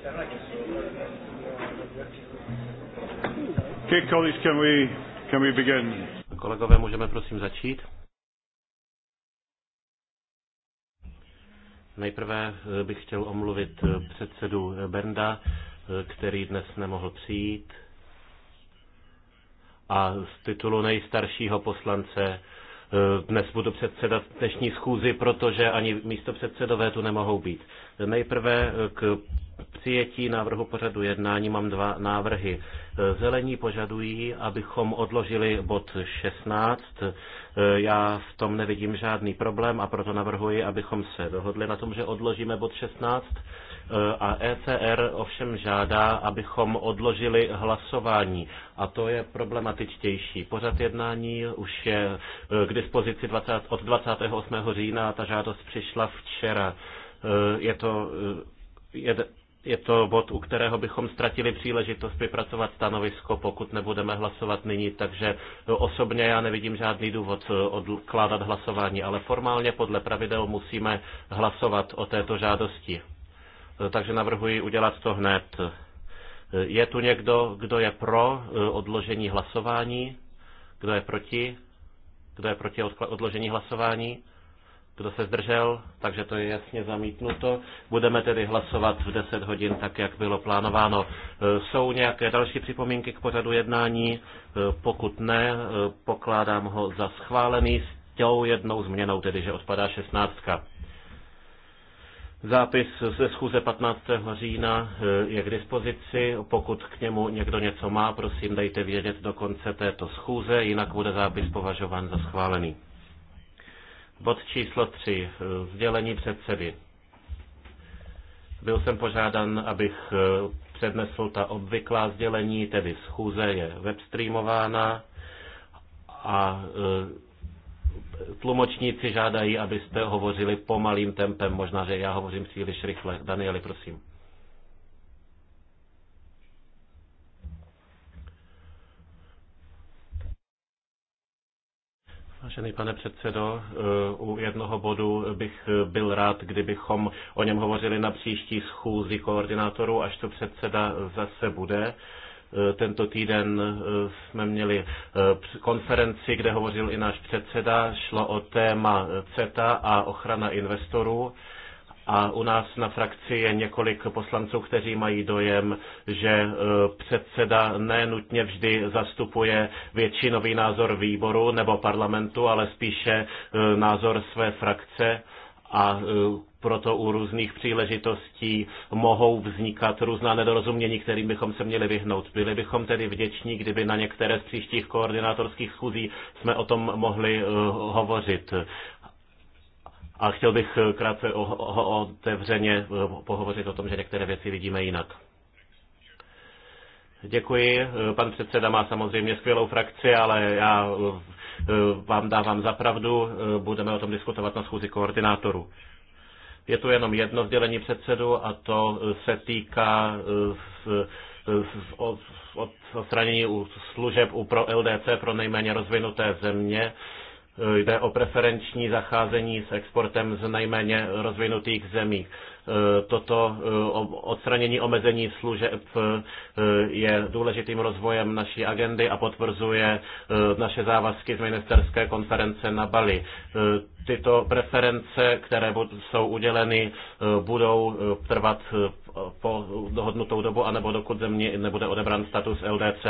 Okay, colleagues, can we, can we begin? Kolegové, můžeme prosím začít? Nejprve eh, bych chtěl omluvit eh, předsedu Benda, eh, který dnes nemohl přijít. A z titulu nejstaršího poslance Eh, dnes budu předsedat dnešní schůzi, protože ani místo předsedové tu nemohou být. Nejprve eh, k přijetí návrhu pořadu jednání mám dva návrhy. Eh, zelení požadují, abychom odložili bod 16. Já v tom nevidím žádný problém a proto navrhuji, abychom se dohodli na tom, že odložíme bod 16 a ECR ovšem žádá, abychom odložili hlasování. A to je problematičtější. Pořad jednání už je eh, k dispozici 20, od 28. října. Ta žádost přišla včera. Eh, je to, eh, je, je to bod, u kterého bychom ztratili příležitost vypracovat stanovisko, pokud nebudeme hlasovat nyní, takže osobně já nevidím žádný důvod odkládat hlasování, ale formálně podle pravidel musíme hlasovat o této žádosti takže navrhuji udělat to hned. Je tu někdo, kdo je pro eh, odložení hlasování? Kdo je proti? Kdo je proti odložení hlasování? Kdo se zdržel? Takže to je jasně zamítnuto. Budeme tedy hlasovat v 10 hodin, tak jak bylo plánováno. Eh, Jsou nějaké další připomínky k pořadu jednání? Eh, Pokud ne, pokládám ho za schválený s tou jednou změnou, tedy že odpadá 16. Zápis ze schůze 15. října eh, je k dispozici. Pokud k němu někdo něco má, prosím dejte vědět do konce této schůze, jinak bude zápis považován za schválený. Bod číslo 3. Vzdělení eh, předsedy. Byl jsem požádan, abych eh, přednesl ta obvyklá sdělení, tedy schůze je webstreamována a Tlumočníci žádají, abyste hovořili pomalým tempem. Možná, že já hovořím příliš rychle. Danieli, prosím. Vážený pane předsedo, eh, u jednoho bodu bych byl rád, kdybychom o něm hovořili na příští schůzi koordinátorů, až to předseda zase bude. Eh, tento týden eh, jsme měli eh, konferenci, kde hovořil i náš předseda. Šlo o téma CETA a ochrana investorů. A u nás na frakci je několik poslanců, kteří mají dojem, že předseda nenutně vždy zastupuje většinový názor výboru nebo parlamentu, ale spíše názor své frakce a proto u různých příležitostí mohou vznikat různá nedorozumění, kterým bychom se měli vyhnout. Byli bychom tedy vděční, kdyby na některé z příštích koordinátorských schůzí jsme o tom mohli eh, hovořit. A chtěl bych eh, krátce otevřeně eh, pohovořit o tom, že některé věci vidíme jinak. Děkuji. Pan předseda má samozřejmě skvělou frakci, ale já vám dávám za pravdu. Budeme o tom diskutovat na schůzi koordinátorů. Je tu jenom jedno sdělení předsedu a to eh, se týká eh, eh, od odstranění služeb u pro LDC pro nejméně rozvinuté země. Jde o preferenční zacházení s exportem z nejméně rozvinutých zemí. Eh, toto eh, odstranění omezení služeb eh, je důležitým rozvojem naší agendy a potvrzuje naše závazky z ministerské konference na Bali. Tyto preference, které jsou uděleny, budou trvat po dohodnutou dobu, anebo dokud země nebude odebran status LDC.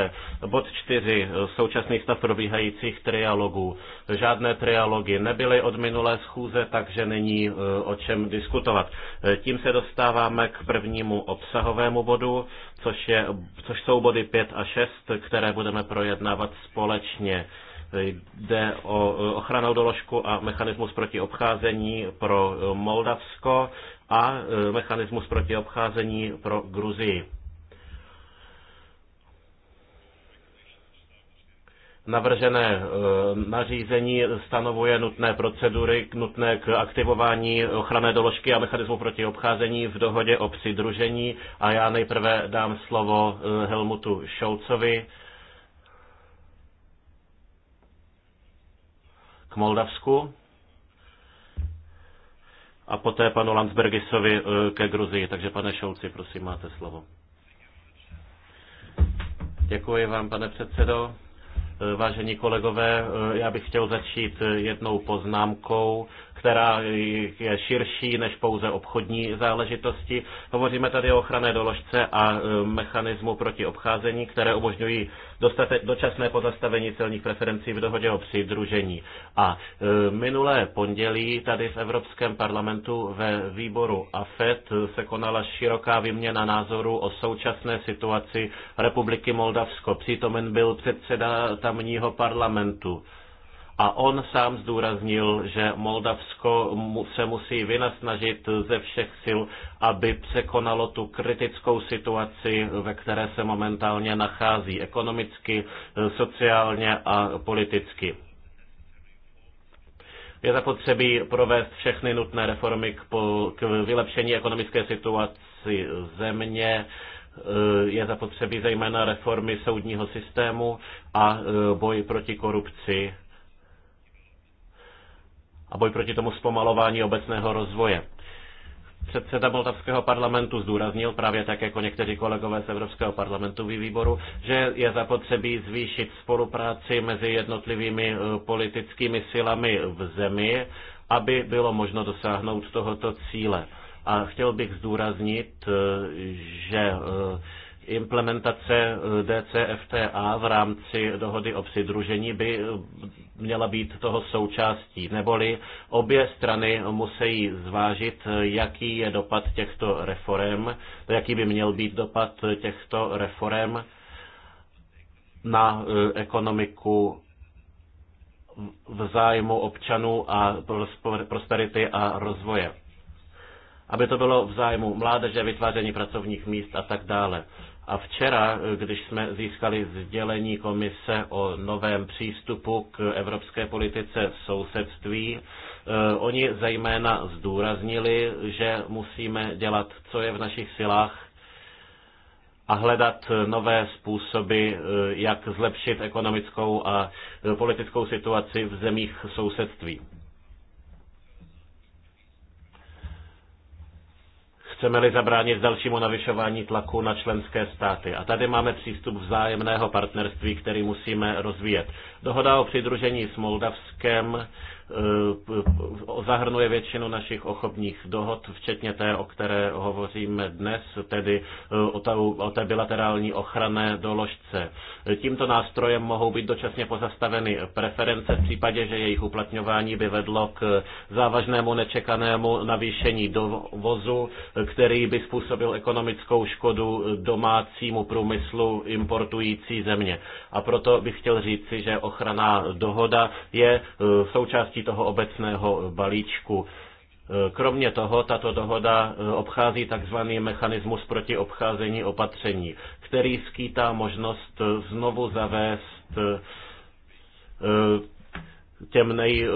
Bod 4. Současný stav probíhajících trialogů. Žádné trialogy nebyly od minulé schůze, takže není e, o čem diskutovat. E, tím se dostáváme k prvnímu obsahovému bodu, což, je, což jsou body 5 a 6, které budeme projednávat společně jde o e, ochranou doložku a mechanismus proti obcházení pro Moldavsko a e, mechanismus proti obcházení pro Gruzii. Navržené e, nařízení stanovuje nutné procedury nutné k aktivování ochranné doložky a mechanismu proti obcházení v dohodě o přidružení a já nejprve dám slovo e, Helmutu Šoucovi k Moldavsku a poté panu Landsbergisovi eh, ke Gruzii. Takže pane Šolci, prosím, máte slovo. Děkuji vám, pane předsedo. Eh, vážení kolegové, eh, já bych chtěl začít jednou poznámkou která je širší než pouze obchodní záležitosti. Hovoříme tady o ochranné doložce a e, mechanismu proti obcházení, které umožňují dostate, dočasné pozastavení celních preferencí v dohodě o přidružení. A e, minulé pondělí tady v Evropském parlamentu ve výboru AFET se konala široká výměna názorů o současné situaci Republiky Moldavsko. Přítomen byl předseda tamního parlamentu. A on sám zdůraznil, že Moldavsko se musí vynasnažit ze všech sil, aby překonalo tu kritickou situaci, ve které se momentálně nachází ekonomicky, eh, sociálně a politicky. Je zapotřebí provést všechny nutné reformy k, po, k vylepšení ekonomické situaci země, eh, je zapotřebí zejména reformy soudního systému a eh, boj proti korupci a boj proti tomu zpomalování obecného rozvoje. Předseda Moldavského parlamentu zdůraznil, právě tak jako někteří kolegové z Evropského parlamentu výboru, že je zapotřebí zvýšit spolupráci mezi jednotlivými eh, politickými silami v zemi, aby bylo možno dosáhnout tohoto cíle. A chtěl bych zdůraznit, eh, že eh, implementace eh, DCFTA v rámci dohody o přidružení by eh, měla být toho součástí, neboli obě strany musí zvážit, eh, jaký je dopad těchto reform, jaký by měl být dopad těchto reform na ekonomiku v zájmu občanů a prosperity a rozvoje aby to bylo v zájmu mládeže, vytváření pracovních míst a tak dále. A včera, když jsme získali sdělení komise o novém přístupu k evropské politice sousedství, eh, oni zejména zdůraznili, že musíme dělat, co je v našich silách, a hledat nové způsoby, eh, jak zlepšit ekonomickou a politickou situaci v zemích sousedství. chceme-li zabránit dalšímu navyšování tlaku na členské státy. A tady máme přístup vzájemného partnerství, který musíme rozvíjet. Dohoda o přidružení s Moldavskem Eh, zahrnuje většinu našich ochobních dohod, včetně té, o které hovoříme dnes, tedy eh, o té, o té bilaterální ochranné doložce. Tímto nástrojem mohou být dočasně pozastaveny preference v případě, že jejich uplatňování by vedlo k závažnému nečekanému navýšení dovozu, který by způsobil ekonomickou škodu domácímu průmyslu importující země. A proto bych chtěl říci, že ochranná dohoda je eh, součástí součástí toho obecného balíčku. Kromě toho tato dohoda obchází tzv. mechanismus proti obcházení opatření, který skýtá možnost znovu zavést eh, těm nej,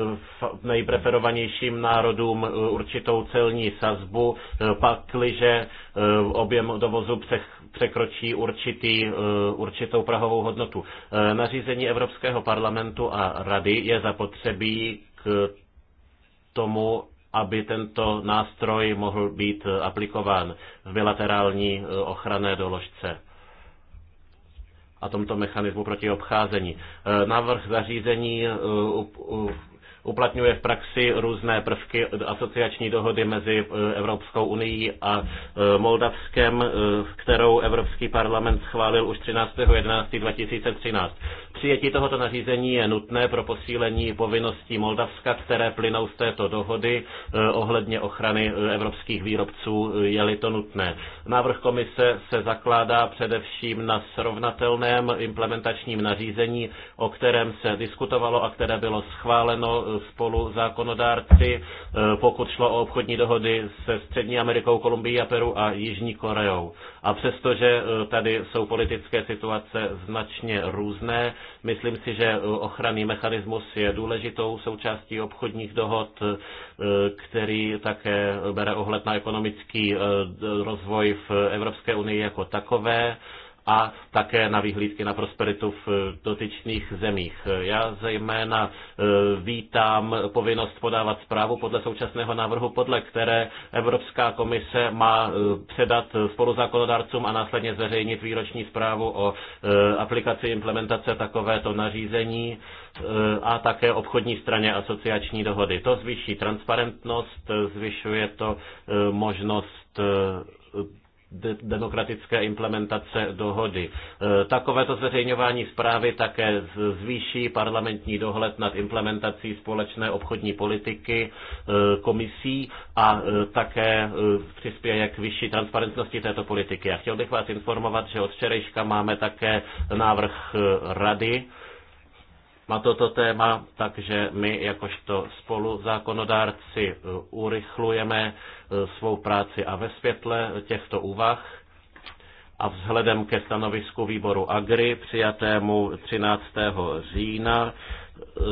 nejpreferovanějším národům eh, určitou celní sazbu, eh, pakliže objem dovozu překročí určitý, určitou prahovou hodnotu. Nařízení Evropského parlamentu a rady je zapotřebí tomu, aby tento nástroj mohl být aplikován v bilaterální eh, ochranné doložce a tomto mechanismu proti obcházení. Eh, návrh zařízení eh, uplatňuje v praxi různé prvky asociační dohody mezi Evropskou unii a Moldavskem, kterou Evropský parlament schválil už 13.11.2013. Přijetí tohoto nařízení je nutné pro posílení povinností Moldavska, které plynou z této dohody eh, ohledně ochrany eh, evropských výrobců, eh, je-li to nutné. Návrh komise se zakládá především na srovnatelném implementačním nařízení, o kterém se diskutovalo a které bylo schváleno spolu zákonodárci, pokud šlo o obchodní dohody se Střední Amerikou, Kolumbií a Peru a Jižní Koreou. A přestože tady jsou politické situace značně různé, Myslím si, že ochranný mechanismus je důležitou součástí obchodních dohod, eh, který také bere ohled na ekonomický eh, rozvoj v Evropské unii jako takové a také na vyhlídky na prosperitu v dotyčných zemích. Já zejména e, vítám povinnost podávat zprávu podle současného návrhu, podle které Evropská komise má e, předat spoluzákonodárcům a následně zveřejnit výroční zprávu o e, aplikaci implementace takovéto nařízení a také obchodní straně asociační dohody. To zvýší transparentnost, zvyšuje to možnost demokratické implementace dohody. E, takovéto zveřejňování zprávy také zvýší parlamentní dohled nad implementací společné obchodní politiky e, komisí a e, také přispěje k vyšší transparentnosti této politiky. A chtěl bych vás informovat, že od včerejška máme také návrh rady, na toto téma, takže my jakožto spoluzákonodárci urychlujeme E, svou práci a ve světle těchto úvah a vzhledem ke stanovisku výboru Agri přijatému 13. října e,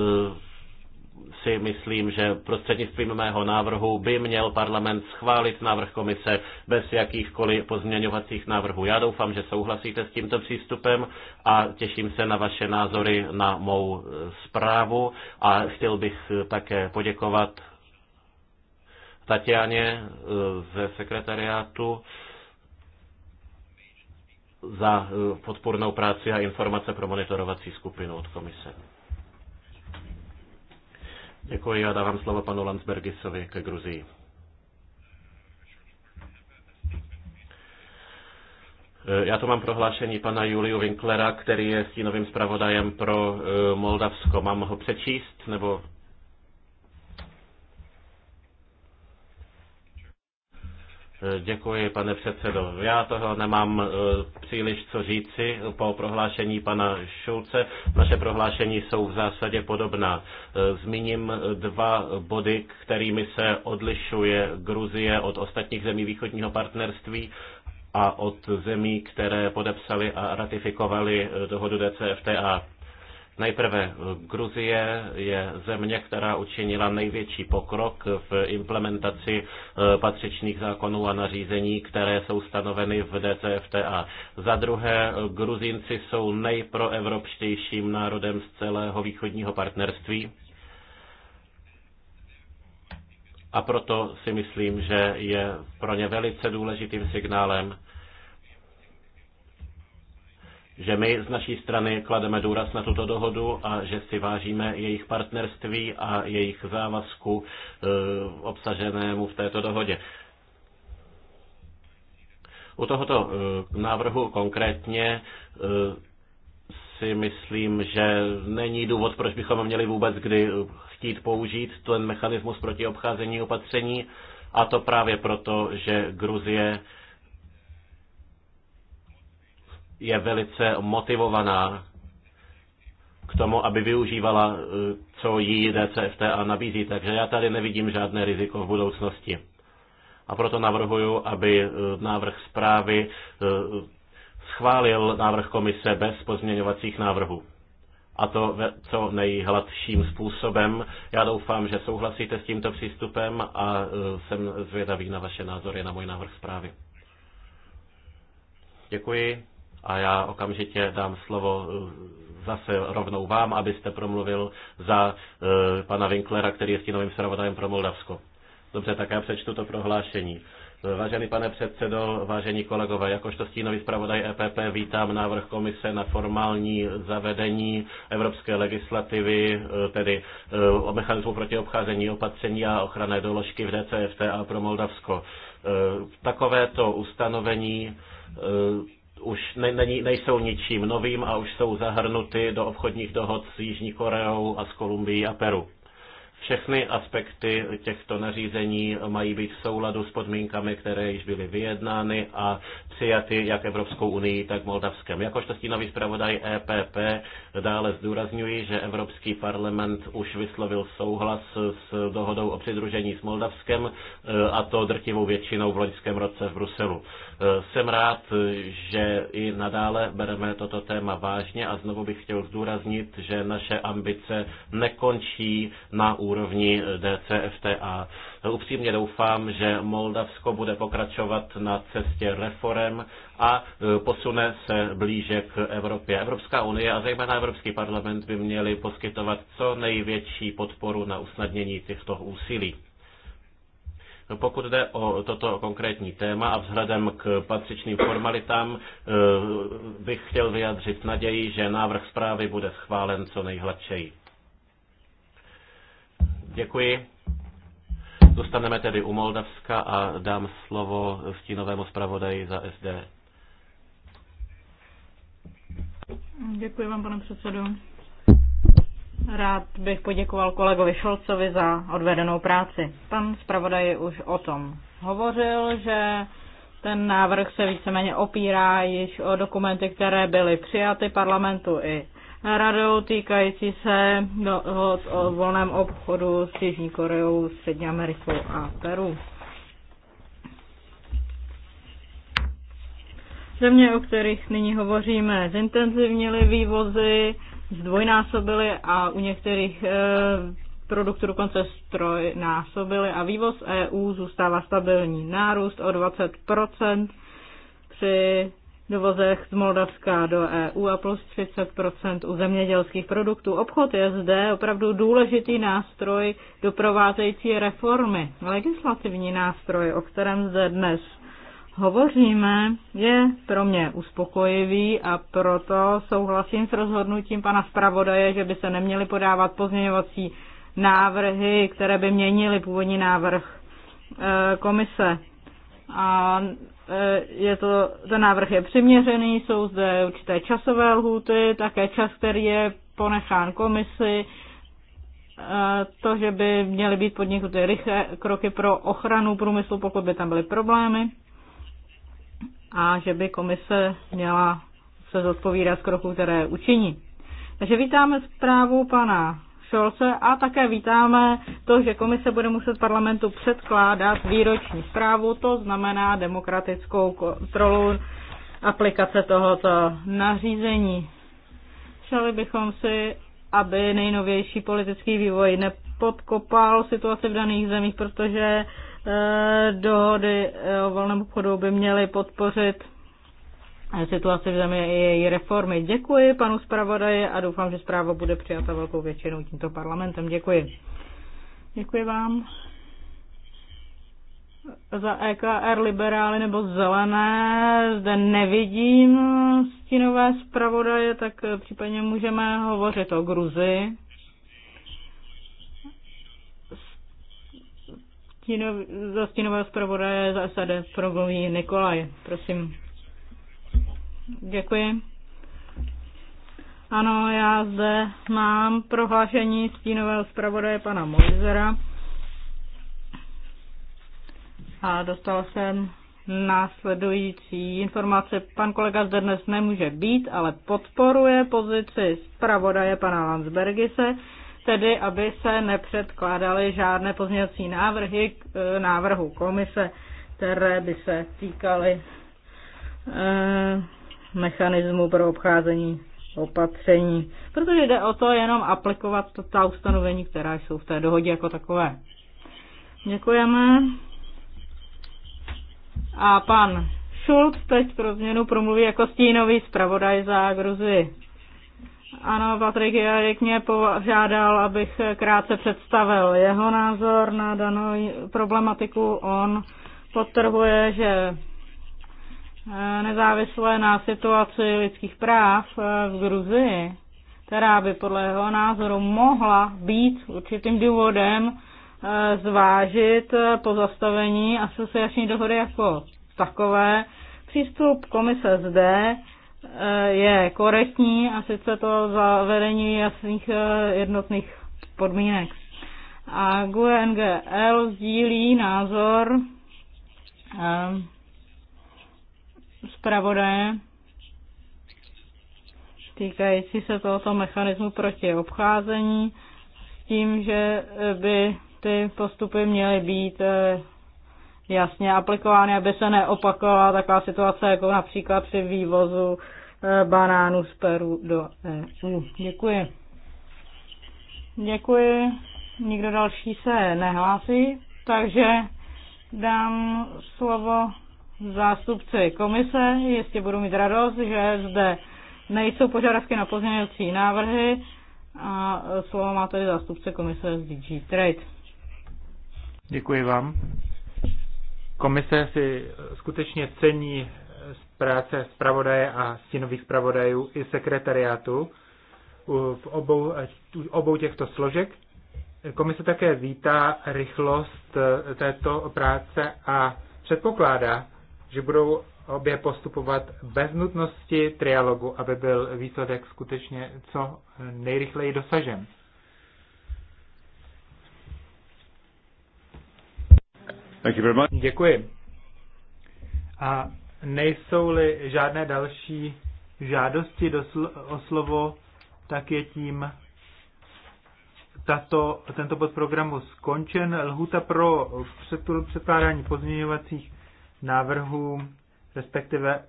si myslím, že prostřednictvím mého návrhu by měl parlament schválit návrh komise bez jakýchkoliv pozměňovacích návrhů. Já doufám, že souhlasíte s tímto přístupem a těším se na vaše názory na mou e, zprávu a chtěl bych také poděkovat Tatianě eh, ze sekretariátu za eh, podpornou práci a informace pro monitorovací skupinu od komise. Děkuji a dávám slovo panu Landsbergisovi ke Gruzii. Eh, já to mám prohlášení pana Juliu Winklera, který je stínovým zpravodajem pro Moldavsko. Mám ho přečíst, nebo Děkuji, pane předsedo. Já toho nemám e, příliš co říci po prohlášení pana Šulce. Naše prohlášení jsou v zásadě podobná. E, zmíním dva body, kterými se odlišuje Gruzie od ostatních zemí východního partnerství a od zemí, které podepsali a ratifikovali dohodu DCFTA. Nejprve eh, Gruzie je země, která učinila největší pokrok v implementaci eh, patřičných zákonů a nařízení, které jsou stanoveny v DCFTA. Za druhé, eh, Gruzinci jsou nejproevropštějším národem z celého východního partnerství. A proto si myslím, že je pro ně velice důležitým signálem, že my z naší strany klademe důraz na tuto dohodu a že si vážíme jejich partnerství a jejich závazku e, obsaženému v této dohodě. U tohoto e, návrhu konkrétně e, si myslím, že není důvod, proč bychom měli vůbec kdy chtít použít ten mechanismus proti obcházení opatření, a to právě proto, že Gruzie je velice motivovaná k tomu, aby využívala, eh, co jí DCFTA nabízí. Takže já tady nevidím žádné riziko v budoucnosti. A proto navrhuju, aby eh, návrh zprávy eh, schválil návrh komise bez pozměňovacích návrhů. A to ve co nejhladším způsobem. Já doufám, že souhlasíte s tímto přístupem a jsem zvědavý na vaše názory na můj návrh zprávy. Děkuji a já okamžitě dám slovo uh, zase rovnou vám, abyste promluvil za e, pana Winklera, který je stínovým zpravodajem pro Moldavsko. Dobře, tak já přečtu to prohlášení. Vážený pane předsedo, vážení kolegové, jakožto stínový zpravodaj EPP vítám návrh komise na formální zavedení evropské legislativy, eh, tedy eh, o mechanismu proti obcházení opatření a ochranné doložky v DCFTA pro Moldavsko. Eh, takovéto ustanovení už ne, ne, nejsou ničím novým a už jsou zahrnuty do obchodních dohod s Jižní Koreou a s Kolumbií a Peru. Všechny aspekty těchto nařízení mají být v souladu s podmínkami, které již byly vyjednány a přijaty jak Evropskou unii, tak Moldavskem. Jakožto stínový zpravodaj EPP dále zdůrazňuji, že Evropský parlament už vyslovil souhlas s dohodou o přidružení s Moldavskem eh, a to drtivou většinou v loňském roce v Bruselu. Eh, jsem rád, že i nadále bereme toto téma vážně a znovu bych chtěl zdůraznit, že naše ambice nekončí na úrovni úrovni DCFTA. Upřímně doufám, že Moldavsko bude pokračovat na cestě reform a e, posune se blíže k Evropě. Evropská unie a zejména Evropský parlament by měli poskytovat co největší podporu na usnadnění těchto úsilí. Pokud jde o toto konkrétní téma a vzhledem k patřičným formalitám, e, bych chtěl vyjádřit naději, že návrh zprávy bude schválen co nejhladčeji. Děkuji. Zůstaneme tedy u Moldavska a dám slovo stínovému zpravodaji za SD. Děkuji vám, pane předsedo. Rád bych poděkoval kolegovi Šolcovi za odvedenou práci. Pan zpravodaj už o tom hovořil, že ten návrh se víceméně opírá již o dokumenty, které byly přijaty parlamentu i radou týkající se dohod o volném obchodu s Jižní Koreou, Střední Amerikou a Peru. Země, o kterých nyní hovoříme, zintenzivnily vývozy, zdvojnásobily a u některých e, produktů dokonce strojnásobily a vývoz EU zůstává stabilní. Nárůst o 20% při dovozech z Moldavska do EU a plus 30 u zemědělských produktů. Obchod je zde opravdu důležitý nástroj doprovázející reformy. Legislativní nástroj, o kterém zde dnes hovoříme, je pro mě uspokojivý a proto souhlasím s rozhodnutím pana zpravodaje, že by se neměly podávat pozměňovací návrhy, které by měnily původní návrh e, komise. A Eh, je to, ten návrh je přiměřený, jsou zde určité časové lhůty, také čas, který je ponechán komisi, eh, to, že by měly být podniknuty rychlé kroky pro ochranu průmyslu, pokud by tam byly problémy a že by komise měla se zodpovídat z kroků, které učiní. Takže vítáme zprávu pana Šolce a také vítáme to, že komise bude muset parlamentu předkládat výroční zprávu, to znamená demokratickou kontrolu aplikace tohoto nařízení. Přeli bychom si, aby nejnovější politický vývoj nepodkopal situaci v daných zemích, protože eh, dohody eh, o volném obchodu by měly podpořit situaci v zemi i její reformy. Děkuji panu zpravodaji a doufám, že zpráva bude přijata velkou většinou tímto parlamentem. Děkuji. Děkuji vám. Za EKR liberály nebo zelené zde nevidím stínové zpravodaje, tak případně můžeme hovořit o Gruzi. Stínov, za stínové zpravodaje za SAD promluví Nikolaj. Prosím. Děkuji. Ano, já zde mám prohlášení stínového zpravodaje pana Mojzera a dostal jsem následující informace. Pan kolega zde dnes nemůže být, ale podporuje pozici zpravodaje pana Landsbergise, tedy aby se nepředkládaly žádné pozměňovací návrhy k e, návrhu komise, které by se týkaly eh, mechanismu pro obcházení opatření, protože jde o to jenom aplikovat ta ustanovení, která jsou v té dohodě jako takové. Děkujeme. A pan Schulz teď pro změnu promluví jako stínový zpravodaj za Gruzii. Ano, Patrik Jarek mě požádal, abych krátce představil jeho názor na danou problematiku. On potrhuje, že Eh, nezávislé na situaci lidských práv eh, v Gruzii, která by podle jeho názoru mohla být určitým důvodem eh, zvážit pozastavení asociační dohody jako takové. Přístup komise zde je korektní a sice to zavedení jasných jednotných podmínek. A GUNGL sdílí názor zpravodaje týkající se tohoto mechanismu proti obcházení s tím, že by ty postupy měly být eh, jasně aplikovány, aby se neopakovala taková situace, jako například při vývozu eh, banánů z Peru do EU. Děkuji. Děkuji. Nikdo další se nehlásí, takže dám slovo zástupci komise. Jistě budu mít radost, že zde nejsou požadavky na pozměňovací návrhy a slovo má tedy zástupce komise z DG Trade. Děkuji vám. Komise si skutečně cení z práce zpravodaje a stínových zpravodajů i sekretariátu v obou, obou těchto složek. Komise také vítá rychlost eh, této práce a předpokládá, že budou obě postupovat bez nutnosti trialogu, aby byl výsledek skutečně co nejrychleji dosažen. Děkuji. A nejsou-li žádné další žádosti do sl- o slovo, tak je tím tato, tento podprogramu skončen. Lhuta pro předkládání pozměňovacích návrhu, respektive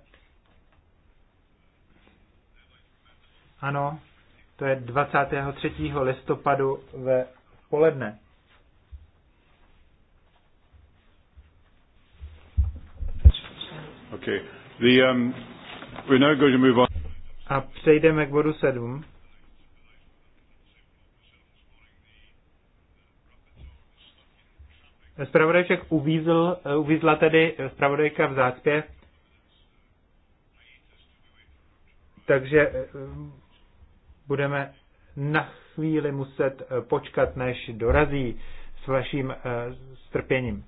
ano, to je 23. listopadu ve poledne. Okay. The, um, we're now going to move on. A přejdeme k bodu 7. Spravodaj však uvízl, eh, uvízla tedy spravodajka v zácpě, takže eh, budeme na chvíli muset eh, počkat, než dorazí s vaším strpěním.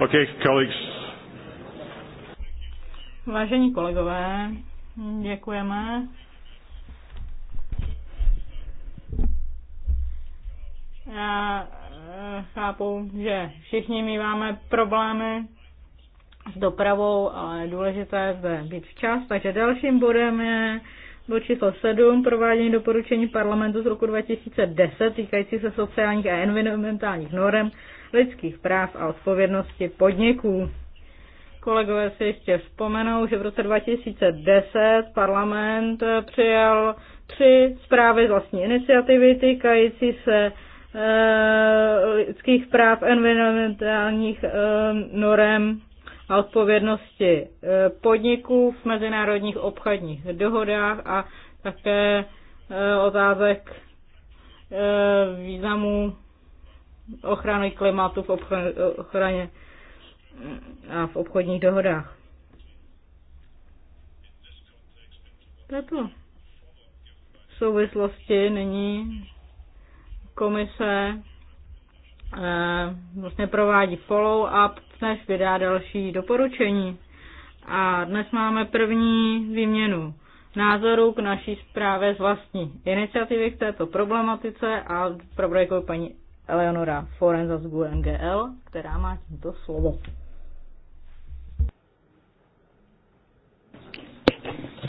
Okay, colleagues. Vážení kolegové, děkujeme. Já eh, chápu, že všichni my máme problémy s dopravou, ale je důležité zde být včas. Takže dalším bodem je bod číslo 7, provádění doporučení parlamentu z roku 2010 týkající se sociálních a environmentálních norm lidských práv a odpovědnosti podniků. Kolegové si ještě vzpomenou, že v roce 2010 parlament přijal tři zprávy z vlastní iniciativy týkající se eh, lidských práv, environmentálních eh, norem a odpovědnosti eh, podniků v mezinárodních obchodních dohodách a také otázek významu ochrany klimatu v ochraně a v obchodních dohodách. Tato v souvislosti není komise vlastně provádí follow-up, než vydá další doporučení. A dnes máme první výměnu názorů k naší zprávě z vlastní iniciativy k této problematice a pro paní Eleonora Forenza z GUNGL, která má tímto slovo.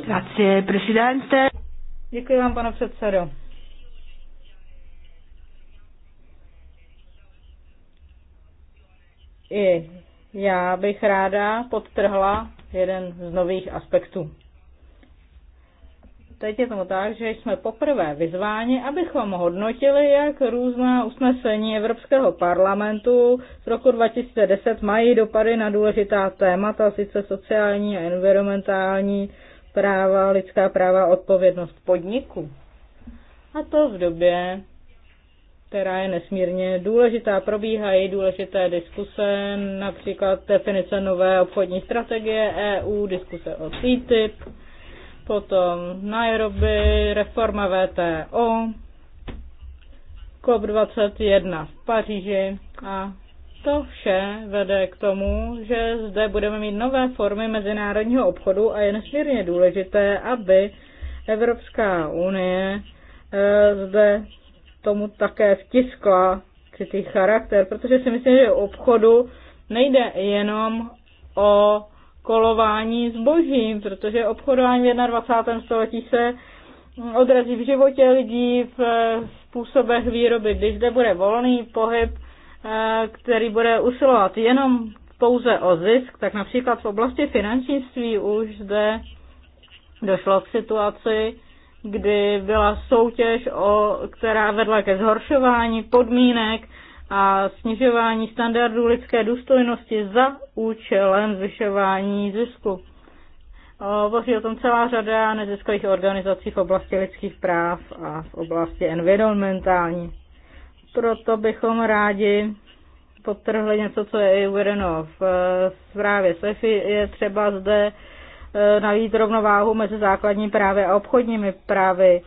Grazie, presidente. Děkuji vám, pane předsedo. I já bych ráda podtrhla jeden z nových aspektů teď je tomu tak, že jsme poprvé vyzváni, abychom hodnotili, jak různá usnesení Evropského parlamentu z roku 2010 mají dopady na důležitá témata, sice sociální a environmentální práva, lidská práva, odpovědnost podniku. A to v době, která je nesmírně důležitá. Probíhají důležité diskuse, například definice nové obchodní strategie EU, diskuse o CTIP, potom Nairobi, reforma VTO, COP21 v Paříži a to vše vede k tomu, že zde budeme mít nové formy mezinárodního obchodu a je nesmírně důležité, aby Evropská unie eh, zde tomu také vtiskla ty charakter, protože si myslím, že obchodu nejde jenom o kolování zbožím, protože obchodování v 21. století se odrazí v životě lidí, v způsobech výroby. Když zde bude volný pohyb, eh, který bude usilovat jenom pouze o zisk, tak například v oblasti finančnictví už zde došlo k situaci, kdy byla soutěž, o, která vedla ke zhoršování podmínek a snižování standardů lidské důstojnosti za účelem zvyšování zisku. Hovoří o tom celá řada neziskových organizací v oblasti lidských práv a v oblasti environmentální. Proto bychom rádi podtrhli něco, co je i uvedeno v eh, zprávě SEFI. Je třeba zde eh, najít rovnováhu mezi základní právy a obchodními právy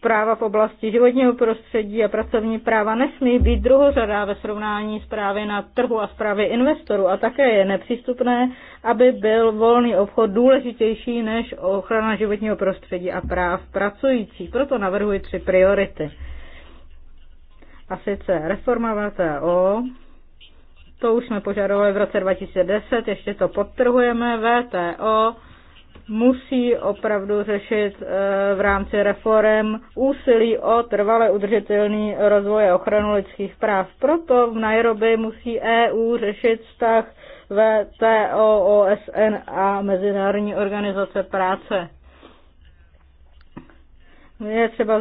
práva v oblasti životního prostředí a pracovní práva nesmí být druhořadá ve srovnání s právy na trhu a s právy investorů a také je nepřístupné, aby byl volný obchod důležitější než ochrana životního prostředí a práv pracujících. Proto navrhuji tři priority. A sice reforma VTO, to už jsme požadovali v roce 2010, ještě to podtrhujeme, VTO, musí opravdu řešit eh, v rámci reform úsilí o trvale udržitelný rozvoj a ochranu lidských práv. Proto v Nairobi musí EU řešit vztah VTO, OSN a Mezinárodní organizace práce. Je třeba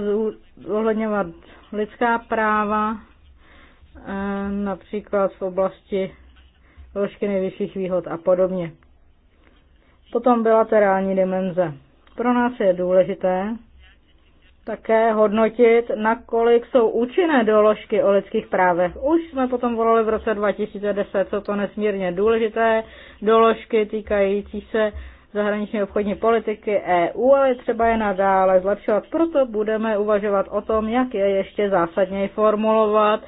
zohledňovat lidská práva, eh, například v oblasti ložky nejvyšších výhod a podobně. Potom bilaterální dimenze. Pro nás je důležité také hodnotit, nakolik jsou účinné doložky o lidských právech. Už jsme potom volali v roce 2010, jsou to nesmírně důležité doložky týkající se zahraniční obchodní politiky EU, ale třeba je nadále zlepšovat. Proto budeme uvažovat o tom, jak je ještě zásadněji formulovat,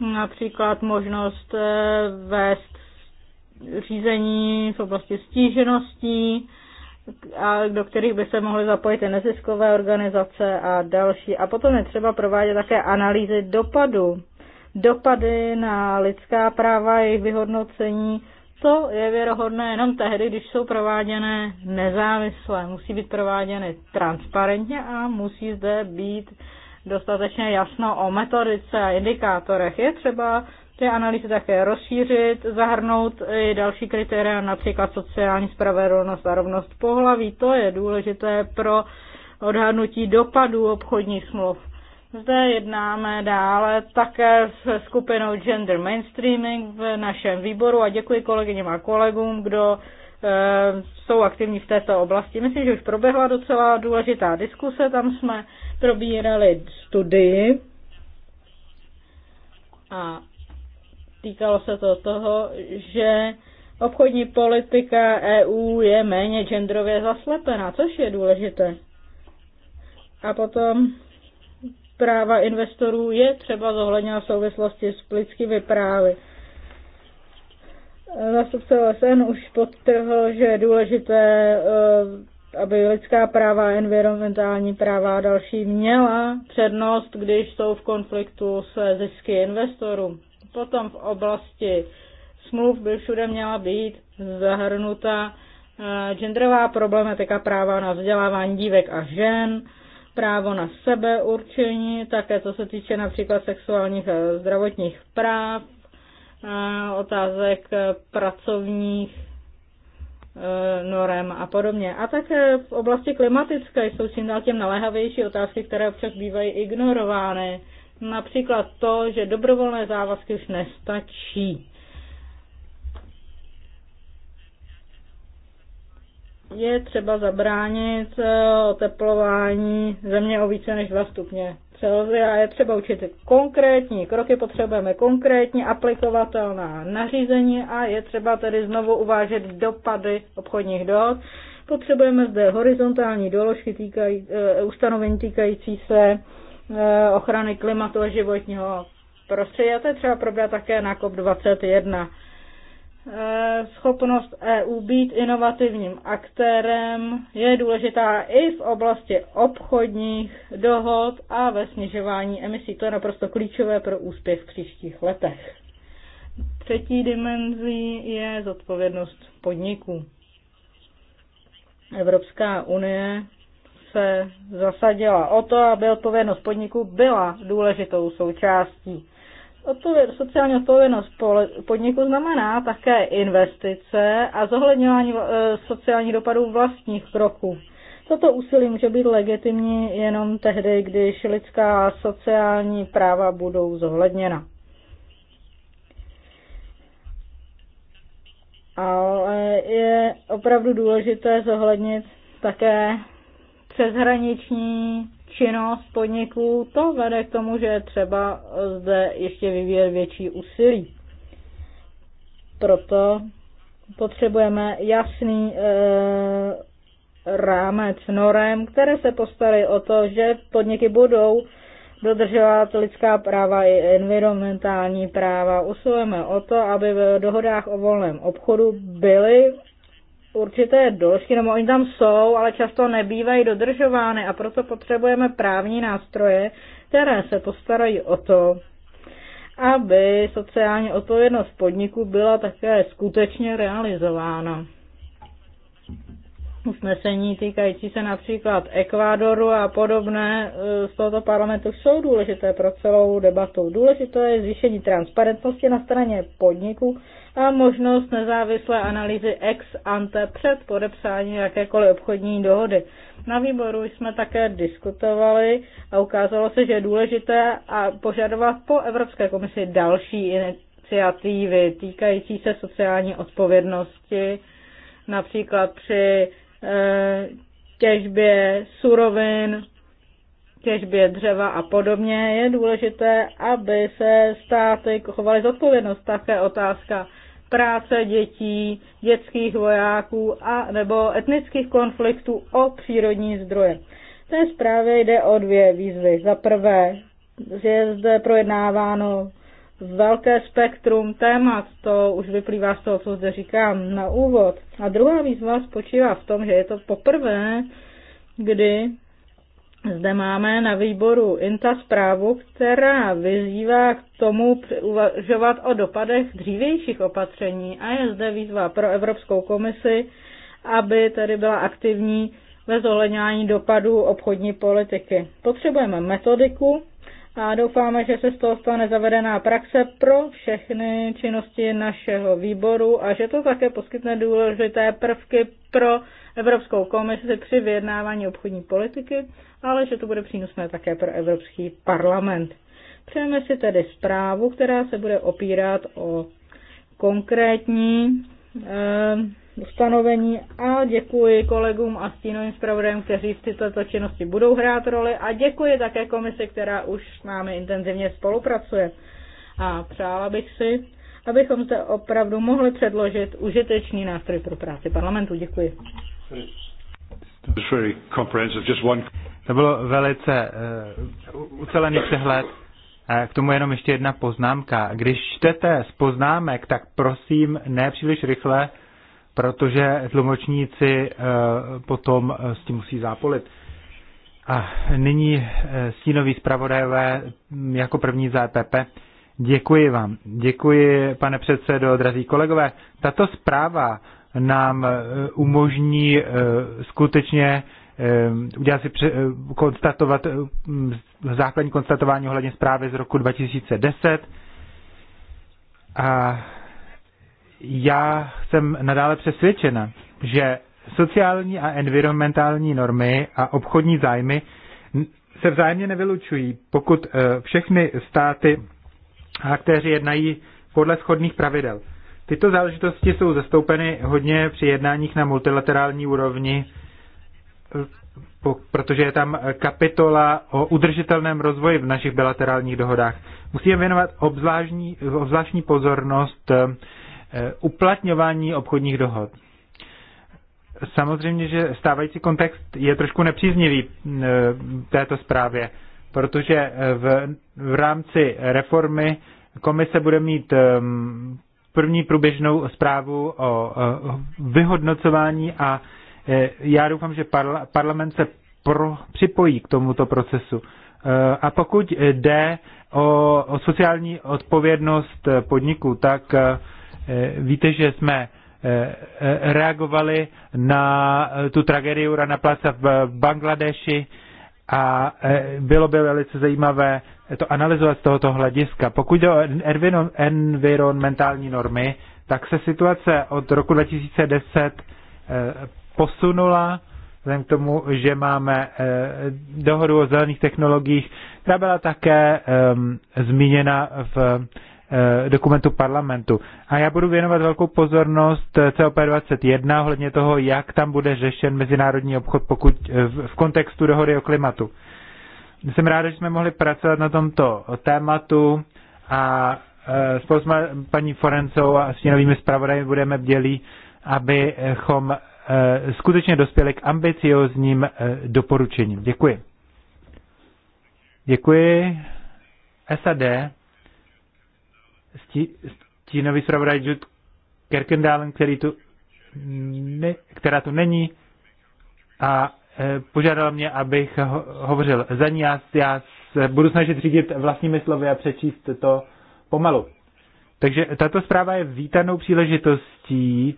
například možnost eh, vést řízení v oblasti stížeností, a do kterých by se mohly zapojit i neziskové organizace a další. A potom je třeba provádět také analýzy dopadu. Dopady na lidská práva, jejich vyhodnocení, to je věrohodné jenom tehdy, když jsou prováděné nezávisle. Musí být prováděny transparentně a musí zde být dostatečně jasno o metodice a indikátorech. Je třeba té analýzy také rozšířit, zahrnout i další kritéria, například sociální spravedlnost a rovnost pohlaví. To je důležité pro odhadnutí dopadů obchodních smluv. Zde jednáme dále také s skupinou Gender Mainstreaming v našem výboru a děkuji kolegyním a kolegům, kdo eh, jsou aktivní v této oblasti. Myslím, že už proběhla docela důležitá diskuse, tam jsme probírali studii a týkalo se to toho, že obchodní politika EU je méně genderově zaslepená, což je důležité. A potom práva investorů je třeba zohledněna v souvislosti s lidskými právy. Zastupce OSN už podtrhl, že je důležité, eh, aby lidská práva, environmentální práva a další měla přednost, když jsou v konfliktu se zisky investorů. Potom v oblasti smluv by všude měla být zahrnuta eh, genderová problematika práva na vzdělávání dívek a žen, právo na sebeurčení, také co se týče například sexuálních a zdravotních práv, eh, otázek pracovních eh, norem a podobně. A také v oblasti klimatické jsou čím dál těm naléhavější otázky, které občas bývají ignorovány. Například to, že dobrovolné závazky už nestačí. Je třeba zabránit eh, oteplování země o více než 2 stupně Celsia. Je třeba učit konkrétní kroky, potřebujeme konkrétně aplikovatelná nařízení a je třeba tedy znovu uvážet dopady obchodních dohod. Potřebujeme zde horizontální doložky týkají, e, ustanovení týkající se Eh, ochrany klimatu a životního prostředí. A to je třeba probrat také na COP21. Eh, schopnost EU být inovativním aktérem je důležitá i v oblasti obchodních dohod a ve snižování emisí. To je naprosto klíčové pro úspěch v příštích letech. Třetí dimenzí je zodpovědnost podniků. Evropská unie se zasadila o to, aby odpovědnost podniku byla důležitou součástí. Odpověd, sociální odpovědnost podniku znamená také investice a zohledňování eh, sociálních dopadů vlastních kroků. Toto úsilí může být legitimní jenom tehdy, když lidská a sociální práva budou zohledněna. Ale je opravdu důležité zohlednit také přeshraniční činnost podniků, to vede k tomu, že třeba zde ještě vyvíjet větší úsilí. Proto potřebujeme jasný e, rámec norem, které se postarí o to, že podniky budou dodržovat lidská práva i environmentální práva. Usilujeme o to, aby v dohodách o volném obchodu byly určité doložky, nebo oni tam jsou, ale často nebývají dodržovány a proto potřebujeme právní nástroje, které se postarají o to, aby sociální odpovědnost podniku byla také skutečně realizována usnesení týkající se například Ekvádoru a podobné e, z tohoto parlamentu jsou důležité pro celou debatu. Důležité je zvýšení transparentnosti na straně podniků a možnost nezávislé analýzy ex ante před podepsáním jakékoliv obchodní dohody. Na výboru jsme také diskutovali a ukázalo se, že je důležité a požadovat po Evropské komisi další iniciativy týkající se sociální odpovědnosti, například při Eh, těžbě surovin, těžbě dřeva a podobně, je důležité, aby se státy chovaly zodpovědnost. Také otázka práce dětí, dětských vojáků a nebo etnických konfliktů o přírodní zdroje. V té zprávě jde o dvě výzvy. Za prvé je zde projednáváno velké spektrum témat, to už vyplývá z toho, co zde říkám na úvod. A druhá výzva spočívá v tom, že je to poprvé, kdy zde máme na výboru INTA zprávu, která vyzývá k tomu uvažovat o dopadech dřívějších opatření a je zde výzva pro Evropskou komisi, aby tedy byla aktivní ve zohledňování dopadů obchodní politiky. Potřebujeme metodiku, a doufáme, že se z toho stane zavedená praxe pro všechny činnosti našeho výboru a že to také poskytne důležité prvky pro Evropskou komisi při vyjednávání obchodní politiky, ale že to bude přínosné také pro Evropský parlament. Přejeme si tedy zprávu, která se bude opírat o konkrétní eh, ustanovení a děkuji kolegům a stínovým zpravodajům, kteří v této činnosti budou hrát roli a děkuji také komisi, která už s námi intenzivně spolupracuje. A přála bych si, abychom zde opravdu mohli předložit užitečný nástroj pro práci parlamentu. Děkuji. To bylo velice uh, ucelený přehled. Eh, k tomu jenom ještě jedna poznámka. Když čtete z poznámek, tak prosím, ne příliš rychle, protože tlumočníci eh, potom eh, s tím musí zápolit. A nyní eh, stínový zpravodajové mm, jako první za EPP. Děkuji vám. Děkuji, pane předsedo, drazí kolegové. Tato zpráva nám umožní skutečně udělat si konstatovat mm, základní konstatování ohledně zprávy z roku 2010. A já jsem nadále přesvědčena, že sociální a environmentální normy a obchodní zájmy se vzájemně nevylučují, pokud eh, všechny státy a aktéři jednají podle shodných pravidel. Tyto záležitosti jsou zastoupeny hodně při jednáních na multilaterální úrovni, eh, protože je tam kapitola o udržitelném rozvoji v našich bilaterálních dohodách. Musíme věnovat obzvláštní, obzvláštní pozornost eh, Eh, uplatňování obchodních dohod. Samozřejmě, že stávající kontext je trošku nepříznivý eh, této zprávě, protože eh, v, v rámci reformy komise bude mít ehm, první průběžnou zprávu o vyhodnocování a já doufám, že parla, parlament se pro, připojí k tomuto procesu. A pokud jde o, o sociální odpovědnost podniku, tak Eh, víte, že jsme eh, reagovali na eh, tu tragédii Rana Plaza v Bangladeši a bylo by velice zajímavé to analyzovat z tohoto hlediska. Pokud jde o environmentální normy, tak se situace od roku 2010 posunula vzhledem k tomu, že máme dohodu o zelených technologiích, která byla také ehm, zmíněna v Eh, dokumentu parlamentu. A já budu věnovat velkou pozornost eh, COP21 ohledně toho, jak tam bude řešen mezinárodní obchod pokud eh, v kontextu dohody o klimatu. Jsem rád, že jsme mohli pracovat na tomto tématu a spolu s paní Forencou a s novými zpravodaji budeme bdělí, abychom skutečně dospěli k ambiciozním doporučením. Děkuji. Děkuji. SAD stínový zpravodaj Jude Kerkendalen, který tu ne, která tu není a e, požádala mě, abych ho, hovořil za ní. Já, já se budu snažit řídit vlastními slovy a přečíst to pomalu. Takže tato zpráva je vítanou příležitostí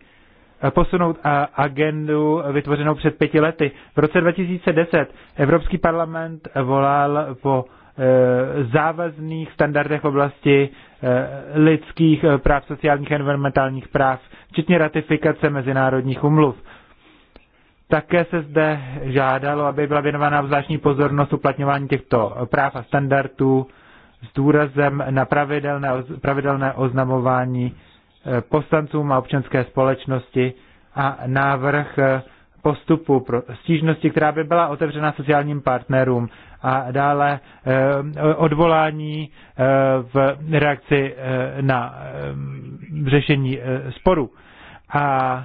e, posunout agendu vytvořenou před pěti lety. V roce 2010 Evropský parlament volal po Eh, závazných standardech v oblasti eh, lidských eh, práv, sociálních a environmentálních práv, včetně ratifikace mezinárodních umluv. Také se zde žádalo, aby byla věnována zvláštní pozornost uplatňování těchto práv a standardů s důrazem na pravidelné, pravidelné oznamování poslancům a občanské společnosti a návrh postupu pro stížnosti, která by byla otevřena sociálním partnerům a dále eh, odvolání eh, v reakci eh, na řešení sporu. A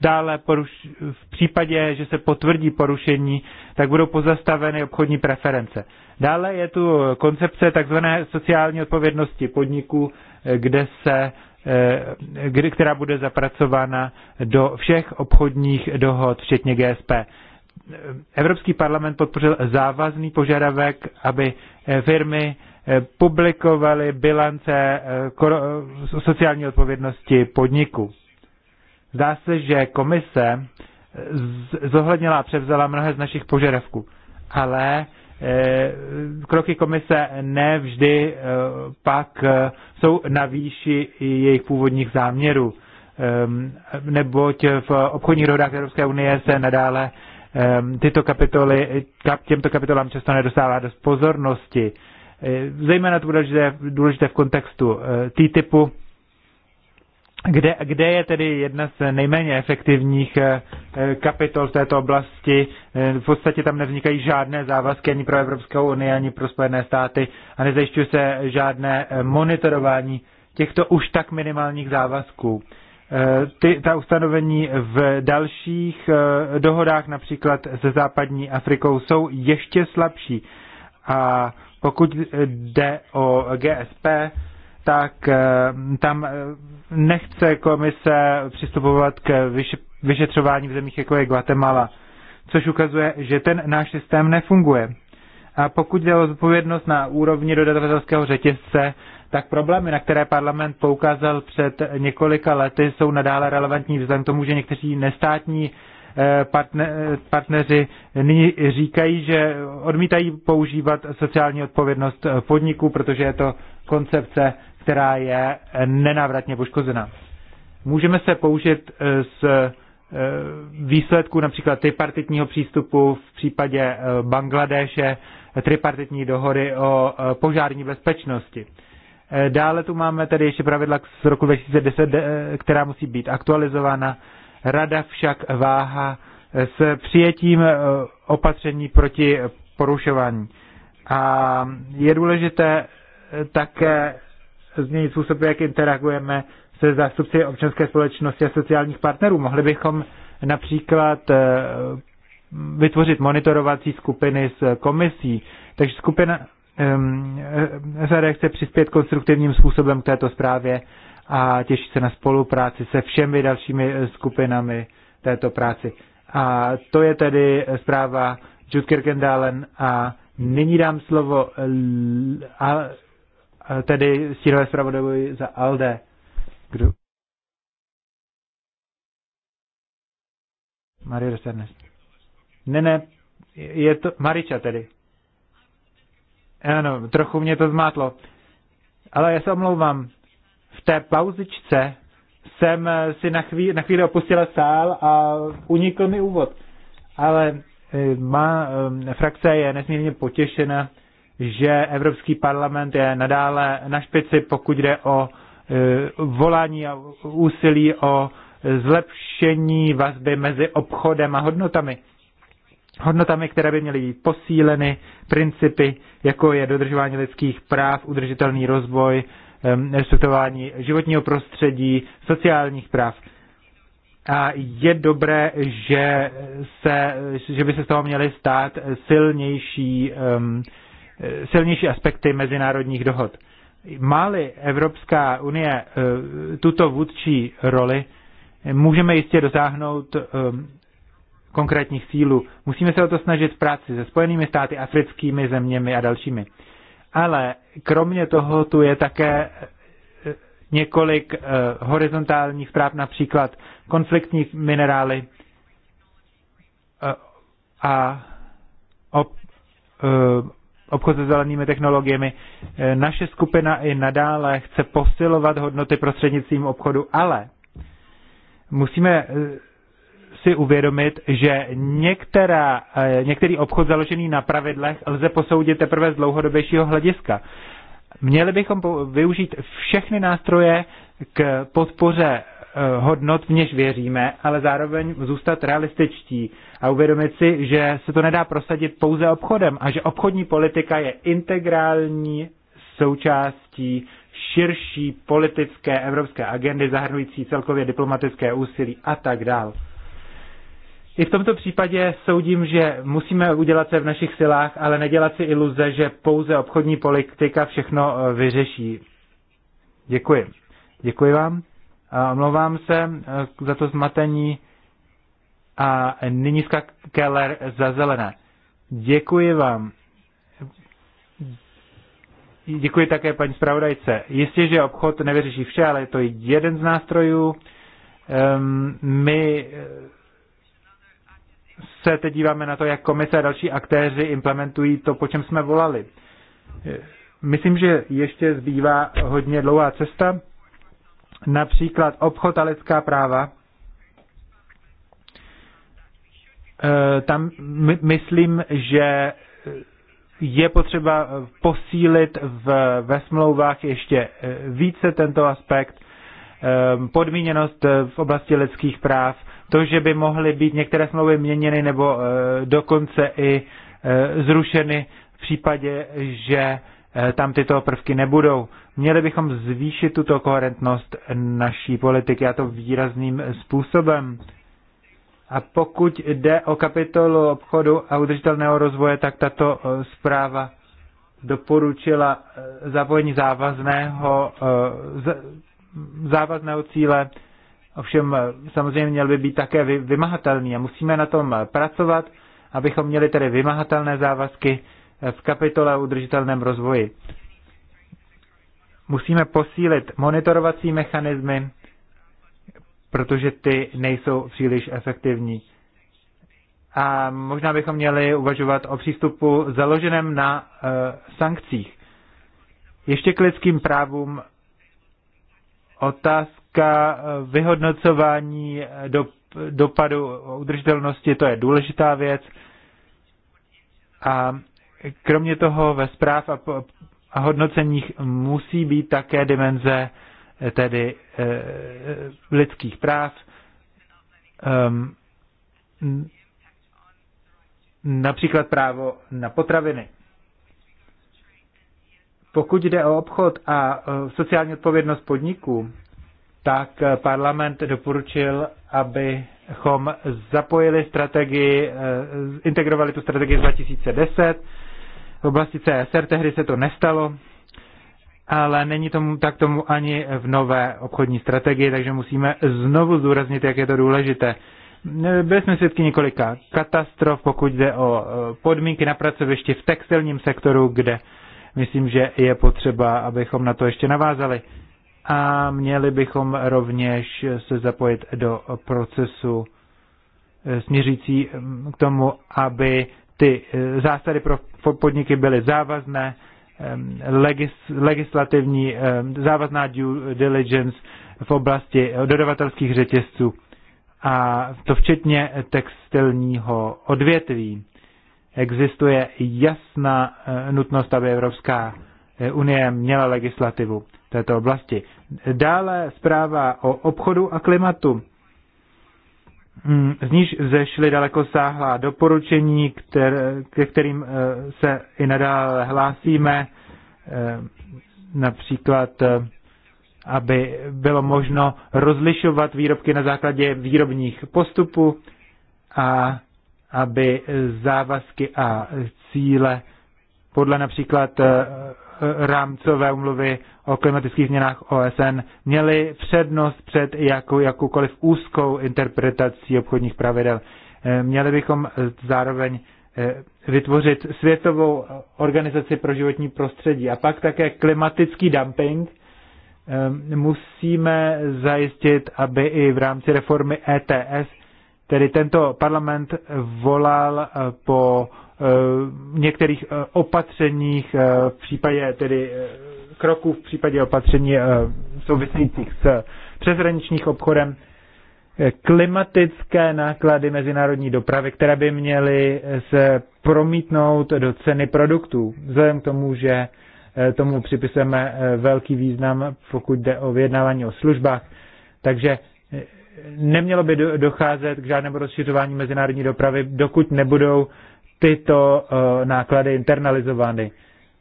dále poruš- v případě, že se potvrdí porušení, tak budou pozastaveny obchodní preference. Dále je tu koncepce takzvané sociální odpovědnosti podniků, kde se Eh, která bude zapracována do všech obchodních dohod, včetně GSP. Evropský parlament podpořil závazný požadavek, aby eh, firmy eh, publikovaly bilance sociální odpovědnosti podniku. Zdá se, že komise zohlednila a převzala mnohé z našich požadavků, ale Eh, kroky komise ne vždy eh, pak eh, jsou na výši jejich původních záměrů, neboť v obchodních dohodách Evropské unie se nadále tyto kapitoly, těmto kapitolám často nedostává dost pozornosti. Zejména to bude důležité v kontextu T-typu, kde, kde je tedy jedna z nejméně efektivních eh, eh, kapitol v této oblasti? Eh, v podstatě tam nevznikají žádné závazky ani pro Evropskou unii, ani pro Spojené státy a nezajišťuje se žádné monitorování těchto už tak minimálních závazků. Ty, ta ustanovení v dalších dohodách, například se západní Afrikou, jsou ještě slabší. A pokud jde o GSP, tak tam nechce komise přistupovat k vyšetřování v zemích, jako je Guatemala, což ukazuje, že ten náš systém nefunguje. A pokud jde o zodpovědnost na úrovni dodatelského řetězce, tak problémy, na které parlament poukázal před několika lety, jsou nadále relevantní vzhledem k tomu, že někteří nestátní eh, partne, partneři nyní říkají, že odmítají používat sociální odpovědnost podniků, protože je to koncepce, která je nenávratně poškozená. Můžeme se použít eh, z eh, výsledků například tripartitního přístupu v případě eh, Bangladéše, tripartitní dohody o požární bezpečnosti. Dále tu máme tedy ještě pravidla z roku 2010, která musí být aktualizována. Rada však váha s přijetím opatření proti porušování. A je důležité také změnit způsob, jak interagujeme se zástupci občanské společnosti a sociálních partnerů. Mohli bychom například eh, vytvořit monitorovací skupiny s komisí. Takže skupina SRD eh, chce přispět konstruktivním způsobem k této zprávě a těší se na spolupráci se všemi dalšími skupinami této práci. A to je tedy zpráva Jude Kirkendalen a nyní dám slovo Eh, tedy stínové zpravodajovi za ALDE. Kdo? Marie Rosernes. Ne, ne, je to Mariča tedy. Ano, trochu mě to zmátlo. Ale já se omlouvám. V té pauzičce jsem eh, si na chvíli, na chvíli opustila sál a unikl mi úvod. Ale eh, má frakce je nesmírně potěšena že Evropský parlament je nadále na špici, pokud jde o e, volání a úsilí o zlepšení vazby mezi obchodem a hodnotami. Hodnotami, které by měly být posíleny, principy, jako je dodržování lidských práv, udržitelný rozvoj, respektování životního prostředí, sociálních práv. A je dobré, že, se, že by se z toho měly stát silnější Eh, silnější aspekty mezinárodních dohod. Máli Evropská unie eh, tuto vůdčí roli, eh, můžeme jistě dosáhnout konkrétních cílů. Musíme se o to snažit v práci se Spojenými státy, africkými zeměmi a dalšími. Ale kromě toho tu je také několik horizontálních práv, například konfliktní minerály a obchod se zelenými technologiemi. Eh, naše skupina i nadále chce posilovat hodnoty prostřednictvím obchodu, ale musíme eh, si uvědomit, že některá, eh, některý obchod založený na pravidlech lze posoudit teprve z dlouhodobějšího hlediska. Měli bychom využít všechny nástroje k podpoře hodnot, v něž věříme, ale zároveň zůstat realističtí a uvědomit si, že se to nedá prosadit pouze obchodem a že obchodní politika je integrální součástí širší politické evropské agendy zahrnující celkově diplomatické úsilí a tak dál. I v tomto případě soudím, že musíme udělat se v našich silách, ale nedělat si iluze, že pouze obchodní politika všechno eh, vyřeší. Děkuji. Děkuji vám. Omlouvám se eh, za to zmatení a nyní Keller za zelené. Děkuji vám. Děkuji také paní zpravodajce. Jistě, že obchod nevyřeší vše, ale je to jeden z nástrojů. Um, my eh, se teď díváme na to, jak komise a další aktéři implementují to, po čem jsme volali. Eh, myslím, že ještě zbývá hodně dlouhá cesta. Například obchod a lidská práva Eh, tam myslím, že je potřeba posílit v, ve smlouvách ještě eh, více tento aspekt, eh, podmíněnost v oblasti lidských práv, to, že by mohly být některé smlouvy měněny nebo dokonce i zrušeny v případě, že tam tyto prvky nebudou. Měli bychom zvýšit tuto koherentnost naší politiky a to výrazným způsobem. A pokud jde o kapitolu obchodu a udržitelného rozvoje, tak tato e, zpráva doporučila e, zapojení závazného, e, závazného cíle, ovšem samozřejmě měl by být také vymahatelný a musíme na tom pracovat, abychom měli tedy vymahatelné závazky v kapitole o udržitelném rozvoji. Musíme posílit monitorovací mechanismy, protože ty nejsou příliš efektivní. A možná bychom měli uvažovat o přístupu založeném na uh, sankcích. Ještě k lidským právům otázka eh, vyhodnocování eh, do, dopadu udržitelnosti, to je důležitá věc. A kromě toho ve zpráv a, a hodnoceních musí být také dimenze Eh, tedy eh, lidských práv, ehm, například právo na potraviny. Pokud jde o obchod a eh, sociální odpovědnost podniků, tak parlament doporučil, abychom zapojili strategii, integrovali tu strategii z 2010 v oblasti CSR, tehdy se to nestalo, ale není tomu tak tomu ani v nové obchodní strategii, takže musíme znovu zdůraznit, jak je to důležité. Byli jsme svědky několika katastrof, pokud jde o e, podmínky na pracovišti v textilním sektoru, kde myslím, že je potřeba, abychom na to ještě navázali. A měli bychom rovněž se zapojit do procesu e, směřící k tomu, aby ty e, zásady pro podniky byly závazné legis, legislativní závazná due diligence v oblasti dodavatelských řetězců a to včetně textilního odvětví. Existuje jasná eh, nutnost, aby Evropská eh, unie měla legislativu této oblasti. Dále zpráva o obchodu a klimatu. Hmm, z níž zešly daleko sáhlá doporučení, které, ke kterým eh, se i nadále hlásíme, eh, například eh, aby bylo možno rozlišovat výrobky na základě výrobních postupů a aby závazky a cíle podle například rámcové umluvy o klimatických změnách OSN měly přednost před jakou, jakoukoliv úzkou interpretací obchodních pravidel. Eh, měli bychom eh, zároveň eh, vytvořit světovou organizaci pro životní prostředí. A pak také klimatický dumping. Musíme zajistit, aby i v rámci reformy ETS, tedy tento parlament volal po Eh, některých eh, opatřeních eh, v případě tedy kroků v případě opatření souvisejících s přeshraničních obchodem, klimatické náklady mezinárodní dopravy, které by měly se promítnout do ceny produktů. Vzhledem k tomu, že tomu připisujeme velký význam, pokud jde o vyjednávání o službách. Takže nemělo by docházet k žádnému rozšiřování mezinárodní dopravy, dokud nebudou tyto eh, náklady internalizovány.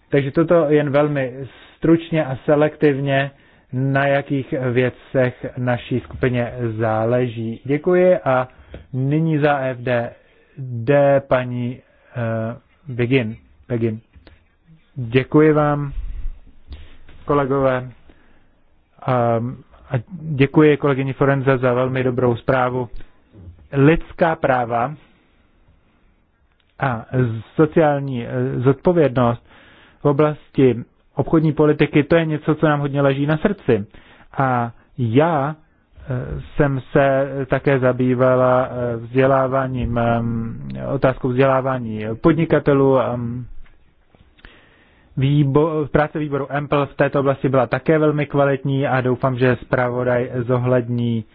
Takže toto jen velmi stručně a selektivně, na jakých věcech naší skupině záleží. Děkuji a nyní za D paní uh, Begin. Begin. Děkuji vám, kolegové. Um, a děkuji kolegyni Forenza za velmi dobrou zprávu. Lidská práva a sociální eh, zodpovědnost v oblasti obchodní politiky, to je něco, co nám hodně leží na srdci. A já eh, jsem se také zabývala eh, vzděláváním, otázkou vzdělávání podnikatelů. Výbo, práce výboru EMPL v této oblasti byla také velmi kvalitní a doufám, že zpravodaj zohlední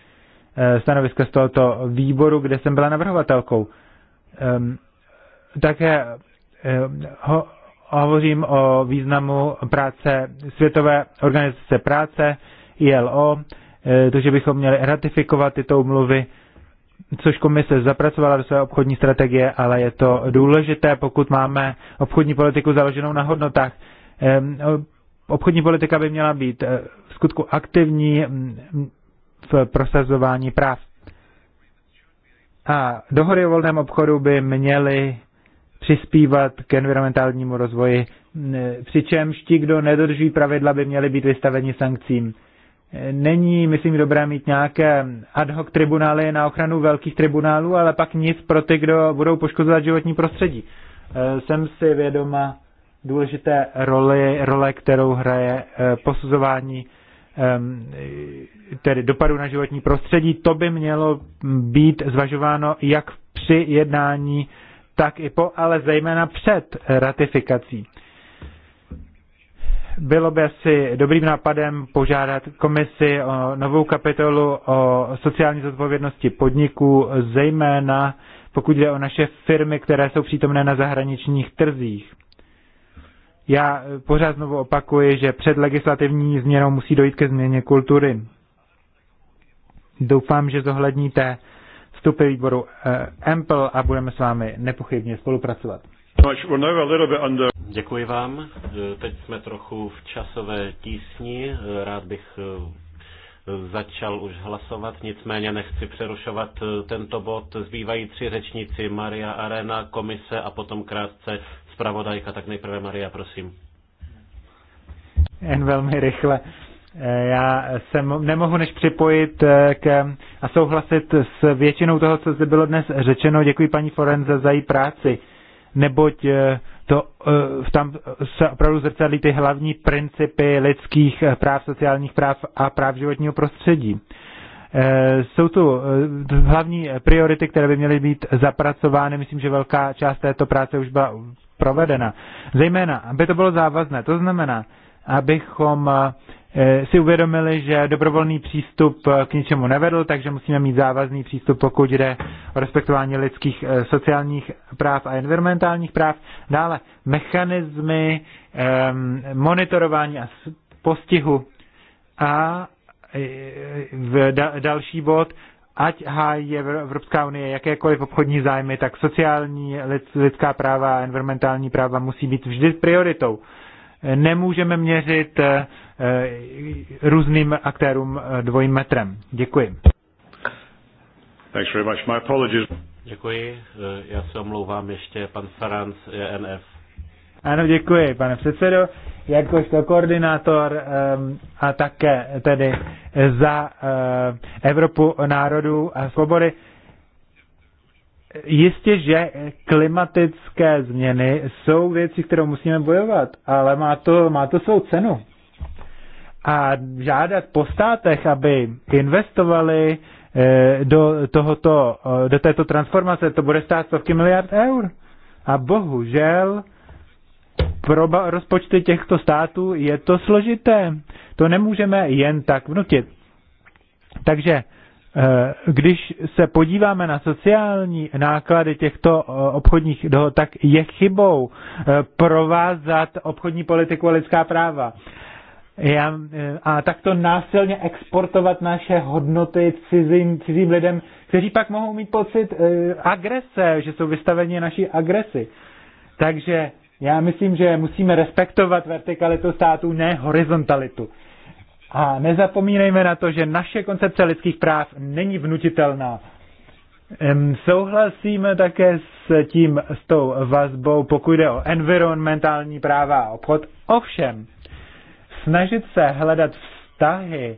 stanoviska z tohoto výboru, kde jsem byla navrhovatelkou. Také eh, ho, hovořím o významu práce Světové organizace práce, ILO, eh, to, že bychom měli ratifikovat tyto umluvy, což komise zapracovala do své obchodní strategie, ale je to důležité, pokud máme obchodní politiku založenou na hodnotách. Obchodní politika by měla být eh, v skutku aktivní v prosazování práv. A dohody o volném obchodu by měly přispívat k environmentálnímu rozvoji, přičemž ti, kdo nedodržují pravidla, by měli být vystaveni sankcím. Není, myslím, dobré mít nějaké ad hoc tribunály na ochranu velkých tribunálů, ale pak nic pro ty, kdo budou poškozovat životní prostředí. E, jsem si vědoma důležité roli, role, kterou hraje e, posuzování tedy dopadu na životní prostředí. To by mělo být zvažováno jak při jednání tak i po, ale zejména před ratifikací. Bylo by asi dobrým nápadem požádat komisi o novou kapitolu o sociální zodpovědnosti podniků, zejména pokud jde o naše firmy, které jsou přítomné na zahraničních trzích. Já pořád znovu opakuji, že před legislativní změnou musí dojít ke změně kultury. Doufám, že zohledníte vstupy výboru eh, Ample a budeme s vámi nepochybně spolupracovat. Děkuji vám. Eh, teď jsme trochu v časové tísni. Eh, rád bych začal už hlasovat, nicméně nechci přerušovat tento bod. Zbývají tři řečníci, Maria Arena, komise a potom krátce zpravodajka. Tak nejprve Maria, prosím. Jen velmi rychle. Eh, já se nemohu než připojit eh, k, a souhlasit s většinou toho, co zde bylo dnes řečeno. Děkuji paní Forenze za její práci, neboť eh, to, tam se opravdu zrcadlí ty hlavní principy lidských práv, sociálních práv a práv životního prostředí. Jsou tu hlavní priority, které by měly být zapracovány. Myslím, že velká část této práce už byla provedena. Zejména, aby to bylo závazné, to znamená, abychom Eh, si uvědomili, že dobrovolný přístup eh, k ničemu nevedl, takže musíme mít závazný přístup, pokud jde o respektování lidských, eh, sociálních práv a environmentálních práv. Dále mechanismy ehm, monitorování a postihu a v další bod, ať hájí Evropská unie jakékoliv obchodní zájmy, tak sociální, lidská práva a environmentální práva musí být vždy prioritou nemůžeme měřit eh, eh, různým aktérům eh, dvojím metrem. Děkuji. very much. My apologies. Děkuji. Já se omlouvám ještě pan Saranc, ENF. Ano, děkuji, pane předsedo. Jakožto koordinátor ehm, a také tedy za Evropu národů a svobody jistě, že klimatické změny jsou věci, kterou musíme bojovat, ale má to, má to svou cenu. A žádat po státech, aby investovali eh, do, tohoto, eh, do této transformace, to bude stát stovky miliard eur. A bohužel pro rozpočty těchto států je to složité. To nemůžeme jen tak vnutit. Takže Eh, když se podíváme na sociální náklady těchto eh, obchodních dohod, tak je chybou eh, provázat obchodní politiku a lidská práva. Já, a takto násilně exportovat naše hodnoty cizím, cizím lidem, kteří pak mohou mít pocit e, agrese, že jsou vystaveni naší agresi. Takže já myslím, že musíme respektovat vertikalitu států, ne horizontalitu. A nezapomínejme na to, že naše koncepce lidských práv není vnutitelná. Souhlasíme také s tím, s tou vazbou, pokud jde o environmentální práva a obchod. Ovšem, snažit se hledat vztahy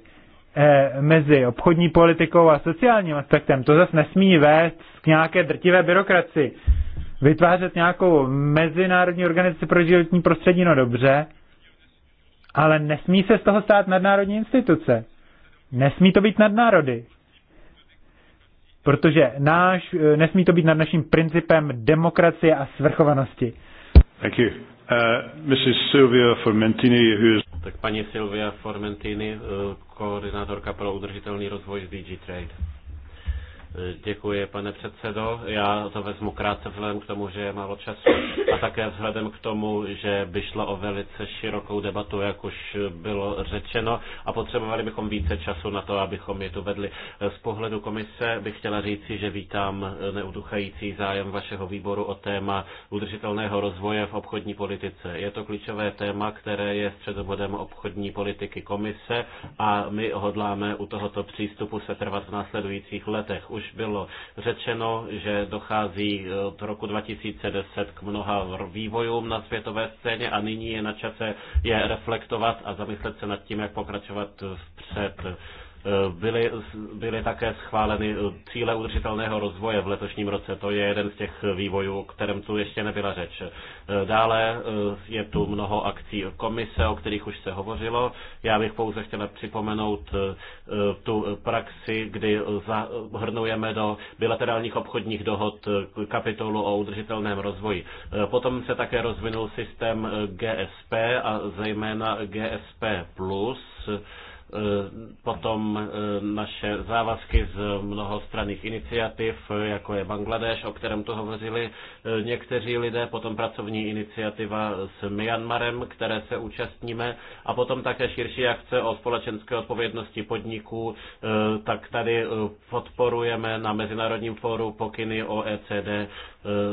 eh, mezi obchodní politikou a sociálním aspektem, to zase nesmí vést k nějaké drtivé byrokraci. Vytvářet nějakou mezinárodní organizaci pro životní prostředí, no dobře, ale nesmí se z toho stát nadnárodní instituce. Nesmí to být nadnárody. Protože náš, eh, nesmí to být nad naším principem demokracie a svrchovanosti. Thank you. Uh, Mrs. Silvia Formentini, who is... Tak paní Silvia Formentini, eh, koordinátorka pro udržitelný rozvoj z DG Trade. Děkuji, pane předsedo. Já to vezmu krátce vzhledem k tomu, že je málo času a také vzhledem k tomu, že by šlo o velice širokou debatu, jak už bylo řečeno, a potřebovali bychom více času na to, abychom je tu vedli. Z pohledu komise bych chtěla říci, že vítám neuduchající zájem vašeho výboru o téma udržitelného rozvoje v obchodní politice. Je to klíčové téma, které je středobodem obchodní politiky komise a my hodláme u tohoto přístupu se trvat v následujících letech už bylo řečeno, že dochází eh, od roku 2010 k mnoha vývojům na světové scéně a nyní je na čase je reflektovat a zamyslet se nad tím, jak pokračovat vpřed. Eh, byly, byly také schváleny eh, cíle udržitelného rozvoje v letošním roce. To je jeden z těch vývojů, o kterém tu ještě nebyla řeč. Eh, dále je tu mnoho akcí komise, o kterých už se hovořilo. Já bych pouze chtěla připomenout tu praxi, kdy zahrnujeme do bilaterálních obchodních dohod kapitolu o udržitelném rozvoji. Potom se také rozvinul systém GSP a zejména GSP+, plus Eh, potom eh, naše závazky z mnohostranných iniciativ, jako je Bangladeš, o kterém to hovořili eh, někteří lidé, potom pracovní iniciativa s Myanmarem, které se účastníme, a potom také širší akce o společenské odpovědnosti podniků, tak tady podporujeme na Mezinárodním fóru pokyny OECD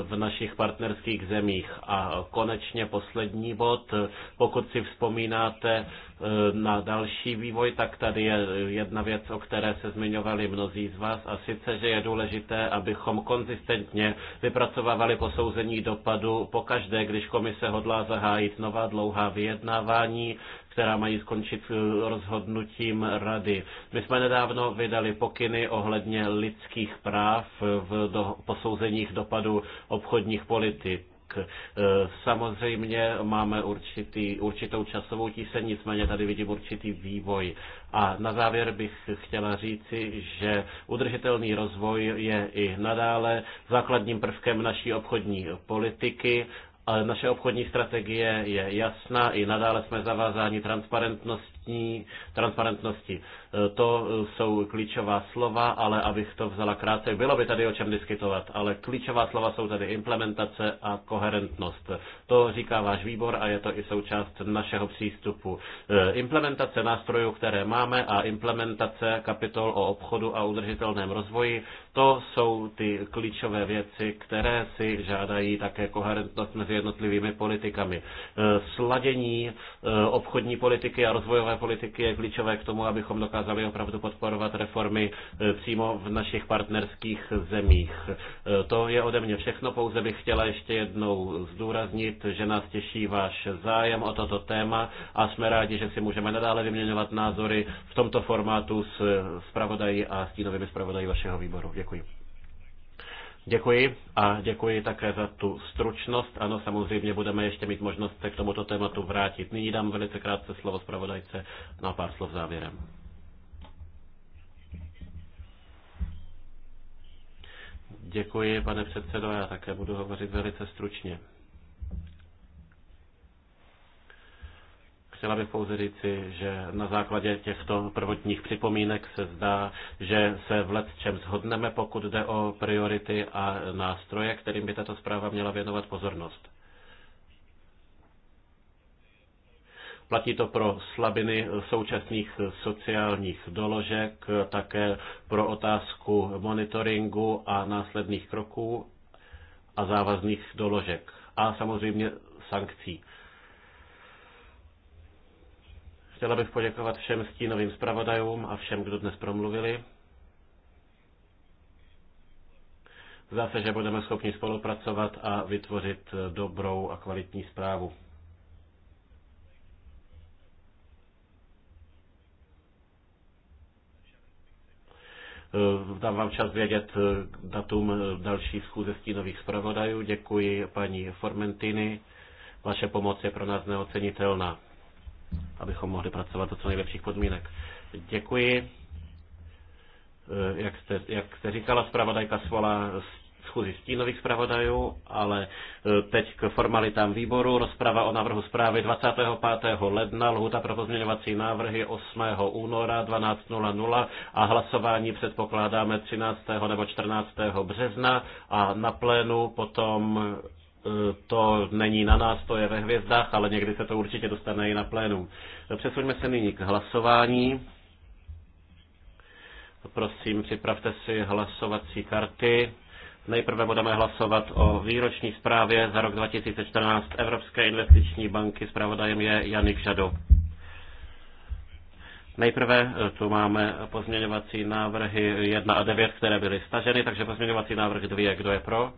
v našich partnerských zemích. A konečně poslední bod, pokud si vzpomínáte eh, na další vývoj, tak tady je jedna věc, o které se zmiňovali mnozí z vás, a sice, že je důležité, abychom konzistentně vypracovávali posouzení dopadu pokaždé, když komise hodlá zahájit nová dlouhá vyjednávání která mají skončit eh, rozhodnutím rady. My jsme nedávno vydali pokyny ohledně lidských práv v do, posouzeních dopadu obchodních politik. Eh, samozřejmě máme určitý, určitou časovou tíseň, nicméně tady vidím určitý vývoj. A na závěr bych chtěla říci, že udržitelný rozvoj je i nadále základním prvkem naší obchodní politiky ale naše obchodní strategie je jasná, i nadále jsme zavázáni transparentnosti transparentní, transparentnosti. E, to e, jsou klíčová slova, ale abych to vzala krátce, bylo by tady o čem diskutovat, ale klíčová slova jsou tady implementace a koherentnost. To říká váš výbor a je to i součást našeho přístupu. E, implementace nástrojů, které máme a implementace kapitol o obchodu a udržitelném rozvoji, to jsou ty klíčové věci, které si žádají také koherentnost mezi jednotlivými politikami. Sladění obchodní politiky a rozvojové politiky je klíčové k tomu, abychom dokázali opravdu podporovat reformy e, přímo v našich partnerských zemích. E, to je ode mě všechno, pouze bych chtěla ještě jednou zdůraznit, že nás těší váš zájem o toto téma a jsme rádi, že si můžeme nadále vyměňovat názory v tomto formátu s zpravodají e, a stínovými zpravodají vašeho výboru. Děkuji. Děkuji a děkuji také za tu stručnost. Ano, samozřejmě budeme ještě mít možnost se k tomuto tématu vrátit. Nyní dám velice krátce slovo zpravodajce na pár slov závěrem. Děkuji, pane předsedo, já také budu hovořit velice stručně. Chtěla bych pouze říci, že na základě těchto prvotních připomínek se zdá, že se v let čem shodneme, pokud jde o priority a nástroje, kterým by tato zpráva měla věnovat pozornost. Platí to pro slabiny současných sociálních doložek, také pro otázku monitoringu a následných kroků a závazných doložek a samozřejmě sankcí. Chtěla bych poděkovat všem stínovým zpravodajům a všem, kdo dnes promluvili. Zdá se, že budeme schopni spolupracovat a vytvořit dobrou a kvalitní zprávu. Dám vám čas vědět datum další schůze stínových zpravodajů. Děkuji paní Formentiny. Vaše pomoc je pro nás neocenitelná abychom mohli pracovat do co nejlepších podmínek. Děkuji. Eh, jak jste, jak jste říkala, zpravodajka svolá schůzi stínových zpravodajů, ale eh, teď k formalitám výboru. Rozprava o návrhu zprávy 25. ledna, lhuta pro pozměňovací návrhy 8. února 12.00 a hlasování předpokládáme 13. nebo 14. března a na plénu potom Eh, to není na nás, to je ve hvězdách, ale někdy se to určitě dostane i na plénum. Eh, přesuňme se nyní k hlasování. Prosím, připravte si hlasovací karty. Nejprve budeme hlasovat o výroční zprávě za rok 2014 Evropské investiční banky. Zpravodajem je Janik Žado. Nejprve eh, tu máme pozměňovací návrhy 1 a 9, které byly staženy, takže pozměňovací návrh 2, kdo je pro?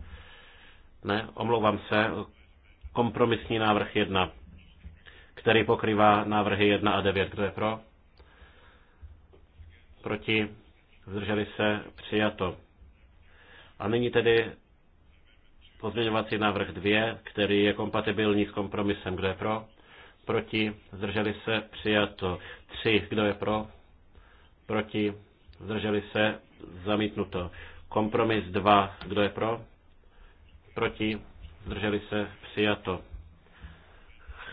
Ne, omlouvám se. Kompromisní návrh 1, který pokrývá návrhy 1 a 9. Kdo je pro? Proti? Zdrželi se? Přijato. A nyní tedy pozměňovací návrh 2, který je kompatibilní s kompromisem. Kdo je pro? Proti? Zdrželi se? Přijato. 3. Kdo je pro? Proti? Zdrželi se? Zamítnuto. Kompromis 2. Kdo je pro? proti, zdrželi se, přijato.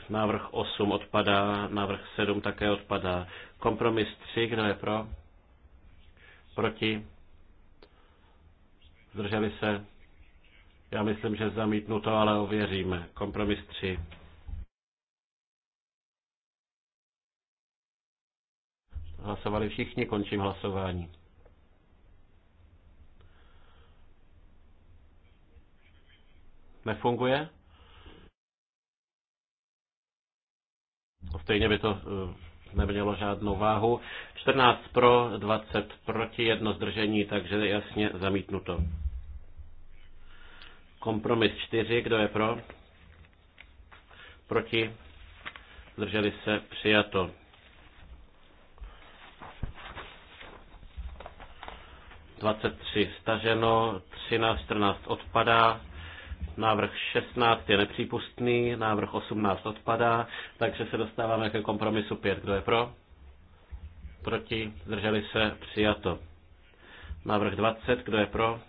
Návrh 8 odpadá, návrh 7 také odpadá. Kompromis 3, kdo je pro? Proti? Zdrželi se? Já myslím, že zamítnu to, ale ověříme. Kompromis 3. Hlasovali všichni, končím hlasování. nefunguje. Stejně by to eh, nemělo žádnou váhu. 14 pro, 20 proti, jedno zdržení, takže jasně zamítnuto. Kompromis 4, kdo je pro? Proti? Zdrželi se, přijato. Dvacet tři staženo, 13, čtrnáct odpadá, Návrh 16 je nepřípustný, návrh 18 odpadá, takže se dostáváme ke kompromisu 5. Kdo je pro? Proti? Zdrželi se? Přijato. Návrh 20. Kdo je pro?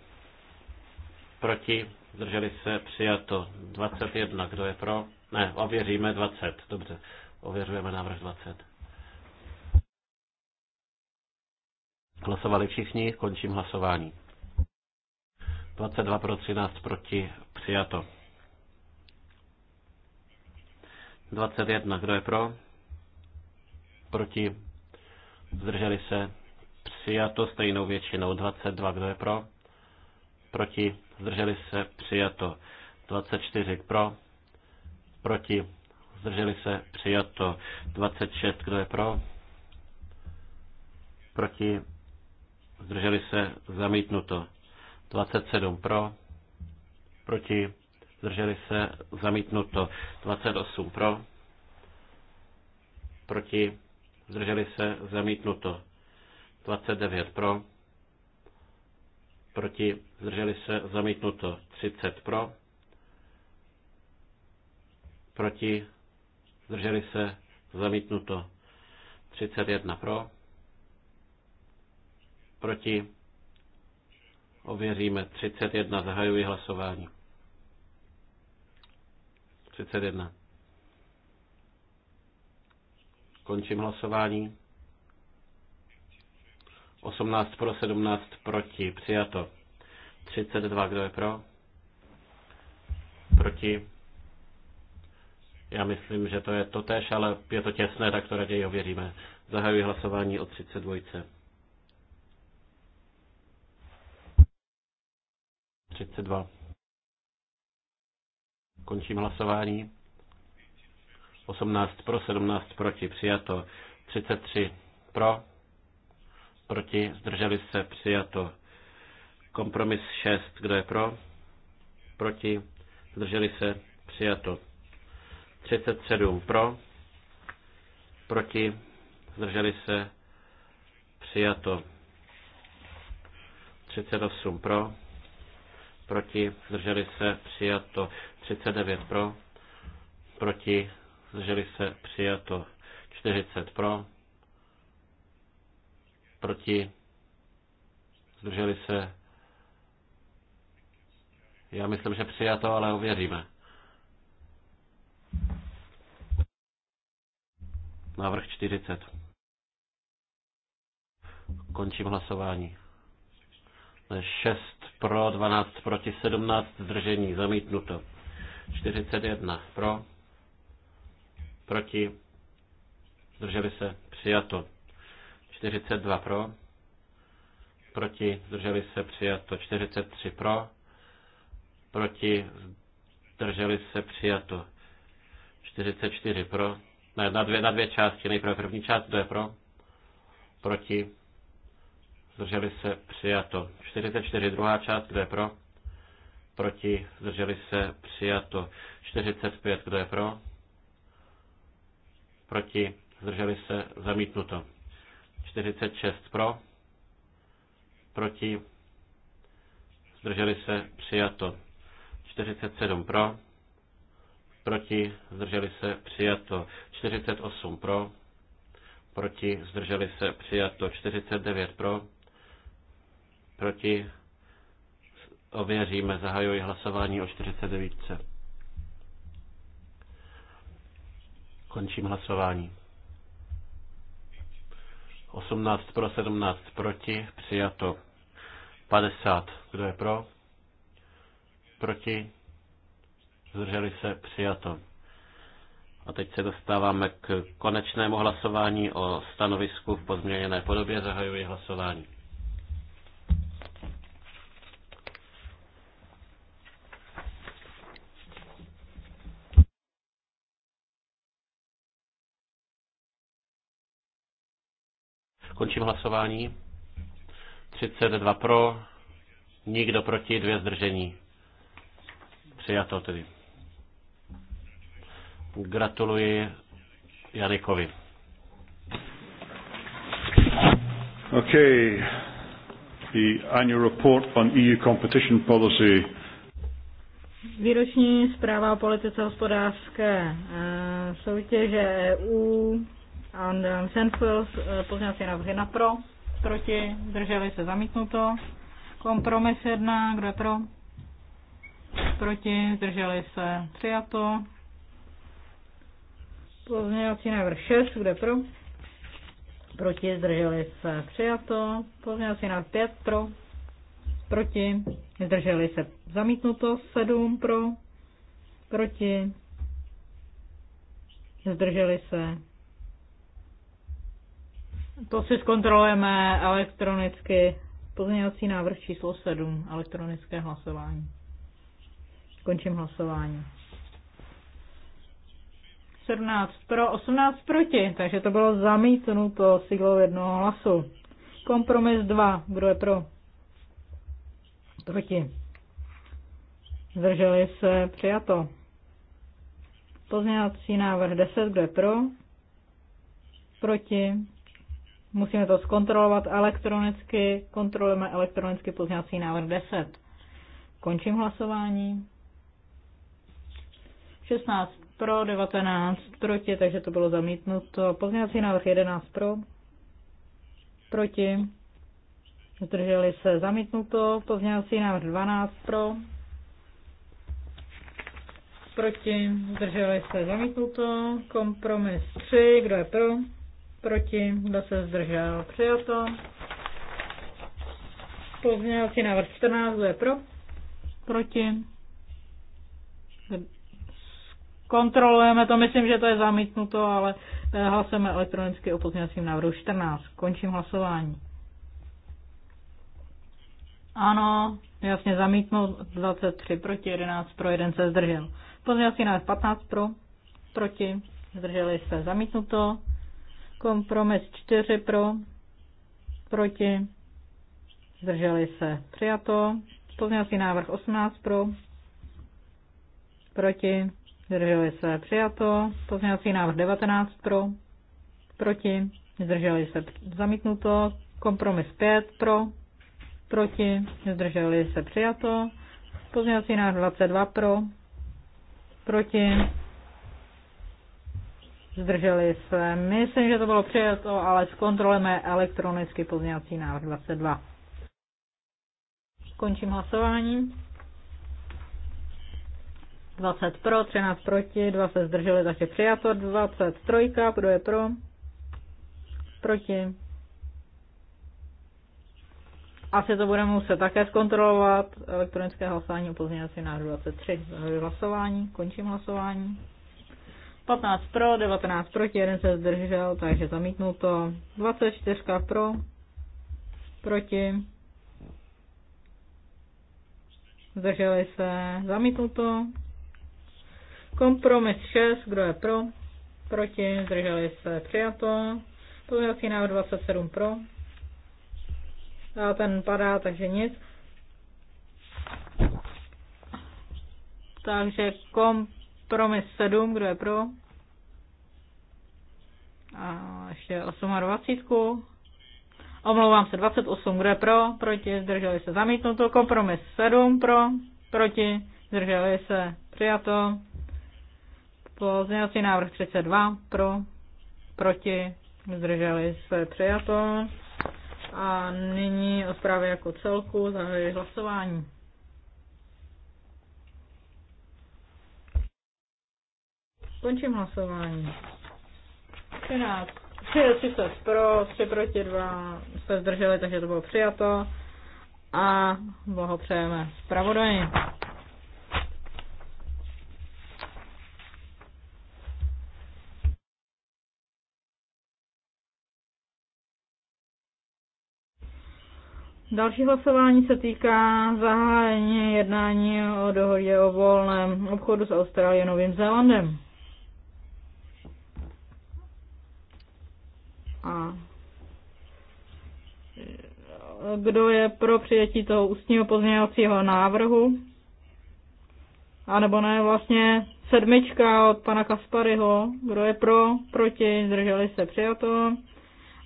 Proti? Zdrželi se? Přijato. 21. Kdo je pro? Ne, ověříme 20. Dobře. Ověřujeme návrh 20. Hlasovali všichni, končím hlasování. 22 pro 13 proti přijato. 21. Kdo je pro? Proti? Zdrželi se? Přijato stejnou většinou. 22. Kdo je pro? Proti? Zdrželi se? Přijato. 24. Pro? Proti? Zdrželi se? Přijato. 26. Kdo je pro? Proti? Zdrželi se? Zamítnuto. 27 pro, proti, zdrželi se, zamítnuto. 28 pro, proti, zdrželi se, zamítnuto. 29 pro, proti, zdrželi se, zamítnuto. 30 pro, proti, zdrželi se, zamítnuto. 31 pro, proti, Ověříme. 31. Zahajuji hlasování. 31. Končím hlasování. 18 pro, 17 proti. Přijato. 32. Kdo je pro? Proti. Já myslím, že to je totéž, ale je to těsné, tak to raději ověříme. Zahajuji hlasování o 32. 32. Končím hlasování. 18 pro, 17 proti, přijato. 33 pro, proti, zdrželi se, přijato. Kompromis 6, kdo je pro, proti, zdrželi se, přijato. 37 pro, proti, zdrželi se, přijato. 38 pro, proti, zdrželi se, přijato 39 pro, proti, zdrželi se, přijato 40 pro, proti, zdrželi se, já myslím, že přijato, ale ověříme. Návrh 40. Končím hlasování. 6 pro, 12 proti, 17 zdržení, zamítnuto. 41 pro, proti, zdrželi se, přijato. 42 pro, proti, zdrželi se, přijato. 43 pro, proti, zdrželi se, přijato. 44 pro, ne, na dvě, na dvě části, nejprve první část, to je pro, proti, zdrželi se, přijato. 44, druhá část, kdo je pro? Proti, zdrželi se, přijato. 45, kdo je pro? Proti, zdrželi se, zamítnuto. 46 pro, proti, zdrželi se, přijato. 47 pro, proti, zdrželi se, přijato. 48 pro, proti, zdrželi se, přijato. 49 pro, Proti? Ověříme. Zahajuji hlasování o 49. Končím hlasování. 18 pro, 17 proti, přijato. 50. Kdo je pro? Proti? Zdrželi se, přijato. A teď se dostáváme k konečnému hlasování o stanovisku v pozměněné podobě. Zahajuji hlasování. Končím hlasování. 32 pro, nikdo proti, dvě zdržení. Přijato tedy. Gratuluji Janikovi. Okay. The annual report on EU competition policy. Výroční zpráva o politice hospodářské eh, soutěže EU And um, Andrew Senfils, uh, pozměňovací návrh na pro, proti, drželi se zamítnuto. Kompromis 1, kdo je pro? Proti, zdrželi se přijato. Pozměňovací návrh 6, kdo je pro? Proti, zdrželi se přijato. Pozměňovací návrh 5 pro, proti, zdrželi se zamítnuto. 7 pro, proti, zdrželi se to si zkontrolujeme elektronicky. Pozměňovací návrh číslo 7, elektronické hlasování. Končím hlasování. 17 pro, 18 proti, takže to bylo zamítnuto Siglo jednoho hlasu. Kompromis 2, kdo je pro? Proti. Zdrželi se, přijato. Pozměňovací návrh 10, kdo je pro? Proti Musíme to zkontrolovat elektronicky. Kontrolujeme elektronicky pozměňovací návrh 10. Končím hlasování. 16 pro, 19 proti, takže to bylo zamítnuto. Pozměňovací návrh 11 pro, proti, zdrželi se zamítnuto. Pozměňovací návrh 12 pro, proti, zdrželi se zamítnuto. Kompromis 3, kdo je pro? Proti? Kdo se zdržel? to. Pozměňovací návrh 14, kdo je pro? Proti? Kontrolujeme to, myslím, že to je zamítnuto, ale eh, hlasujeme elektronicky o pozměňovacím návrhu 14. Končím hlasování. Ano, jasně zamítnu 23 proti 11 pro 1 se zdržel. Pozměňovací návrh 15 pro, proti, zdrželi se zamítnuto. Kompromis 4 pro, proti, zdrželi se. Přijato. pozměnací návrh 18 pro, proti, zdrželi se. Přijato. pozměnací návrh 19 pro, proti, zdrželi se. Zamítnuto. Kompromis 5 pro, proti, zdrželi se. Přijato. pozměnací návrh 22 pro, proti, zdrželi se. Myslím, že to bylo přijato, ale zkontrolujeme elektronicky pozměňovací návrh 22. Končím hlasování. 20 pro, 13 proti, 2 se zdrželi, takže přijato. 23, kdo je pro? Proti. Asi to budeme muset také zkontrolovat. Elektronické hlasování o pozměňovací návrh 23. Zahajuji hlasování, končím hlasování. 15 pro, 19 proti, jeden se zdržel, takže zamítnuto. 24 pro, proti, zdrželi se, zamítnuto. Kompromis 6, kdo je pro, proti, zdrželi se, přijato. asi návrh 27 pro. A ten padá, takže nic. Takže kompromis Kompromis 7, kdo je pro? A ještě 28. Omlouvám se, 28, kdo je pro? Proti, zdrželi se zamítnuto. Kompromis 7, pro? Proti, zdrželi se přijato. Pozměňovací návrh 32, pro? Proti, zdrželi se přijato. A nyní o zprávě jako celku zahajuji hlasování. Končím hlasování. 13. 30 pro, 3 proti 2 se zdrželi, takže to bylo přijato. A blahopřejeme zpravodaji. Další hlasování se týká zahájení jednání o dohodě o volném obchodu s Austrálií a Novým Zélandem. A kdo je pro přijetí toho ústního pozměňovacího návrhu? A nebo ne, vlastně sedmička od pana Kasparyho. Kdo je pro, proti, zdrželi se, přijato.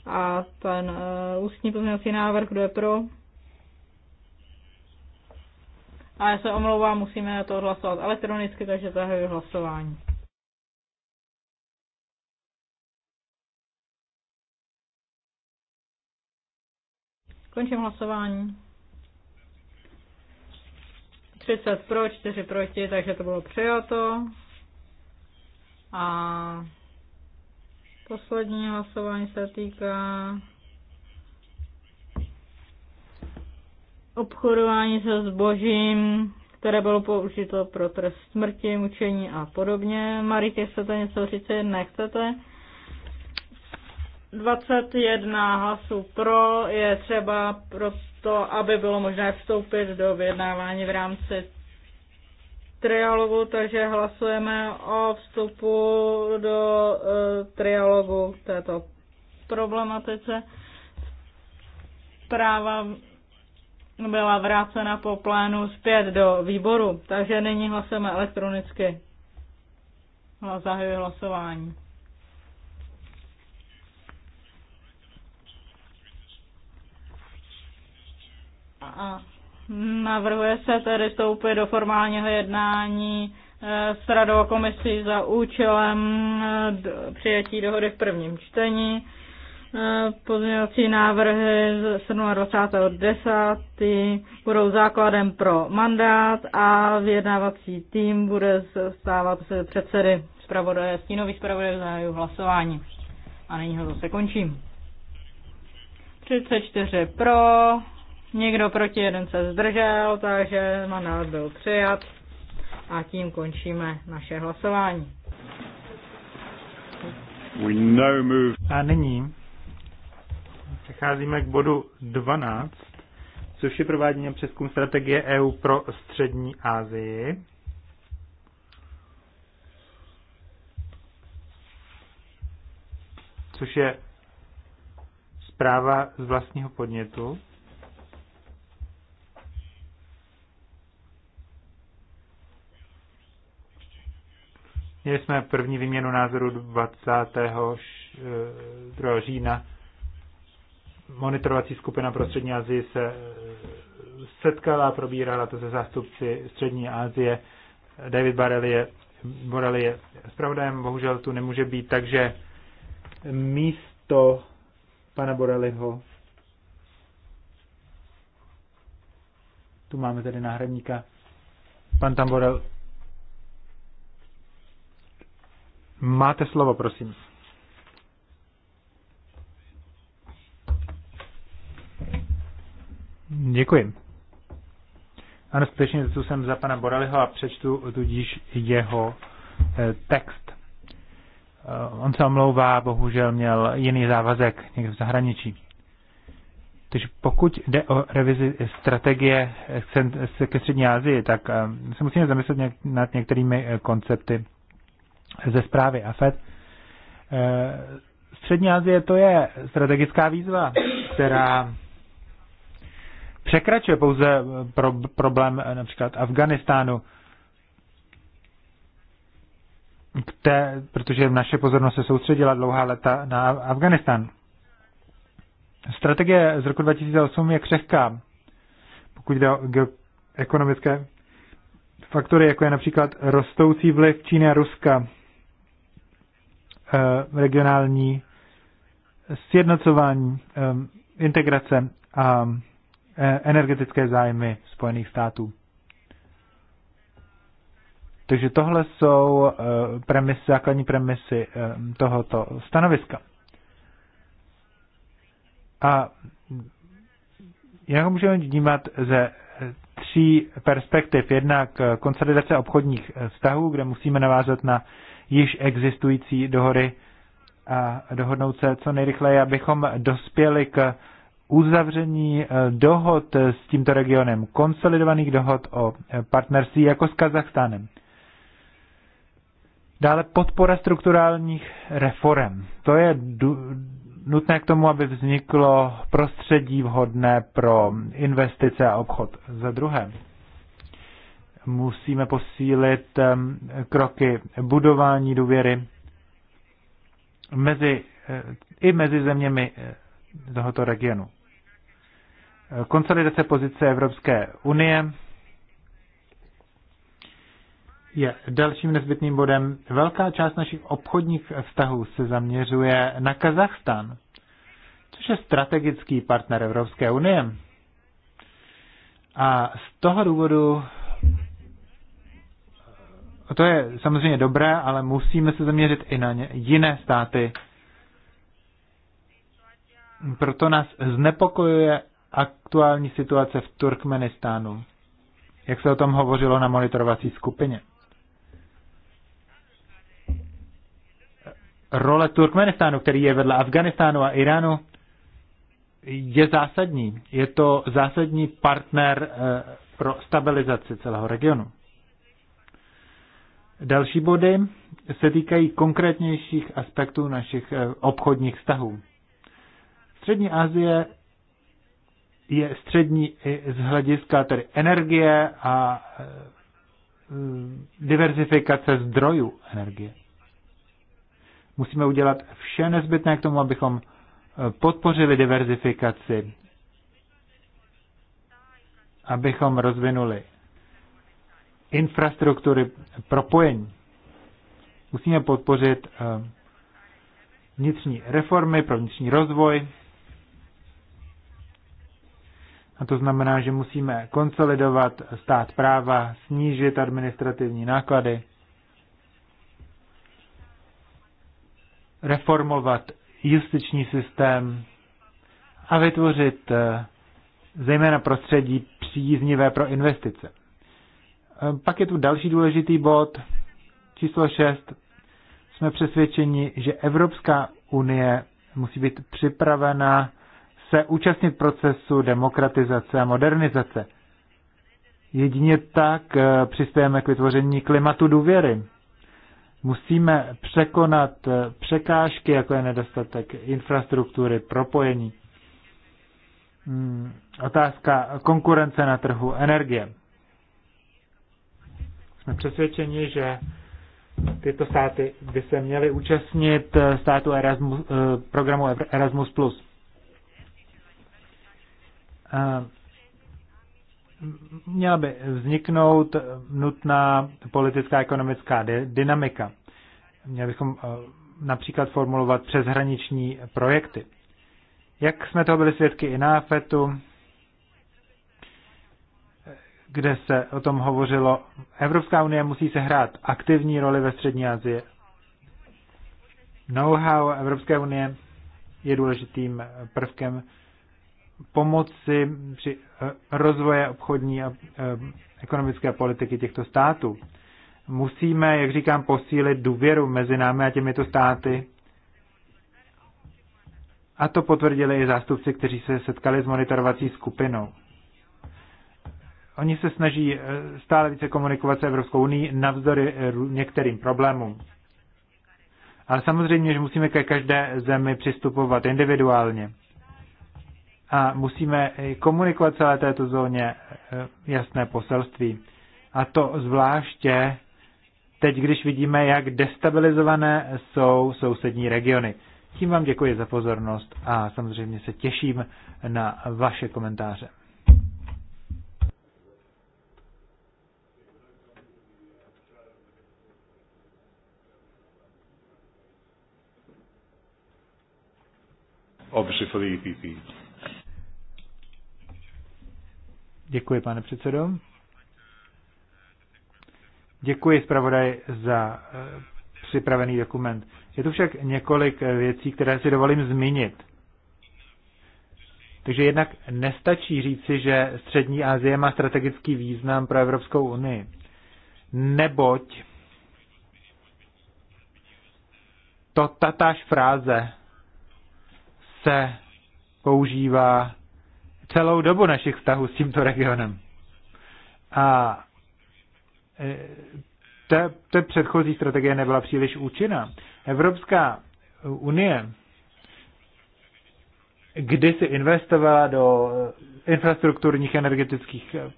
A ten uh, ústní pozměňovací návrh, kdo je pro? A já se omlouvám, musíme to odhlasovat elektronicky, takže zahajuji hlasování. Končím hlasování. 30 pro, 4 proti, takže to bylo přijato. A poslední hlasování se týká obchodování se zbožím, které bylo použito pro trest smrti, mučení a podobně. Maritě, chcete něco říct? Nechcete? 21 hlasů pro je třeba proto, aby bylo možné vstoupit do vyjednávání v rámci trialogu, takže hlasujeme o vstupu do e, trialogu této problematice. Práva byla vrácena po plénu zpět do výboru, takže nyní hlasujeme elektronicky. Zahajuji hlasování. a navrhuje se tedy vstoupit do formálního jednání eh, s radou komisí za účelem eh, přijetí dohody v prvním čtení. Eh, pozměňovací návrhy z 27.10. budou základem pro mandát a vyjednávací tým bude stávat se předsedy zpravodaje, stínový zpravodaj v hlasování. A nyní ho zase končím. 34 pro, Někdo proti, jeden se zdržel, takže mandát byl přijat a tím končíme naše hlasování. A nyní přecházíme k bodu 12, což je provádění přeskum strategie EU pro střední Asii. Což je zpráva z vlastního podnětu. Měli jsme první výměnu názoru 22. Eh, října. Monitorovací skupina pro střední Asii se eh, setkala, probírala to se zástupci střední Asie. David Barelli je, Borelli je zpravodajem, bohužel tu nemůže být, takže místo pana Borelliho, tu máme tedy náhradníka. Pan Tamborel Máte slovo, prosím. Děkuji. Ano, skutečně tu jsem za pana Boraliho a přečtu tudíž jeho eh, text. Eh, on se omlouvá, bohužel měl jiný závazek někde v zahraničí. Takže pokud jde o revizi strategie eh, ke střední Asii, tak se musíme zamyslet nad některými koncepty ze zprávy AFED. Eh, Střední Asie to je strategická výzva, která překračuje pouze eh, pro, problém eh, například Afganistánu, které, protože naše pozornost se soustředila dlouhá leta na Afganistán. Strategie z roku 2008 je křehká, pokud jde o ekonomické faktory, jako je například rostoucí vliv Číny a Ruska Eh, regionální sjednocování, eh, integrace a eh, energetické zájmy Spojených států. Takže tohle jsou premisy, základní premisy tohoto stanoviska. A jak můžeme vnímat ze tří perspektiv. Jednak konsolidace obchodních vztahů, kde musíme navázat na již existující dohody a dohodnout se co nejrychleji, abychom dospěli k uzavření eh, dohod s tímto regionem, konsolidovaných dohod o eh, partnerství jako s Kazachstánem. Dále podpora strukturálních reform. To je nutné k tomu, aby vzniklo prostředí vhodné pro investice a obchod. Za druhé, musíme posílit kroky budování důvěry mezi, eh, i mezi zeměmi eh, tohoto regionu. Eh, konsolidace pozice Evropské unie je dalším nezbytným bodem. Velká část našich obchodních vztahů se zaměřuje na Kazachstán, což je strategický partner Evropské unie. A z toho důvodu a to je samozřejmě dobré, ale musíme se zaměřit i na ně, jiné státy. Proto nás znepokojuje aktuální situace v Turkmenistánu, jak se o tom hovořilo na monitorovací skupině. Role Turkmenistánu, který je vedle Afganistánu a Iránu, je zásadní. Je to zásadní partner eh, pro stabilizaci celého regionu. Další body se týkají konkrétnějších aspektů našich eh, obchodních vztahů. Střední Asie je střední z hlediska tedy energie a eh, diverzifikace zdrojů energie. Musíme udělat vše nezbytné k tomu, abychom eh, podpořili diverzifikaci, abychom rozvinuli infrastruktury propojení. Musíme podpořit eh, vnitřní reformy pro vnitřní rozvoj. A to znamená, že musíme konsolidovat stát práva, snížit administrativní náklady, reformovat justiční systém a vytvořit eh, zejména prostředí příznivé pro investice. Ehm, pak je tu další důležitý bod, číslo 6. Jsme přesvědčeni, že Evropská unie musí být připravena se účastnit procesu demokratizace a modernizace. Jedině tak eh, přispějeme k vytvoření klimatu důvěry. Musíme překonat eh, překážky, jako je nedostatek infrastruktury, propojení. Hmm, otázka konkurence na trhu energie. Jsme přesvědčeni, že tyto státy by se měly účastnit eh, státu Erasmus, eh, programu Erasmus+. Eh, měla by vzniknout nutná politická a ekonomická dynamika. Měli bychom například formulovat přeshraniční projekty. Jak jsme toho byli svědky i na FETu, kde se o tom hovořilo, Evropská unie musí se hrát aktivní roli ve střední Asii. Know-how Evropské unie je důležitým prvkem pomoci při eh, rozvoje obchodní a eh, ekonomické politiky těchto států. Musíme, jak říkám, posílit důvěru mezi námi a těmito státy. A to potvrdili i zástupci, kteří se setkali s monitorovací skupinou. Oni se snaží eh, stále více komunikovat s Evropskou unii navzdory eh, některým problémům. Ale samozřejmě, že musíme ke každé zemi přistupovat individuálně. A musíme komunikovat celé této zóně eh, jasné poselství. A to zvláště teď, když vidíme, jak destabilizované jsou sousední regiony. Tím vám děkuji za pozornost a samozřejmě se těším na vaše komentáře. obviously for the EPP. Děkuji, pane předsedo. Děkuji zpravodaj za eh, připravený dokument. Je tu však několik eh, věcí, které si dovolím zmínit. Takže jednak nestačí říci, že Střední Asie má strategický význam pro Evropskou unii, neboť to tatáž fráze se používá celou dobu našich vztahů s tímto regionem. A e, ta, ta předchozí strategie nebyla příliš účinná. Evropská unie kdysi investovala do e, infrastrukturních energetických e,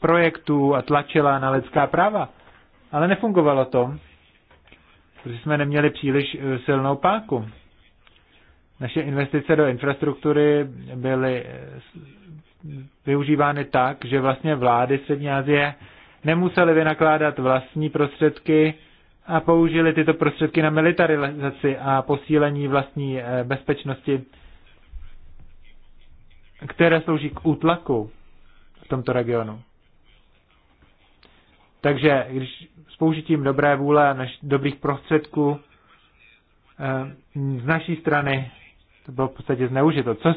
projektů a tlačila na lidská práva, ale nefungovalo to, protože jsme neměli příliš silnou páku. Naše investice do infrastruktury byly eh, využívány tak, že vlastně vlády Střední Asie nemuseli vynakládat vlastní prostředky a použili tyto prostředky na militarizaci a posílení vlastní eh, bezpečnosti, které slouží k útlaku v tomto regionu. Takže když s použitím dobré vůle a naš, dobrých prostředků eh, z naší strany to bylo v podstatě zneužito. Co,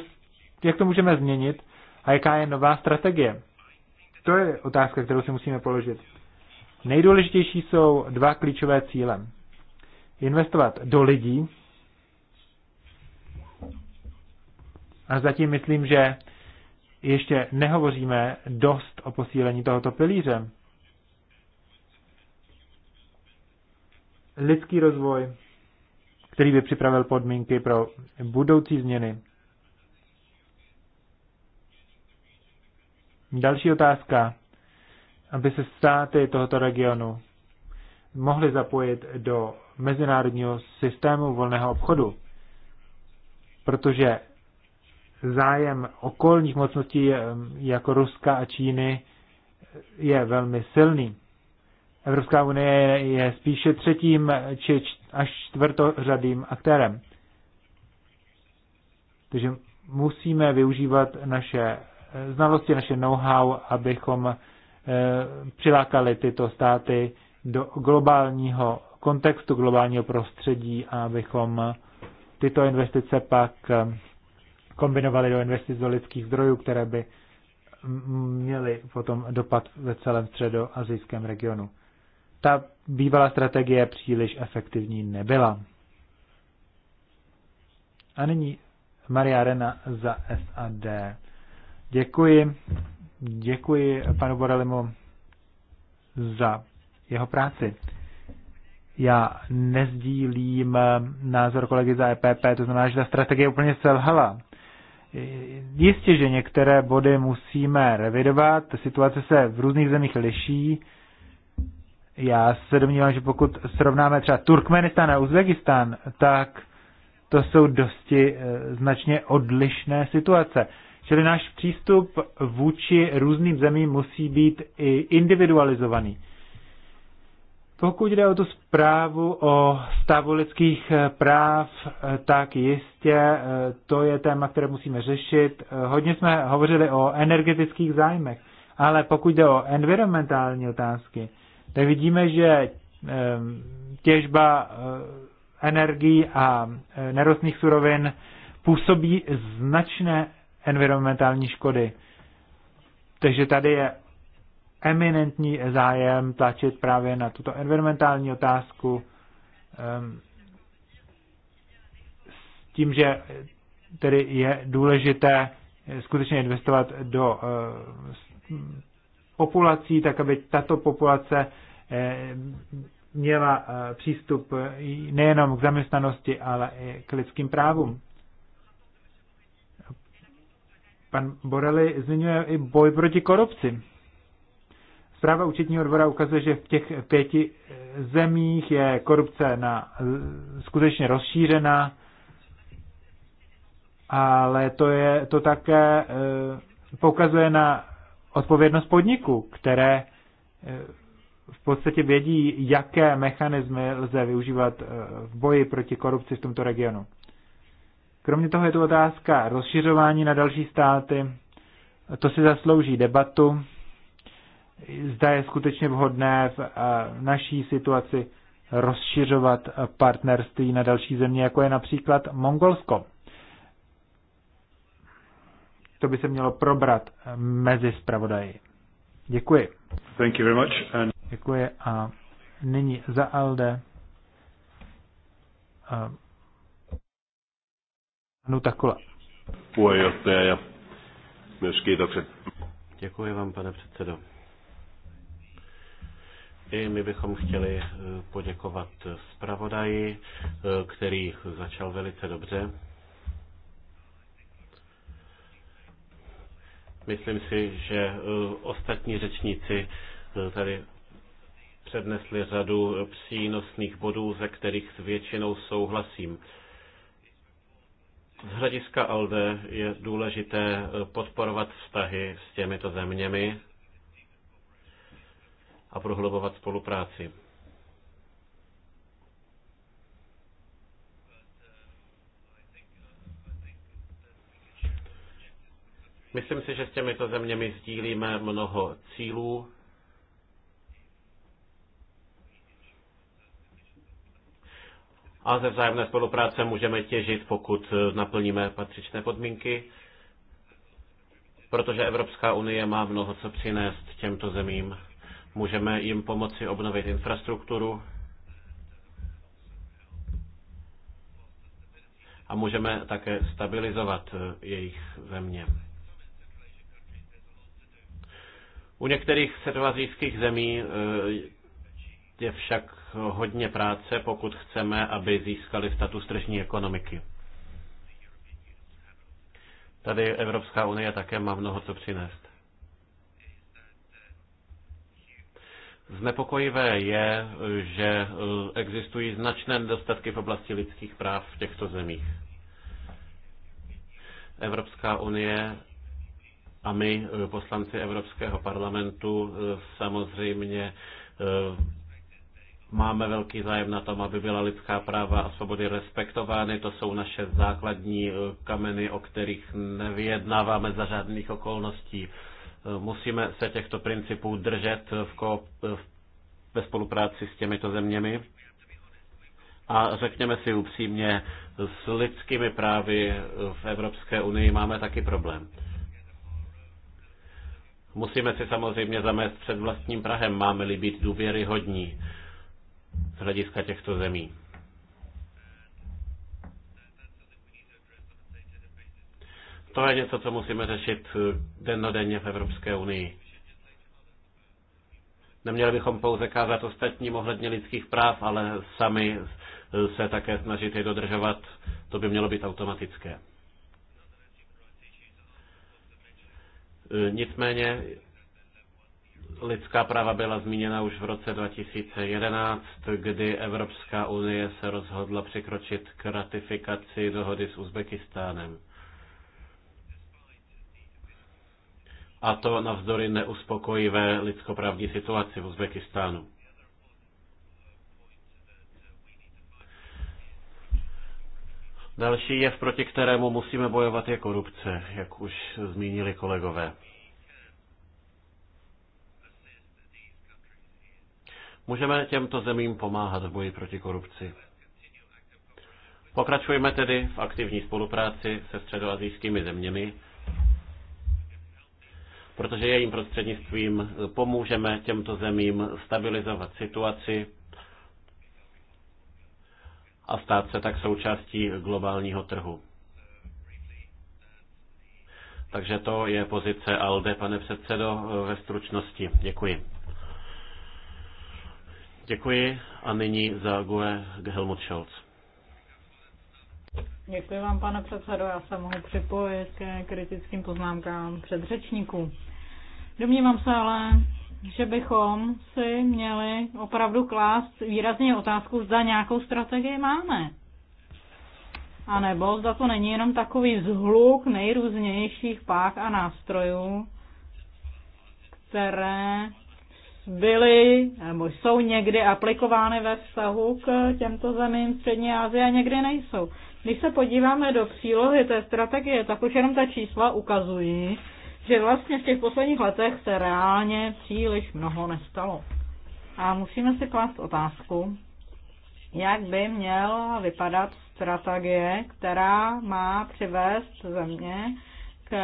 jak to můžeme změnit a jaká je nová strategie? To je otázka, kterou si musíme položit. Nejdůležitější jsou dva klíčové cíle. Investovat do lidí, a zatím myslím, že ještě nehovoříme dost o posílení tohoto pilíře. Lidský rozvoj, který by připravil podmínky pro budoucí změny. Další otázka. Aby se státy tohoto regionu mohly zapojit do mezinárodního systému volného obchodu, protože zájem okolních mocností eh, jako Ruska a Číny je velmi silný. Evropská unie je spíše třetím či až čtvrtořadým aktérem. Takže musíme využívat naše eh, znalosti, naše know-how, abychom eh, přilákali tyto státy do globálního kontextu, globálního prostředí a abychom tyto investice pak eh, kombinovali do investic do lidských zdrojů, které by měly potom dopad ve celém středoazijském regionu ta bývalá strategie příliš efektivní nebyla. A nyní Maria Arena za SAD. Děkuji, děkuji panu Borelimu za jeho práci. Já nezdílím názor kolegy za EPP, to znamená, že ta strategie úplně selhala. Jistě, že některé body musíme revidovat, situace se v různých zemích liší, já se domnívám, že pokud srovnáme třeba Turkmenistán a Uzbekistán, tak to jsou dosti eh, značně odlišné situace. Čili náš přístup vůči různým zemím musí být i individualizovaný. Pokud jde o tu zprávu o stavu lidských eh, práv, eh, tak jistě to je téma, které musíme řešit. Hodně jsme hovořili o energetických zájmech, ale pokud jde o environmentální otázky, tak vidíme, že těžba eh, energií a eh, nerostných surovin působí značné environmentální škody. Takže tady je eminentní zájem tlačit právě na tuto environmentální otázku s tím, že tedy je důležité skutečně investovat do eh, populací, tak aby tato populace eh, měla eh, přístup eh, nejenom k zaměstnanosti, ale i k lidským právům. Pan Borelli zmiňuje i boj proti korupci. Zpráva účetního dvora ukazuje, že v těch pěti zemích je korupce na, skutečně rozšířená, ale to, je, to také poukazuje na odpovědnost podniku, které eh, v podstatě vědí, jaké mechanismy lze využívat eh, v boji proti korupci v tomto regionu. Kromě toho je tu otázka rozšiřování na další státy. To si zaslouží debatu. Zda je skutečně vhodné v eh, naší situaci rozšiřovat partnerství na další země, jako je například Mongolsko to by se mělo probrat eh, mezi zpravodaji. Děkuji. Thank you very much. And... Děkuji a nyní za Alde. Uh, eh, no takola. Puheenjohtaja ja myös kiitokset. Děkuji vám, pane předsedo. I my bychom chtěli eh, poděkovat zpravodaji, který začal velice dobře. Myslím si, že eh, ostatní řečníci eh, tady přednesli řadu eh, přínosných bodů, ze kterých s většinou souhlasím. Z hlediska ALDE je důležité podporovat vztahy s těmito zeměmi a prohlubovat spolupráci. Myslím si, že s těmito zeměmi sdílíme mnoho cílů. A ze vzájemné spolupráce můžeme těžit, pokud naplníme patřičné podmínky, protože Evropská unie má mnoho co přinést těmto zemím. Můžeme jim pomoci obnovit infrastrukturu, a můžeme také stabilizovat jejich země. U některých severoazijských zemí eh, je však hodně práce, pokud chceme, aby získali status tržní ekonomiky. Tady Evropská unie také má mnoho co přinést. Znepokojivé je, že eh, existují značné nedostatky v oblasti lidských práv v těchto zemích. Evropská unie a my, eh, poslanci Evropského parlamentu, eh, samozřejmě eh, máme velký zájem na tom, aby byla lidská práva a svobody respektovány. To jsou naše základní kameny, o kterých nevyjednáváme za žádných okolností. Musíme se těchto principů držet v ko- ve spolupráci s těmito zeměmi. A řekněme si upřímně, s lidskými právy v Evropské unii máme taky problém. Musíme si samozřejmě zamést před vlastním Prahem, máme-li být důvěryhodní z hlediska těchto zemí. To je něco, co musíme řešit dennodenně v Evropské unii. Neměli bychom pouze kázat ostatním ohledně lidských práv, ale sami se také snažit je dodržovat. To by mělo být automatické. E, nicméně lidská práva byla zmíněna už v roce 2011, kdy Evropská unie se rozhodla překročit k ratifikaci dohody s Uzbekistánem. A to navzdory neuspokojivé lidskoprávní situaci v Uzbekistánu. Další jev, proti kterému musíme bojovat, je korupce, jak už zmínili kolegové. Můžeme těmto zemím pomáhat v boji proti korupci. Pokračujeme tedy v aktivní spolupráci se středoazijskými zeměmi, protože jejím prostřednictvím pomůžeme těmto zemím stabilizovat situaci a stát se tak součástí globálního trhu. Takže to je pozice ALDE, pane předsedo, ve stručnosti. Děkuji. Děkuji a nyní za GUE Helmut Scholz. Děkuji vám, pane předsedo. Já se mohu připojit ke kritickým poznámkám předřečníků. Domnívám se ale, že bychom si měli opravdu klást výrazně otázku, zda nějakou strategii máme. A nebo zda to není jenom takový zhluk nejrůznějších pák a nástrojů, které byly nebo jsou někdy aplikovány ve vztahu k těmto zemím Střední Asie a někdy nejsou. Když se podíváme do přílohy té strategie, tak už jenom ta čísla ukazují, že vlastně v těch posledních letech se reálně příliš mnoho nestalo. A musíme si klást otázku, jak by měla vypadat strategie, která má přivést země k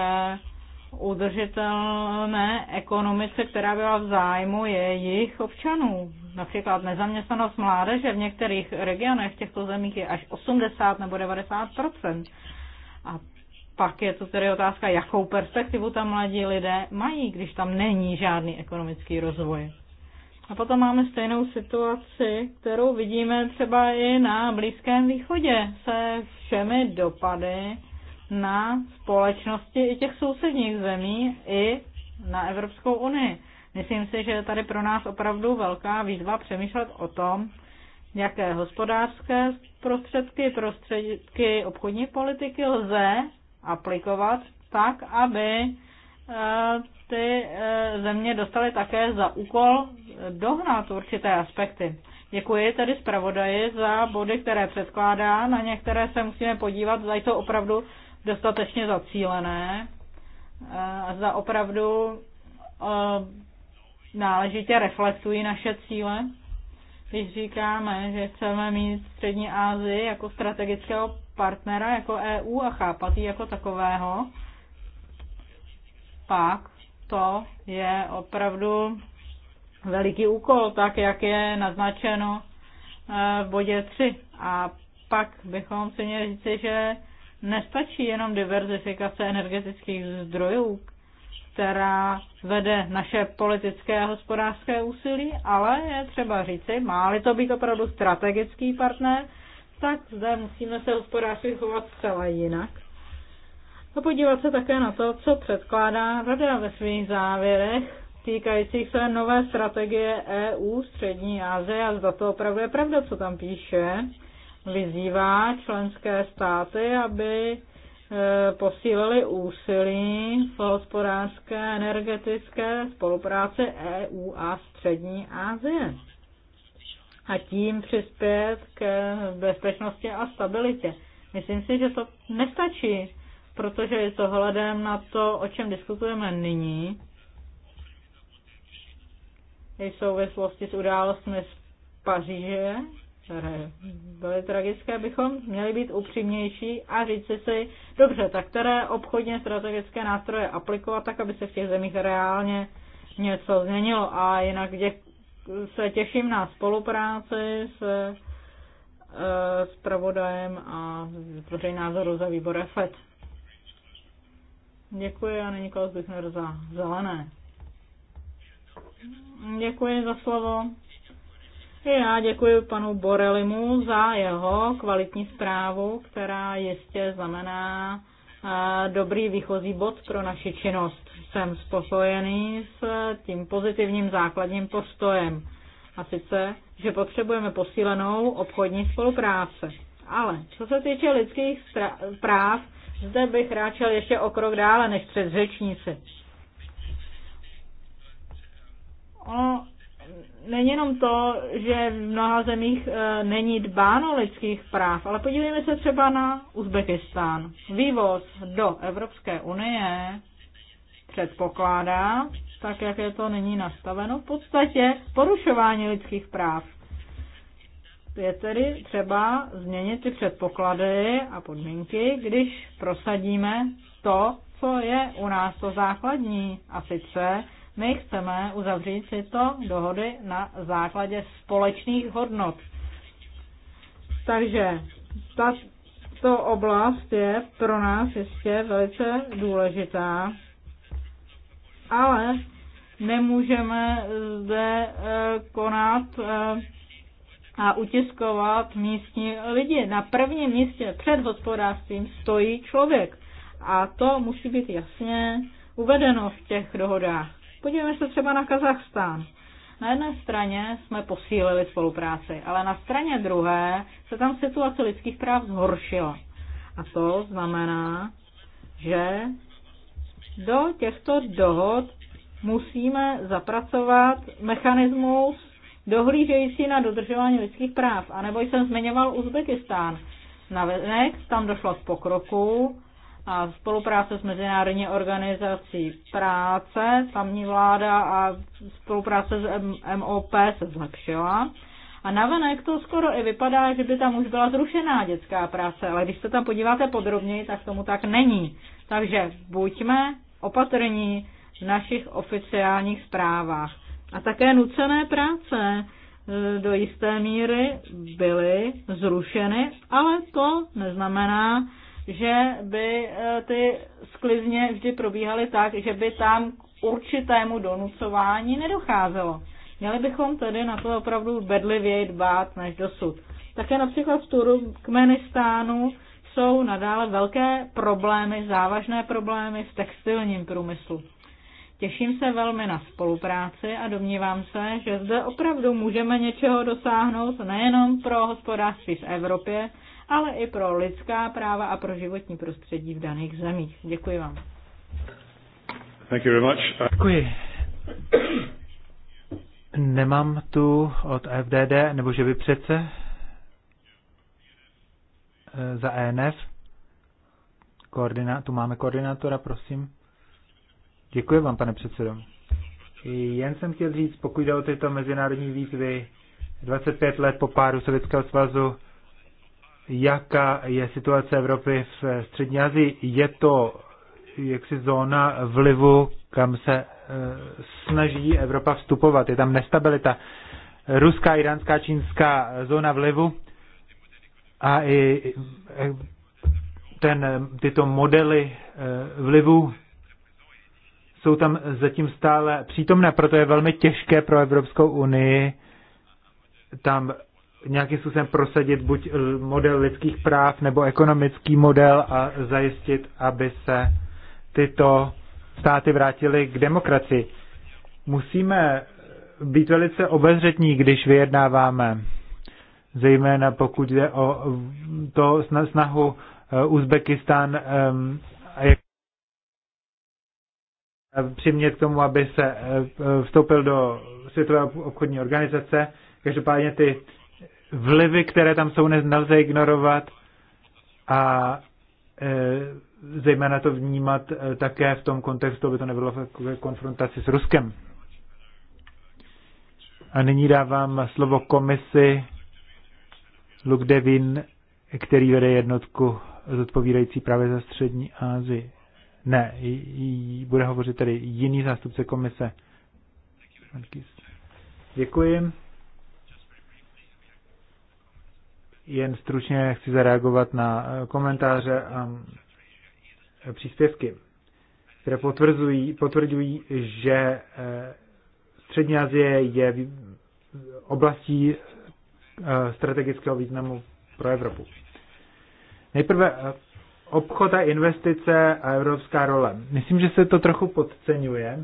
udržitelné ekonomice, která byla v zájmu jejich občanů. Například nezaměstnanost mládeže v některých regionech těchto zemích je až 80 nebo 90 A pak je to tedy otázka, jakou perspektivu tam mladí lidé mají, když tam není žádný ekonomický rozvoj. A potom máme stejnou situaci, kterou vidíme třeba i na Blízkém východě se všemi dopady na společnosti i těch sousedních zemí, i na Evropskou unii. Myslím si, že je tady pro nás opravdu velká výzva přemýšlet o tom, jaké hospodářské prostředky, prostředky obchodní politiky lze aplikovat tak, aby eh, ty eh, země dostaly také za úkol dohnat určité aspekty. Děkuji tedy zpravodaji za body, které předkládá. Na některé se musíme podívat, zda jsou opravdu dostatečně zacílené eh, a zda opravdu náležitě reflektují naše cíle když říkáme, že chceme mít Střední Asii jako strategického partnera, jako EU a chápat ji jako takového, pak to je opravdu veliký úkol, tak jak je naznačeno e, v bodě 3. A pak bychom si měli říci, že nestačí jenom diverzifikace energetických zdrojů, která vede naše politické a hospodářské úsilí, ale je třeba říci, má-li to být opravdu strategický partner, tak zde musíme se hospodářství chovat zcela jinak. A podívat se také na to, co předkládá Rada ve svých závěrech týkajících se nové strategie EU Střední Asie a zda to opravdu je pravda, co tam píše. Vyzývá členské státy, aby Eh, posílili úsilí v hospodářské energetické spolupráce EU a Střední Asie a tím přispět k bezpečnosti a stabilitě. Myslím si, že to nestačí, protože je to hledem na to, o čem diskutujeme nyní, i v souvislosti s událostmi z Paříže, je tragické, bychom měli být upřímnější a říct si, si dobře, tak které obchodně strategické nástroje aplikovat, tak aby se v těch zemích reálně něco změnilo. A jinak dě- se těším na spolupráci s s eh, pravodajem a vytvoření názoru za výbor FED. Děkuji a není Klaus Bichner za zelené. Děkuji za slovo. I já děkuji panu Borelimu za jeho kvalitní zprávu, která jistě znamená dobrý výchozí bod pro naši činnost. Jsem spokojený s tím pozitivním základním postojem. A sice, že potřebujeme posílenou obchodní spolupráce. Ale co se týče lidských práv, zde bych ráčel ještě o krok dále než předřečníci. Ono není jenom to, že v mnoha zemích e, není dbáno lidských práv, ale podívejme se třeba na Uzbekistán. Vývoz do Evropské unie předpokládá, tak jak je to nyní nastaveno, v podstatě porušování lidských práv. Je tedy třeba změnit ty předpoklady a podmínky, když prosadíme to, co je u nás to základní, a sice my chceme uzavřít tyto dohody na základě společných hodnot. Takže tato oblast je pro nás ještě velice důležitá, ale nemůžeme zde eh, konat eh, a utiskovat místní lidi. Na prvním místě před hospodářstvím stojí člověk. A to musí být jasně uvedeno v těch dohodách. Podívejme se třeba na Kazachstán. Na jedné straně jsme posílili spolupráci, ale na straně druhé se tam situace lidských práv zhoršila. A to znamená, že do těchto dohod musíme zapracovat mechanismus dohlížející na dodržování lidských práv. A nebo jsem zmiňoval Uzbekistán. Navenek tam došlo z pokroku, a spolupráce s Mezinárodní organizací práce, tamní vláda a spolupráce s MOP se zlepšila. A navenek to skoro i vypadá, že by tam už byla zrušená dětská práce, ale když se tam podíváte podrobněji, tak tomu tak není. Takže buďme opatrní v našich oficiálních zprávách. A také nucené práce e, do jisté míry byly zrušeny, ale to neznamená, že by eh, ty sklizně vždy probíhaly tak, že by tam k určitému donucování nedocházelo. Měli bychom tedy na to opravdu bedlivěji dbát než dosud. Také například v Turkmenistánu jsou nadále velké problémy, závažné problémy v textilním průmyslu. Těším se velmi na spolupráci a domnívám se, že zde opravdu můžeme něčeho dosáhnout nejenom pro hospodářství v Evropě, ale i pro lidská práva a pro životní prostředí v daných zemích. Děkuji vám. Thank you very much. Děkuji. Nemám tu od FDD, nebo že by přece eh, za ENF. Koordina, tu máme koordinátora, prosím. Děkuji vám, pane předsedo. Jen jsem chtěl říct, pokud jde o tyto mezinárodní výzvy, 25 let po pádu Sovětského svazu jaká je situace Evropy v střední Asii. Je to jaksi zóna vlivu, kam se eh, snaží Evropa vstupovat. Je tam nestabilita. Ruská, iránská, čínská zóna vlivu a i ten, tyto modely eh, vlivu jsou tam zatím stále přítomné, proto je velmi těžké pro Evropskou unii tam nějakým způsobem prosadit buď eh, model lidských práv nebo ekonomický model a zajistit, aby se tyto státy vrátily k demokracii. Musíme eh, být velice obezřetní, když vyjednáváme, zejména pokud jde o eh, to snahu Uzbekistán ehm, přimět k tomu, aby se vstoupil do Světové obchodní organizace. Každopádně ty vlivy, které tam jsou, nelze ignorovat a e, zejména to vnímat e, také v tom kontextu, aby to nebylo v konfrontaci s Ruskem. A nyní dávám slovo komisi Luk Devin, který vede jednotku zodpovídající právě za střední Asii. Ne, bude hovořit tady jiný zástupce komise. Děkuji. Jen stručně chci zareagovat na eh, komentáře a eh, příspěvky, které potvrzují, potvrdují, že eh, Střední Asie je oblastí strategického významu pro Evropu. Nejprve obchod a investice a evropská role. Myslím, že se to trochu podceňuje.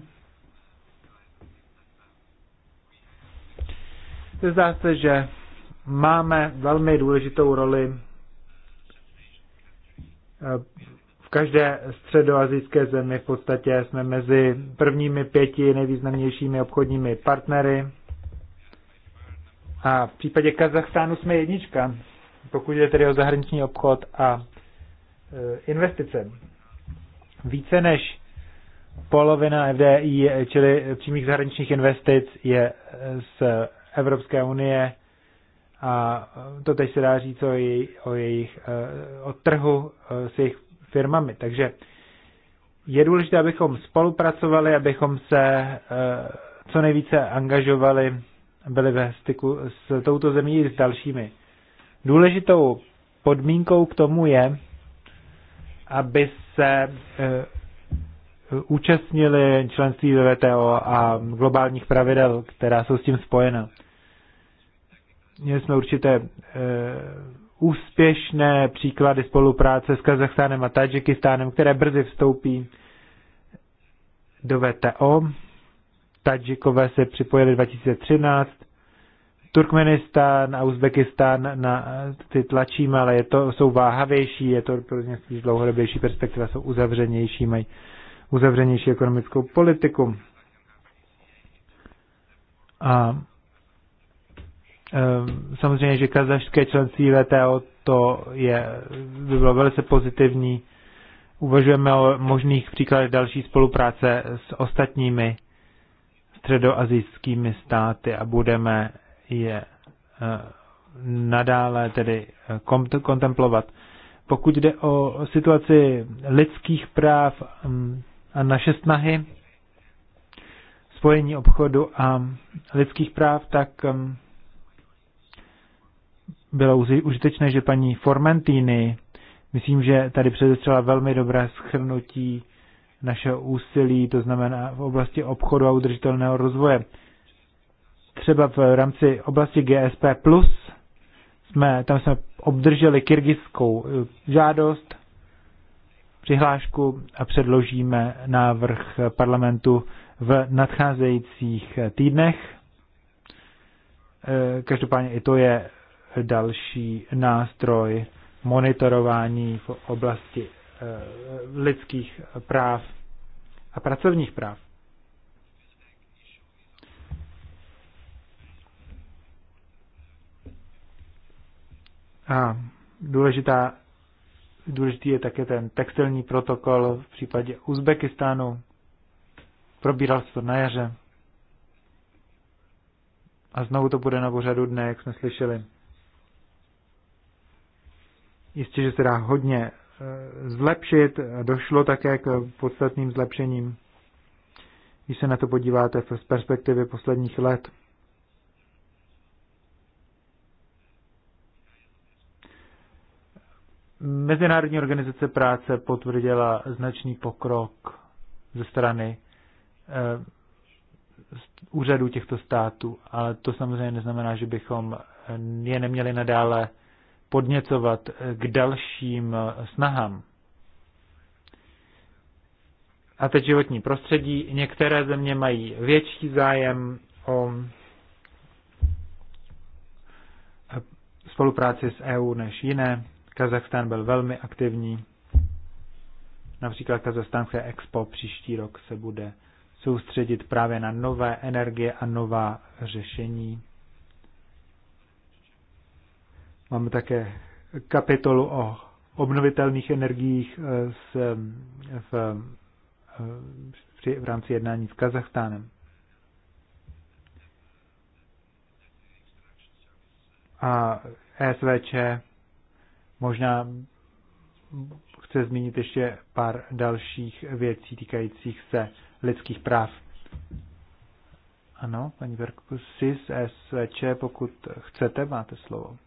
Zdá se, že máme velmi důležitou roli eh, v každé středoazijské zemi. V podstatě jsme mezi prvními pěti nejvýznamnějšími obchodními partnery. A v případě Kazachstánu jsme jednička, pokud je tedy o zahraniční obchod a eh, investice. Více než polovina FDI, eh, čili přímých zahraničních investic, je z Evropské unie a to teď se dá říct o, jej, o jejich eh, o trhu eh, s jejich firmami. Takže je důležité, abychom spolupracovali, abychom se eh, co nejvíce angažovali, byli ve styku s touto zemí i s dalšími. Důležitou podmínkou k tomu je, aby se účastnili členství ve VTO a globálních pravidel, která jsou s tím spojena. Měli jsme určité eh, úspěšné příklady spolupráce s Kazachstánem a Tadžikistánem, které brzy vstoupí do VTO. Tadžikové se připojili 2013. Turkmenistán a Uzbekistán na ty tlačíme, ale je to, jsou váhavější, je to pro ně spíš dlouhodobější perspektiva, jsou uzavřenější, mají uzavřenější ekonomickou politiku. A Ehm, samozřejmě, že kazašské členství VTO to je, by bylo velice pozitivní. Uvažujeme o možných příkladech další spolupráce s ostatními středoazijskými státy a budeme je eh, nadále tedy eh, kontemplovat. Pokud jde o situaci lidských práv mm, a naše snahy, spojení obchodu a lidských práv, tak mm, bylo užitečné, že paní Formentini, myslím, že tady předestřela velmi dobré schrnutí našeho úsilí, to znamená v oblasti obchodu a udržitelného rozvoje. Třeba v rámci oblasti GSP+, jsme, tam jsme obdrželi kyrgyzskou eh, žádost, přihlášku a předložíme návrh parlamentu v nadcházejících eh, týdnech. Eh, každopádně i to je další nástroj monitorování v oblasti eh, lidských práv a pracovních práv. A důležitá, důležitý je také ten textilní protokol v případě Uzbekistánu. Probíral se to na jaře. A znovu to bude na pořadu dne, jak jsme slyšeli. Jistě, že se dá hodně eh, zlepšit, došlo také k podstatným zlepšením, když se na to podíváte z perspektivy posledních let. Mezinárodní organizace práce potvrdila značný pokrok ze strany eh, úřadů těchto států, ale to samozřejmě neznamená, že bychom eh, je neměli nadále podněcovat k dalším snahám. A teď životní prostředí. Některé země mají větší zájem o spolupráci s EU než jiné. Kazachstán byl velmi aktivní. Například Kazachstánské expo příští rok se bude soustředit právě na nové energie a nová řešení. Máme také kapitolu o obnovitelných energiích eh, s, eh, v, v, eh, v rámci jednání s Kazachstánem. A SVČ možná chce zmínit ještě pár dalších věcí týkajících se lidských práv. Ano, paní Verkusis, SVČ, pokud chcete, máte slovo.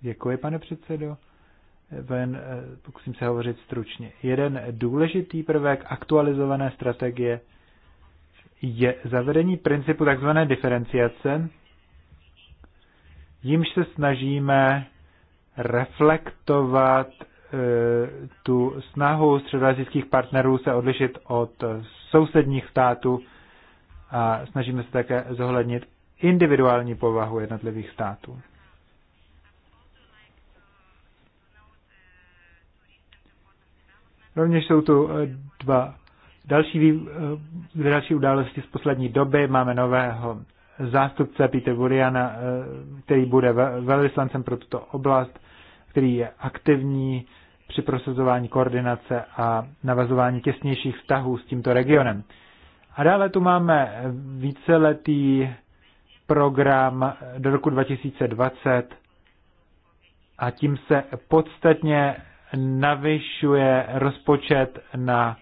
Děkuji, pane předsedo. Ven, eh, pokusím se hovořit stručně. Jeden důležitý prvek aktualizované strategie je zavedení principu tzv. diferenciace, jimž se snažíme reflektovat eh, tu snahu středoazijských partnerů se odlišit od sousedních států a snažíme se také zohlednit individuální povahu jednotlivých států. Rovněž jsou tu eh, dva další, eh, další události z poslední doby. Máme nového zástupce Peter Buriana, eh, který bude velvyslancem pro tuto oblast, který je aktivní při prosazování koordinace a navazování těsnějších vztahů s tímto regionem. A dále tu máme víceletý program do roku 2020 a tím se podstatně navyšuje rozpočet na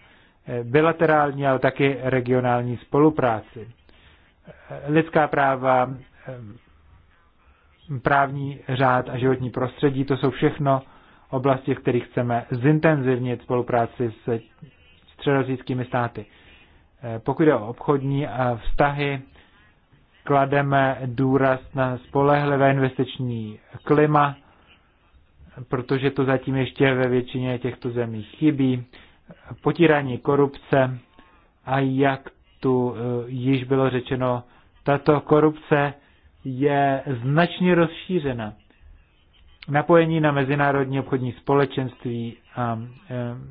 eh, bilaterální, ale taky regionální spolupráci. Eh, lidská práva, eh, právní řád a životní prostředí, to jsou všechno oblasti, v kterých chceme zintenzivnit spolupráci s středozijskými státy. Pokud je o obchodní vztahy, klademe důraz na spolehlivé investiční klima, protože to zatím ještě ve většině těchto zemí chybí, potírání korupce a jak tu e, již bylo řečeno, tato korupce je značně rozšířena. Napojení na mezinárodní obchodní společenství a e,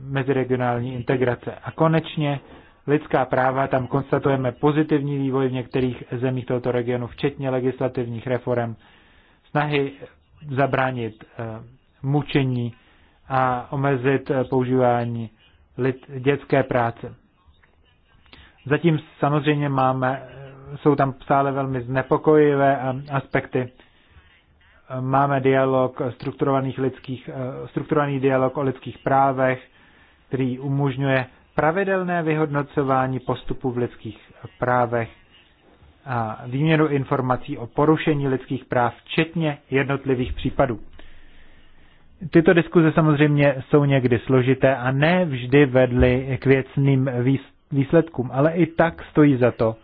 meziregionální integrace. A konečně lidská práva, tam konstatujeme pozitivní vývoj v některých zemích tohoto regionu, včetně legislativních reform, snahy zabránit e, mučení a omezit používání lid, dětské práce. Zatím samozřejmě máme, jsou tam stále velmi znepokojivé aspekty. Máme dialog strukturovaných lidských, strukturovaný dialog o lidských právech, který umožňuje pravidelné vyhodnocování postupu v lidských právech a výměnu informací o porušení lidských práv, včetně jednotlivých případů. Tyto diskuze samozřejmě jsou někdy složité a ne vždy vedly k věcným výsledkům, ale i tak stojí za to,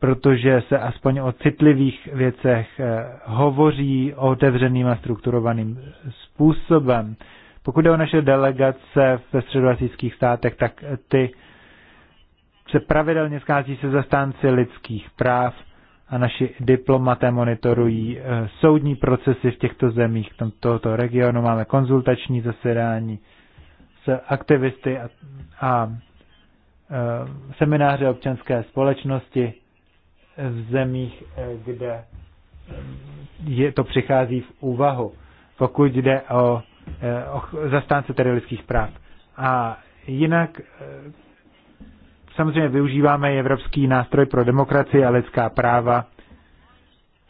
protože se aspoň o citlivých věcech eh, hovoří otevřeným a strukturovaným způsobem. Pokud jde o naše delegace ve středoasijských státech, tak ty se pravidelně schází se zastánci lidských práv, a naši diplomaté monitorují eh, soudní procesy v těchto zemích, tam tohoto regionu. Máme konzultační zasedání s aktivisty a, a eh, semináře občanské společnosti v zemích, eh, kde je, to přichází v úvahu, pokud jde o, o zastánce tedy lidských práv. A jinak Samozřejmě využíváme i Evropský nástroj pro demokracii a lidská práva,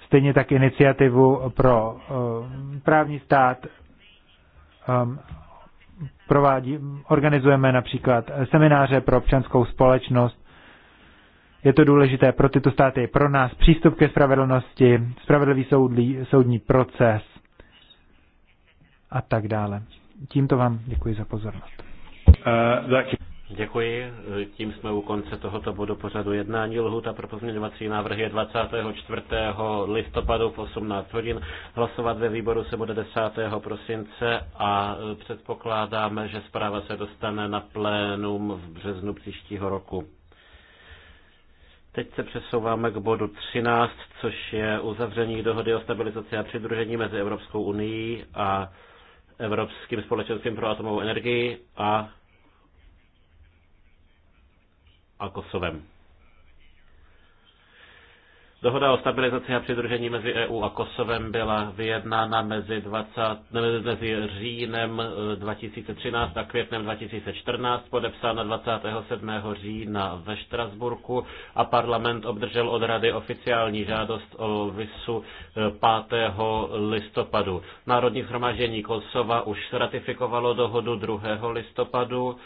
stejně tak iniciativu pro eh, právní stát. Ehm, provádí, organizujeme například semináře pro občanskou společnost. Je to důležité pro tyto státy, pro nás přístup ke spravedlnosti, spravedlivý soudlí, soudní proces a tak dále. Tímto vám děkuji za pozornost. Uh, Děkuji. Tím jsme u konce tohoto bodu pořadu jednání. Lhuta pro pozměňovací návrhy je 24. listopadu v 18 hodin. Hlasovat ve výboru se bude 10. prosince a předpokládáme, že zpráva se dostane na plénum v březnu příštího roku. Teď se přesouváme k bodu 13, což je uzavření dohody o stabilizaci a přidružení mezi Evropskou unii a Evropským společenstvím pro atomovou energii a a Kosovem. Dohoda o stabilizaci a přidružení mezi EU a Kosovem byla vyjednána mezi, 20, ne, mezi říjnem 2013 eh, a květnem 2014, podepsána 27. října ve Štrasburku a parlament obdržel od Rady oficiální žádost o visu 5. Eh, listopadu. Národní shromáždění Kosova už ratifikovalo dohodu 2. listopadu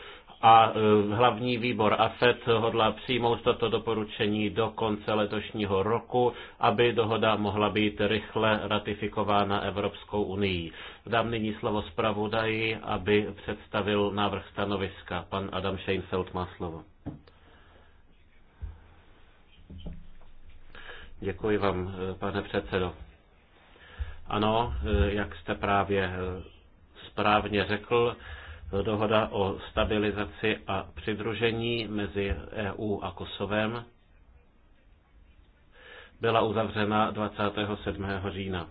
a e, hlavní výbor AFET hodlá přijmout toto doporučení do konce letošního roku, aby dohoda mohla být rychle ratifikována Evropskou unii. Dám nyní slovo zpravodaji, aby představil návrh stanoviska. Pan Adam Scheinfeld má slovo. Děkuji vám, e, pane předsedo. Ano, e, jak jste právě správně řekl, dohoda o stabilizaci a přidružení mezi EU a Kosovem byla uzavřena 27. října.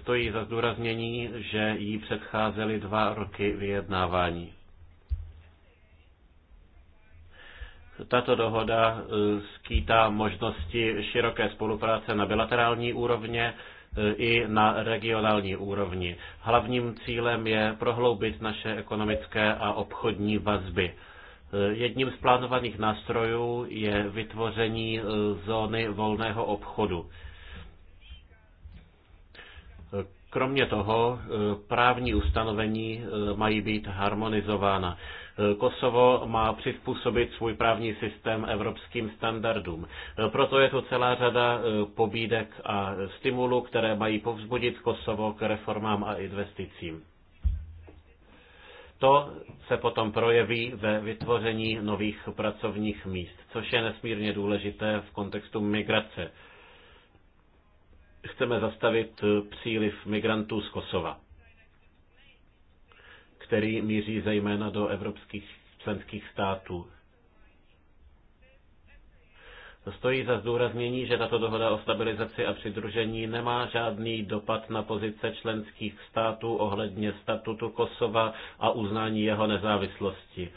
Stojí za zdůraznění, že jí předcházely dva roky vyjednávání. Tato dohoda eh, skýtá možnosti široké spolupráce na bilaterální úrovně Eh, i na regionální úrovni. Hlavním cílem je prohloubit naše ekonomické a obchodní vazby. Eh, jedním z plánovaných nástrojů je vytvoření eh, zóny volného obchodu. Kromě toho právní ustanovení mají být harmonizována. Kosovo má přizpůsobit svůj právní systém evropským standardům. Proto je tu celá řada e, pobídek a stimulů, které mají povzbudit Kosovo k reformám a investicím. To se potom projeví ve vytvoření nových pracovních míst, což je nesmírně důležité v kontextu migrace. Chceme zastavit e, příliv migrantů z Kosova který míří zejména do evropských členských států. Stojí za zdůraznění, že tato dohoda o stabilizaci a přidružení nemá žádný dopad na pozice členských států ohledně statutu Kosova a uznání jeho nezávislosti.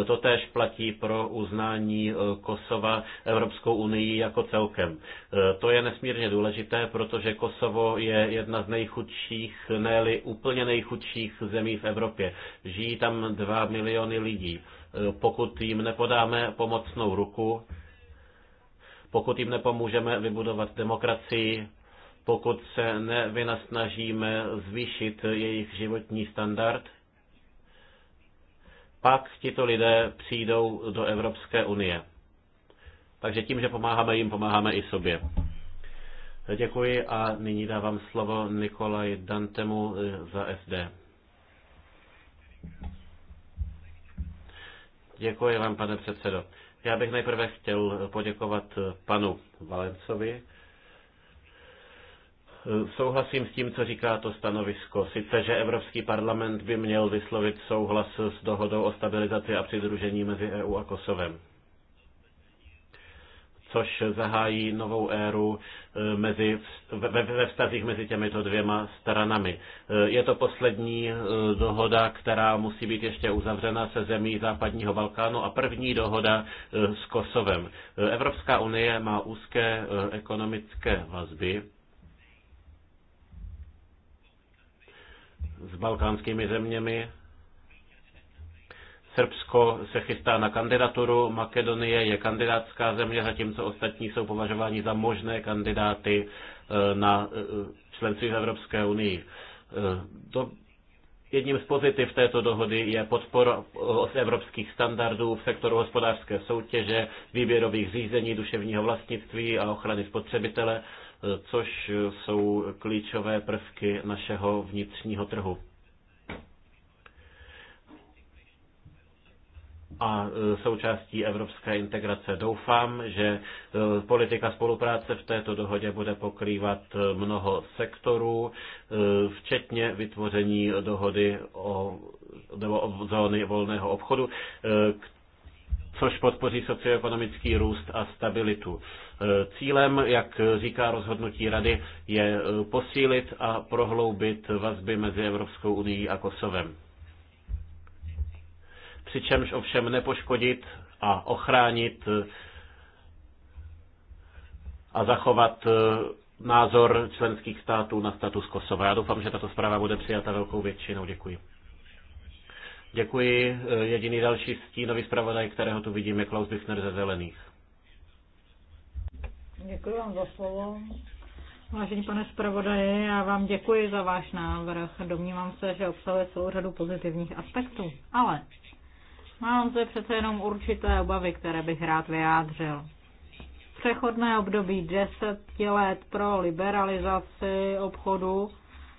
E, to též platí pro uznání e, Kosova Evropskou unii jako celkem. E, to je nesmírně důležité, protože Kosovo je jedna z nejchudších, ne úplně nejchudších zemí v Evropě. Žijí tam dva miliony lidí. Pokud jim nepodáme pomocnou ruku, pokud jim nepomůžeme vybudovat demokracii, pokud se nevynasnažíme zvýšit jejich životní standard, pak tito lidé přijdou do Evropské unie. Takže tím, že pomáháme jim, pomáháme i sobě. Děkuji a nyní dávám slovo Nikolaj Dantemu za SD. Děkuji vám, pane předsedo. Já bych nejprve chtěl poděkovat panu Valencovi. Souhlasím s tím, co říká to stanovisko. Sice, že Evropský parlament by měl vyslovit souhlas s dohodou o stabilizaci a přidružení mezi EU a Kosovem což zahájí novou éru eh, mezi, ve, ve vztazích mezi těmito dvěma stranami. Eh, je to poslední eh, dohoda, která musí být ještě uzavřena se zemí západního Balkánu a první dohoda s Kosovem. Evropská unie má úzké ekonomické vazby s balkánskými zeměmi Srbsko se chystá na kandidaturu, Makedonie je kandidátská země, zatímco ostatní jsou považováni za možné kandidáty eh, na eh, členství v Evropské unii. To eh, Jedním z pozitiv této dohody je podpora evropských standardů v sektoru hospodářské soutěže, výběrových řízení, duševního vlastnictví a ochrany spotřebitele, což jsou klíčové prvky našeho vnitřního trhu. a e, součástí evropské integrace. Doufám, že e, politika spolupráce v této dohodě bude pokrývat e, mnoho sektorů, včetně vytvoření dohody o, nebo o zóny volného obchodu, což podpoří socioekonomický růst a stabilitu. Cílem, jak říká rozhodnutí Rady, je posílit a prohloubit vazby mezi Evropskou unii a Kosovem přičemž ovšem nepoškodit a ochránit eh, a zachovat eh, názor členských států na status Kosova. Já doufám, že tato zpráva bude přijata velkou většinou. Děkuji. Děkuji. Eh, jediný další stínový zpravodaj, kterého tu vidím, je Klaus Bichner ze Zelených. Děkuji vám za slovo. Vážený pane zpravodaji, já vám děkuji za váš návrh. Domnívám se, že obsahuje celou řadu pozitivních aspektů. Ale Mám zde přece jenom určité obavy, které bych rád vyjádřil. Přechodné období deseti let pro liberalizaci obchodu,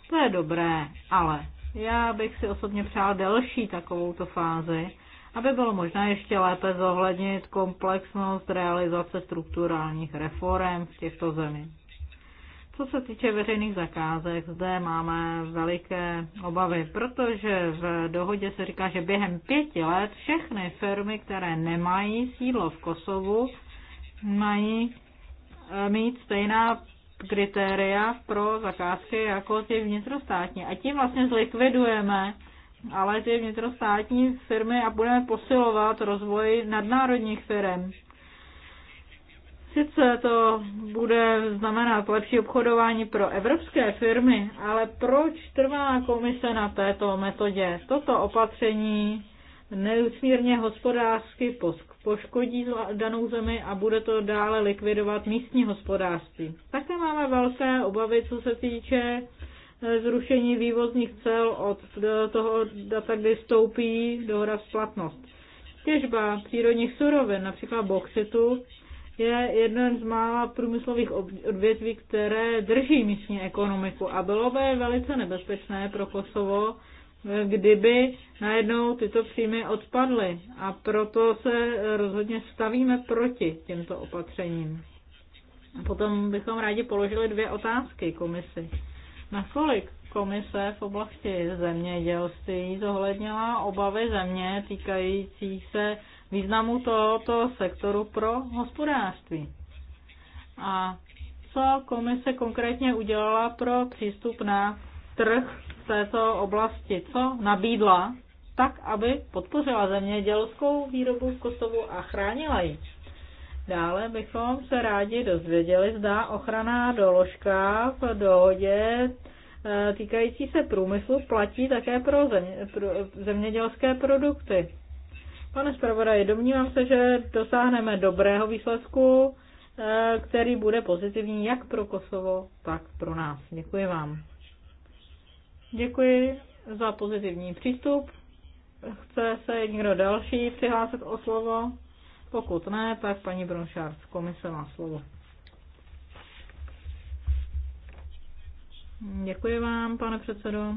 to je dobré, ale já bych si osobně přál delší takovouto fázi, aby bylo možné ještě lépe zohlednit komplexnost realizace strukturálních reform v těchto zemích. Co se týče veřejných zakázek, zde máme veliké obavy, protože v dohodě se říká, že během pěti let všechny firmy, které nemají sídlo v Kosovu, mají eh, mít stejná kritéria pro zakázky jako ty vnitrostátní. A tím vlastně zlikvidujeme ale ty vnitrostátní firmy a budeme posilovat rozvoj nadnárodních firm. Sice to bude znamenat lepší obchodování pro evropské firmy, ale proč trvá komise na této metodě? Toto opatření neusmírně hospodářsky poškodí danou zemi a bude to dále likvidovat místní hospodářství. Také máme velké obavy, co se týče eh, zrušení vývozních cel od toho data, kdy stoupí dohoda v platnost. Těžba přírodních surovin, například boxitu, je jeden z mála průmyslových odvětví, které drží místní ekonomiku a bylo by velice nebezpečné pro Kosovo, eh, kdyby najednou tyto příjmy odpadly a proto se rozhodně stavíme proti těmto opatřením. Potom bychom rádi položili dvě otázky komisi. Nakolik komise v oblasti zemědělství zohlednila obavy země týkající se významu tohoto sektoru pro hospodářství. A co komise konkrétně udělala pro přístup na trh v této oblasti? Co nabídla tak, aby podpořila zemědělskou výrobu v Kosovu a chránila ji? Dále bychom se rádi dozvěděli, zda ochranná doložka v dohodě eh, týkající se průmyslu platí také pro, pro zemědělské produkty. Pane zpravodaji, domnívám se, že dosáhneme dobrého výsledku, eh, který bude pozitivní jak pro Kosovo, tak pro nás. Děkuji vám. Děkuji za pozitivní přístup. Chce se někdo další přihlásit o slovo? Pokud ne, tak paní Bronšár z komise má slovo. Děkuji vám, pane předsedo.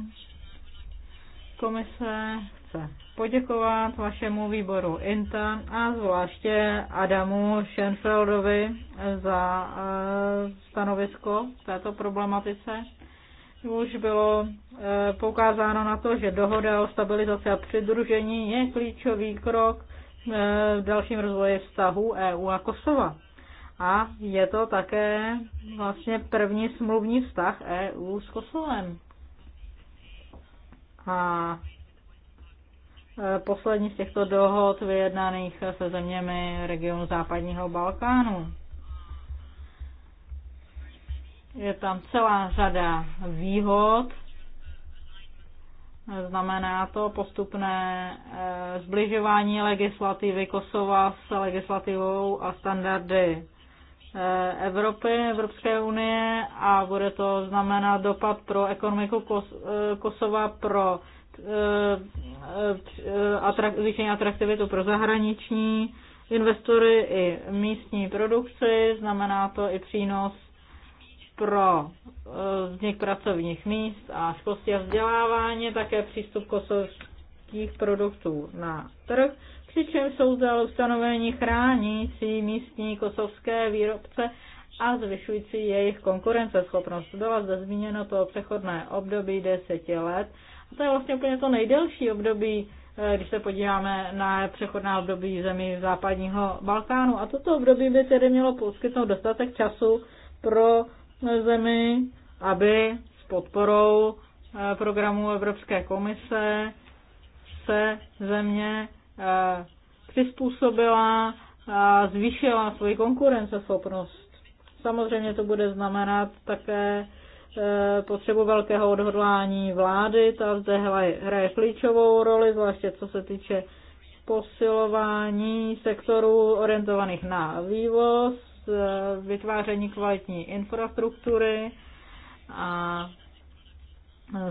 Komise chce poděkovat vašemu výboru INTA a zvláště Adamu Schenfeldovi za eh, stanovisko této problematice. Už bylo eh, poukázáno na to, že dohoda o stabilizaci a přidružení je klíčový krok eh, v dalším rozvoji vztahu e EU a Kosova. A je to také vlastně první smluvní vztah EU s Kosovem. A Eh, poslední z těchto dohod vyjednaných se zeměmi regionu západního Balkánu. Je tam celá řada výhod, Znamená to postupné eh, zbližování legislativy Kosova s legislativou a standardy eh, Evropy, Evropské unie a bude to znamenat dopad pro ekonomiku Kosova, pro Eh, eh, zvýšení atraktivitu pro zahraniční investory i místní produkci, znamená to i přínos pro eh, vznik pracovních míst a školství a vzdělávání, také přístup kosovských produktů na trh, přičemž jsou zde ustanovení chránící místní kosovské výrobce a zvyšující jejich konkurenceschopnost. Byla zde zmíněno to přechodné období deseti let, to je vlastně úplně to nejdelší období, eh, když se podíváme na přechodná období zemí západního Balkánu. A toto období by tedy mělo poskytnout dostatek času pro zemi, aby s podporou eh, programu Evropské komise se země eh, přizpůsobila a zvýšila svoji konkurenceschopnost. Samozřejmě to bude znamenat také Eh, potřebu velkého odhodlání vlády, ta zde hraje klíčovou roli, zvláště co se týče posilování sektorů orientovaných na vývoz, eh, vytváření kvalitní infrastruktury a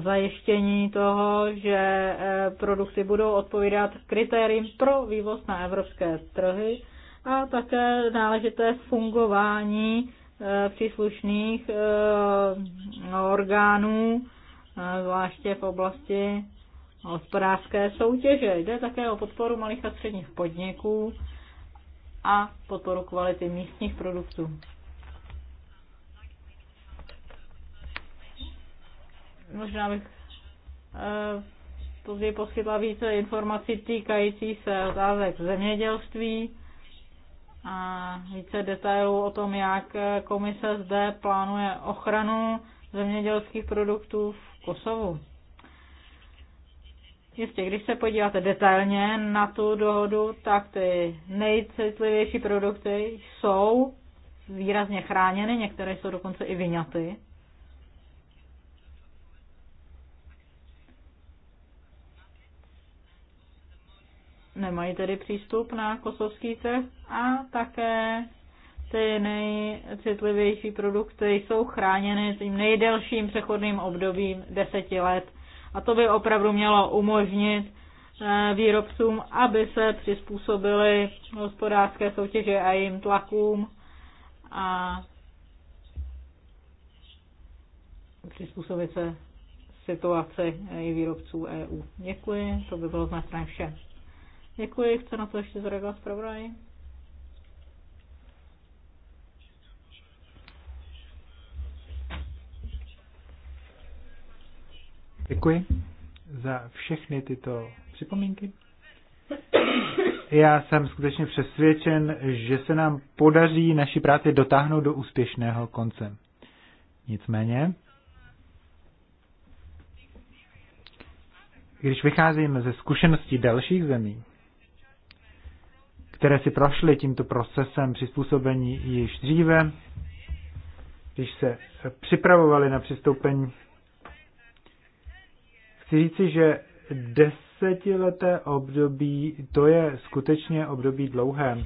zajištění toho, že eh, produkty budou odpovídat kritériím pro vývoz na evropské trhy a také náležité fungování Eh, příslušných eh, orgánů, eh, zvláště v oblasti hospodářské soutěže. Jde také o podporu malých a středních podniků a podporu kvality místních produktů. Možná bych později poskytla více informací týkající se otázek zemědělství a více detailů o tom, jak komise zde plánuje ochranu zemědělských produktů v Kosovu. Jistě, když se podíváte detailně na tu dohodu, tak ty nejcitlivější produkty jsou výrazně chráněny, některé jsou dokonce i vyňaty nemají tedy přístup na kosovský trh a také ty nejcitlivější produkty jsou chráněny tím nejdelším přechodným obdobím deseti let. A to by opravdu mělo umožnit eh, výrobcům, aby se přizpůsobili hospodářské soutěže a jejím tlakům a přizpůsobit se situaci i výrobců EU. Děkuji, to by bylo z mé strany vše. Děkuji, chce na to ještě zareagovat zpravodaj. Děkuji za všechny tyto připomínky. Já jsem skutečně přesvědčen, že se nám podaří naši práci dotáhnout do úspěšného konce. Nicméně, když vycházíme ze zkušeností dalších zemí, které si prošly tímto procesem přizpůsobení již dříve, když se připravovali na přistoupení. Chci říci, že desetileté období, to je skutečně období dlouhé.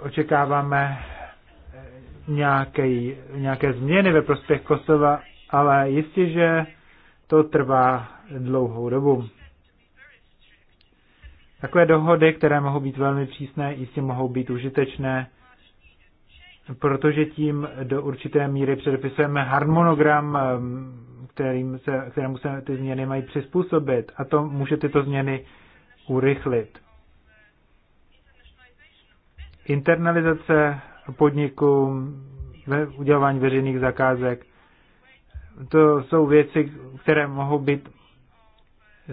Očekáváme nějaké, nějaké změny ve prospěch Kosova, ale jistě, že to trvá dlouhou dobu. Takové dohody, které mohou být velmi přísné, jistě mohou být užitečné, protože tím do určité míry předepisujeme harmonogram, ehm, kterým se, kterému se ty změny mají přizpůsobit a to může tyto změny urychlit. Internalizace podniku, udělování veřejných zakázek, to jsou věci, které mohou být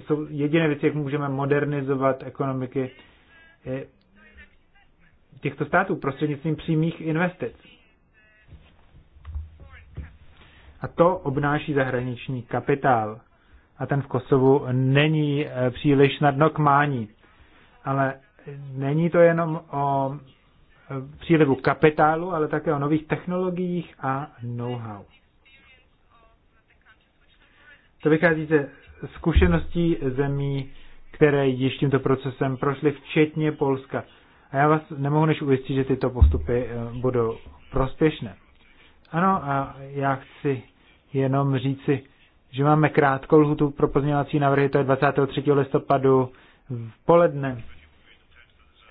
jsou jediné věci, jak můžeme modernizovat ekonomiky těchto států prostřednictvím přímých investic. A to obnáší zahraniční kapitál. A ten v Kosovu není eh, příliš snadno k mání. Ale není to jenom o eh, přílivu kapitálu, ale také o nových technologiích a know-how. To vychází ze zkušeností zemí, které již tímto procesem prošly, včetně Polska. A já vás nemohu než ujistit, že tyto postupy eh, budou prospěšné. Ano, a já chci jenom říci, že máme krátkou lhutu pro pozměňovací návrhy, to je 23. listopadu v poledne.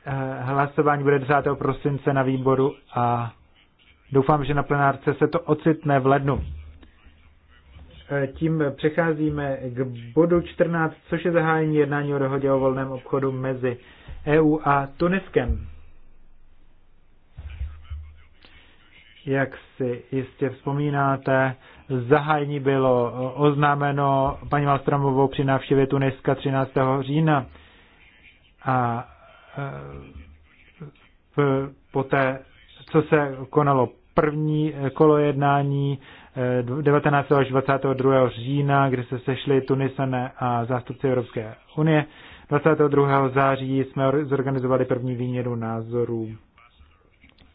Eh, hlasování bude 10. prosince na výboru a doufám, že na plenárce se to ocitne v lednu. E, tím přecházíme k bodu 14, což je zahájení jednání o dohodě o volném obchodu mezi EU a Tuniskem. Jak si jistě vzpomínáte, zahájení bylo oznámeno paní Malstromovou při návštěvě Tuniska 13. října a e, poté, co se konalo první kolo jednání, 19. až 22. října, kde se sešli Tunisané a zástupci Evropské unie. 22. září jsme zorganizovali první výměnu názorů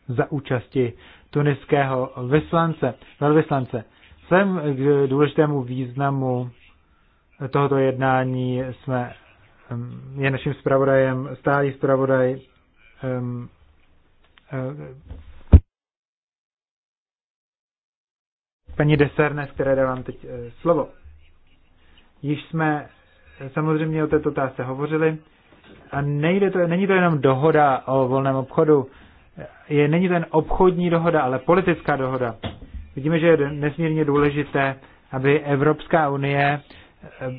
za účasti tuniského vyslance, velvyslance. Vzhledem k důležitému významu tohoto jednání jsme, je naším zpravodajem stálý zpravodaj paní z které dávám teď eh, slovo. Již jsme eh, samozřejmě o této otázce hovořili a nejde to, není to jenom dohoda o volném obchodu, je, není to jen obchodní dohoda, ale politická dohoda. Vidíme, že je nesmírně důležité, aby Evropská unie eh,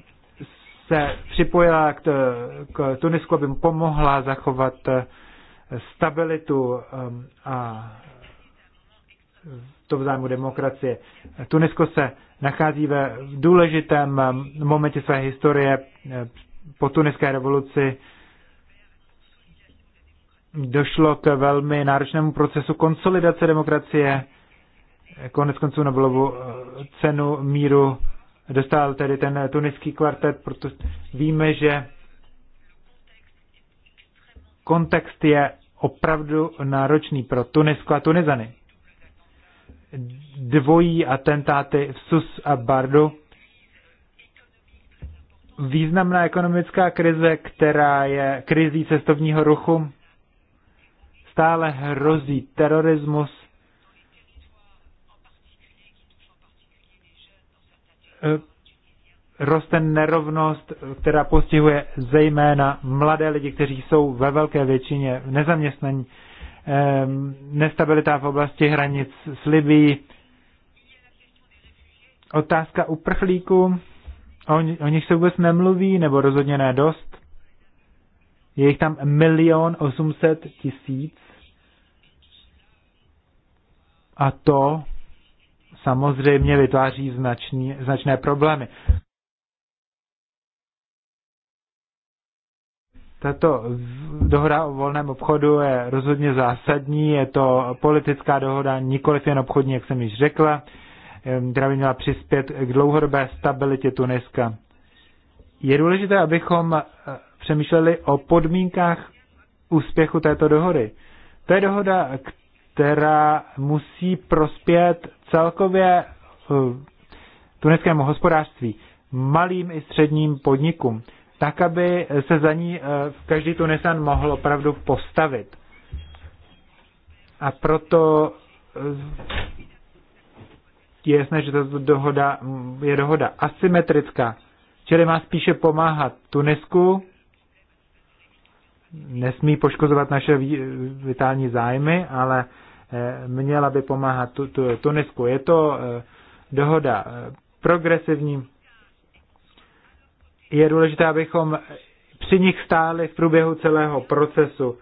se připojila k, k Tunisku, aby pomohla zachovat stabilitu a to v zájmu demokracie. Tunisko se nachází ve důležitém um, momentě své historie eh, po tuniské revoluci. Došlo k velmi náročnému procesu konsolidace demokracie. Konec konců Nobelovu eh, cenu míru dostal tedy ten tuniský kvartet, protože víme, že kontext je opravdu náročný pro Tunisko a Tunizany dvojí atentáty v Sus a Bardu. Významná ekonomická krize, která je krizí cestovního ruchu, stále hrozí terorismus, eh, roste nerovnost, která postihuje zejména mladé lidi, kteří jsou ve velké většině nezaměstnaní nestabilita v oblasti hranic s Libií. otázka uprchlíků, o, o nich se vůbec nemluví, nebo rozhodně ne dost. Je jich tam milion osmset tisíc. A to samozřejmě vytváří značný, značné problémy. Tato dohoda o volném obchodu je rozhodně zásadní, je to politická dohoda, nikoliv jen obchodní, jak jsem již řekla, ehm, která by měla přispět k dlouhodobé stabilitě Tuniska. Je důležité, abychom eh, přemýšleli o podmínkách úspěchu této dohody. To je dohoda, která musí prospět celkově eh, tuniskému hospodářství, malým i středním podnikům tak aby se za ní eh, každý Tunisan mohl opravdu postavit. A proto eh, je jasné, že tato dohoda je dohoda asymetrická, čili má spíše pomáhat Tunisku, nesmí poškozovat naše vitální zájmy, ale eh, měla by pomáhat Tunisku. Je to dohoda progresivní, je důležité, abychom při nich stáli v průběhu celého procesu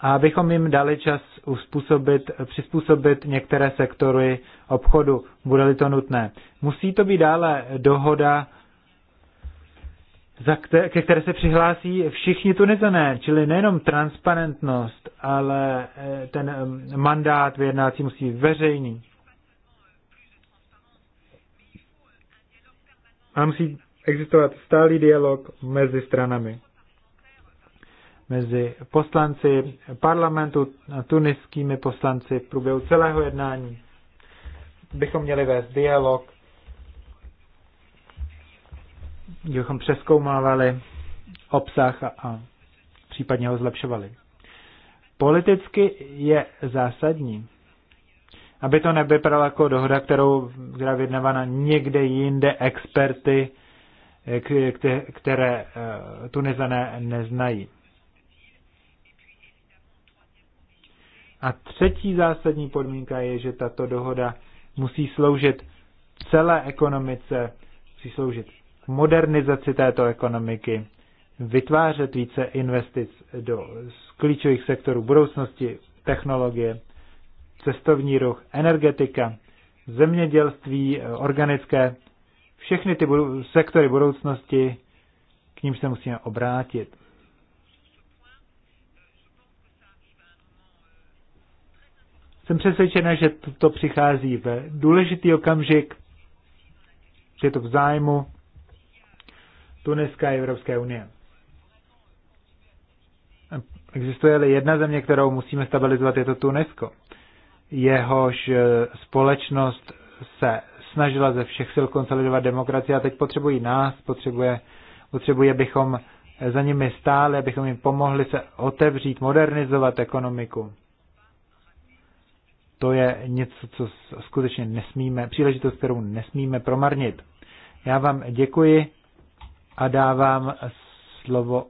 a abychom jim dali čas uspůsobit, přizpůsobit některé sektory obchodu, bude-li to nutné. Musí to být dále dohoda, za které, ke které se přihlásí všichni tunizané, čili nejenom transparentnost, ale eh, ten eh, mandát vyjednávací musí být veřejný. A musí existovat stálý dialog mezi stranami, mezi poslanci parlamentu, tuniskými poslanci v průběhu celého jednání. Bychom měli vést dialog, bychom přeskoumávali obsah a, a případně ho zlepšovali. Politicky je zásadní, aby to nevypadalo jako dohoda, kterou, která vyjednávána někde jinde experty které eh, tu neznají. A třetí zásadní podmínka je, že tato dohoda musí sloužit celé ekonomice, musí sloužit modernizaci této ekonomiky, vytvářet více investic do klíčových sektorů budoucnosti, technologie, cestovní ruch, energetika, zemědělství, eh, organické všechny ty budu- sektory budoucnosti, k ním se musíme obrátit. Jsem přesvědčena, že to přichází ve důležitý okamžik, že je to v zájmu Tuniska a Evropské unie. existuje ale jedna země, kterou musíme stabilizovat, je to Tunisko. Jehož eh, společnost se snažila ze všech sil konsolidovat demokracii a teď potřebují nás, potřebuje, potřebuje, abychom za nimi stáli, abychom jim pomohli se otevřít, modernizovat ekonomiku. To je něco, co skutečně nesmíme, příležitost, kterou nesmíme promarnit. Já vám děkuji a dávám slovo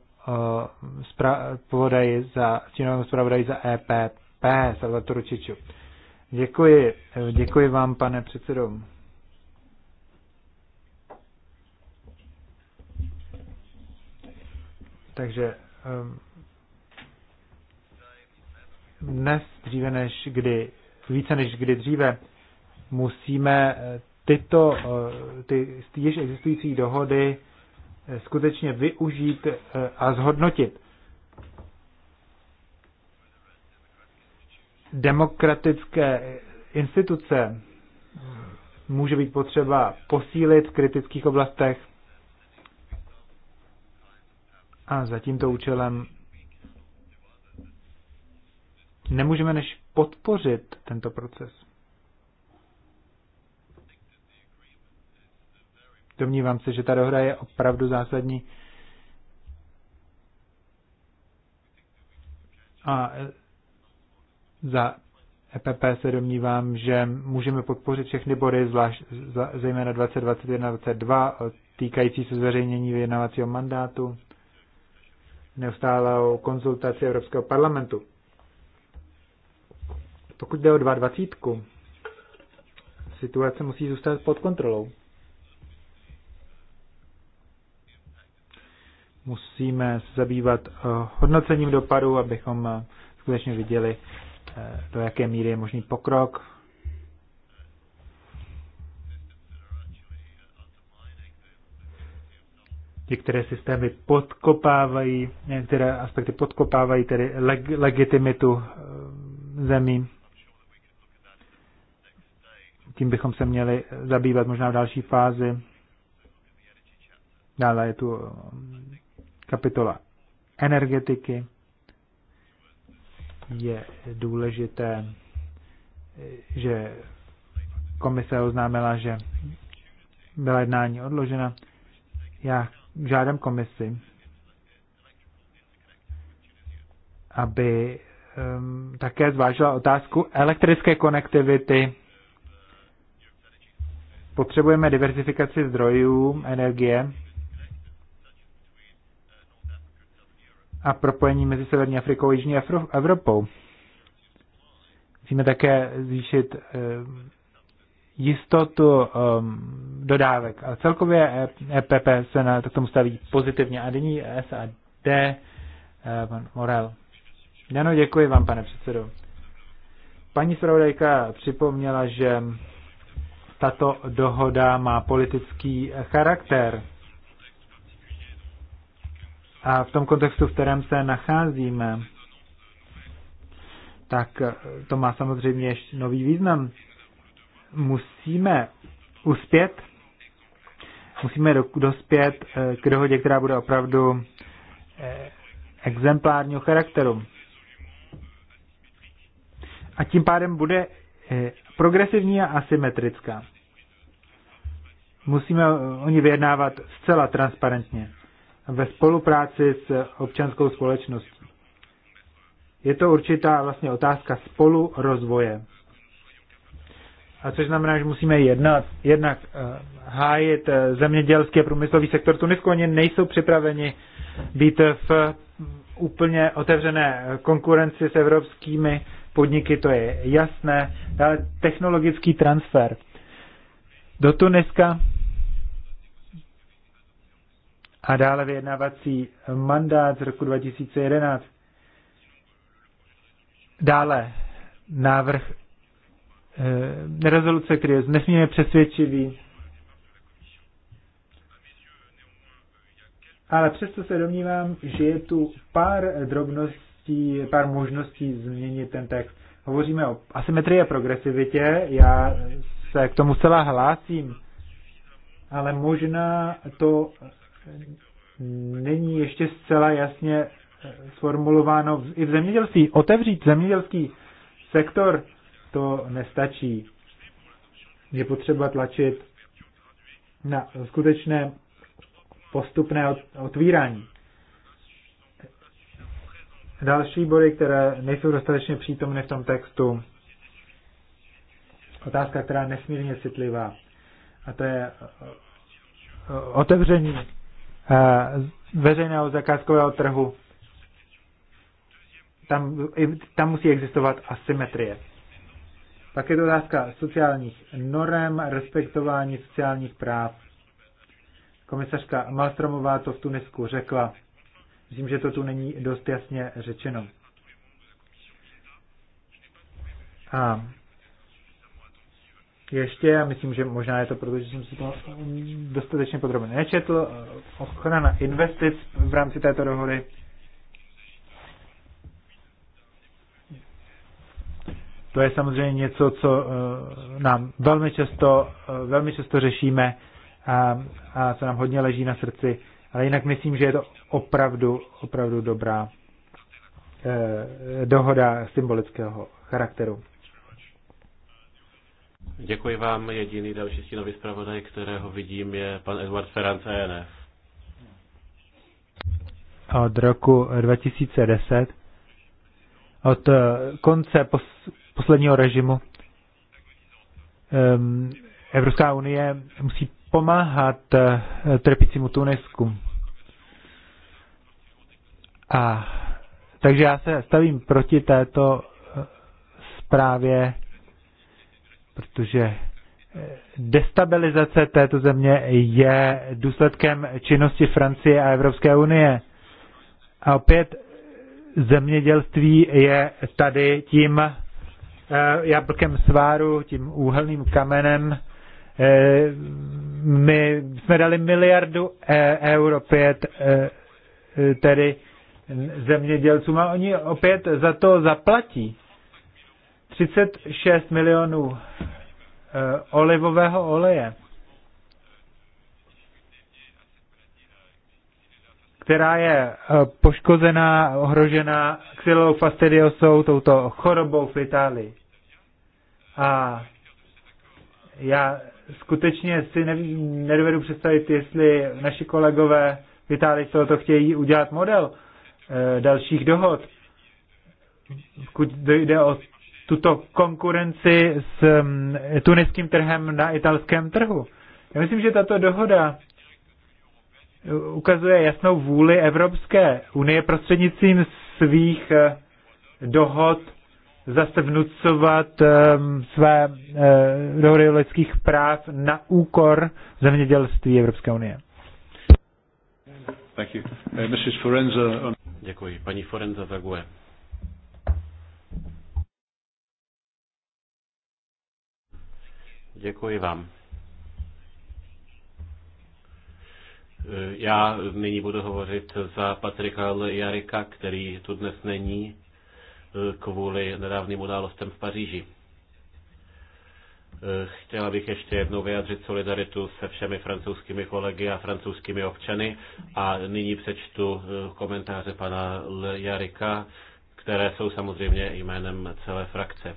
eh, zpravodaji za, stínovému zpravodaji za EPP, Salvatoru Čiču. Děkuji, eh, děkuji vám, pane předsedo. Takže ehm, dnes, dříve než kdy, více než kdy dříve, musíme eh, tyto, eh, ty již existující dohody eh, skutečně využít a zhodnotit. Demokratické instituce může být potřeba posílit v kritických oblastech, a za tímto účelem nemůžeme než podpořit tento proces. Domnívám se, že ta dohoda je opravdu zásadní. A za EPP se domnívám, že můžeme podpořit všechny body, zvlášť, zejména 2021-2022, týkající se zveřejnění vyjednávacího mandátu, neustálou konzultaci Evropského parlamentu. Pokud jde o 22, situace musí zůstat pod kontrolou. Musíme se zabývat eh, hodnocením dopadu, abychom eh, skutečně viděli, eh, do jaké míry je možný pokrok Některé systémy podkopávají, některé aspekty podkopávají tedy leg, legitimitu eh, zemí. Tím bychom se měli zabývat možná v další fázi. Dále je tu eh, kapitola energetiky. Je důležité, eh, že komise oznámila, že byla jednání odložena. Já žádám komisi, aby um, také zvážila otázku elektrické konektivity. Potřebujeme diversifikaci zdrojů energie a propojení mezi Severní Afrikou a Jižní Evropou. Musíme také zvýšit um, jistotu um, dodávek. A celkově EPP se na, to k tomu staví pozitivně. A nyní SAD, eh, pan Morel. Ano, děkuji vám, pane předsedo. Paní zpravodajka připomněla, že tato dohoda má politický charakter. A v tom kontextu, v kterém se nacházíme, tak to má samozřejmě nový význam musíme uspět, musíme dospět eh, k dohodě, která bude opravdu eh, exemplárního charakteru. A tím pádem bude eh, progresivní a asymetrická. Musíme o ní vyjednávat zcela transparentně ve spolupráci s občanskou společností. Je to určitá vlastně otázka spolurozvoje. A což znamená, že musíme jednat, jednak eh, hájit eh, zemědělský a průmyslový sektor Tunisku. Oni nejsou připraveni být v úplně otevřené konkurenci s evropskými podniky, to je jasné. Dále technologický transfer do Tuniska a dále vyjednávací mandát z roku 2011. Dále návrh Eh, rezoluce, který je nesmírně přesvědčivý. Ale přesto se domnívám, že je tu pár drobností, pár možností změnit ten text. Hovoříme o asymetrii a progresivitě, já se k tomu celá hlásím, ale možná to není ještě zcela jasně eh, sformulováno i v zemědělství. Otevřít zemědělský sektor to nestačí. Je potřeba tlačit na skutečné postupné otvírání. Další body, které nejsou dostatečně přítomny v tom textu, otázka, která je nesmírně citlivá, a to je eh, eh, otevření eh, veřejného zakázkového trhu. Tam, tam musí existovat asymetrie. Pak je to otázka sociálních norem, respektování sociálních práv. Komisařka Malstromová to v Tunisku řekla. Myslím, že to tu není dost jasně řečeno. A ještě, a myslím, že možná je to proto, že jsem si to dostatečně podrobně nečetl, ochrana investic v rámci této dohody To je samozřejmě něco, co eh, nám velmi často, eh, velmi často řešíme a, a co nám hodně leží na srdci. Ale jinak myslím, že je to opravdu, opravdu dobrá eh, dohoda symbolického charakteru. Děkuji vám. Jediný další stínový zpravodaj, kterého vidím, je pan Edward Ferrance ENF. Od roku 2010, od konce posledního režimu. Ehm, Evropská unie musí pomáhat eh, trpícímu Tunisku. A takže já se stavím proti této eh, zprávě, protože eh, destabilizace této země je důsledkem činnosti Francie a Evropské unie. A opět zemědělství je tady tím Eh, jablkem sváru, tím úhelným kamenem. Eh, my jsme dali miliardu eh, euro pět tedy zemědělcům a oni opět za to zaplatí. 36 milionů olivového oleje, která je poškozená, ohrožená xylou fastidiosou, touto chorobou v Itálii. A já skutečně si nevím, nedovedu představit, jestli naši kolegové v Itálii z tohoto chtějí udělat model e, dalších dohod. Pokud jde o tuto konkurenci s mm, tuniským trhem na italském trhu. Já myslím, že tato dohoda eh, ukazuje jasnou vůli Evropské unie prostřednictvím svých eh, dohod zase vnucovat ehm, své eh, dohody o lidských práv na úkor zemědělství Evropské unie. Thank you. Uh, Mrs. Forenza. Um, Děkuji. Paní Forenza Zague. Děkuji vám. Eh, já nyní budu hovořit za Patrika Jarika, který tu dnes není kvůli nedávným událostem v Paříži. Eh, chtěla bych ještě jednou vyjádřit solidaritu se všemi francouzskými kolegy a francouzskými občany a nyní přečtu eh, komentáře pana L. Jarika, které jsou samozřejmě jménem celé frakce.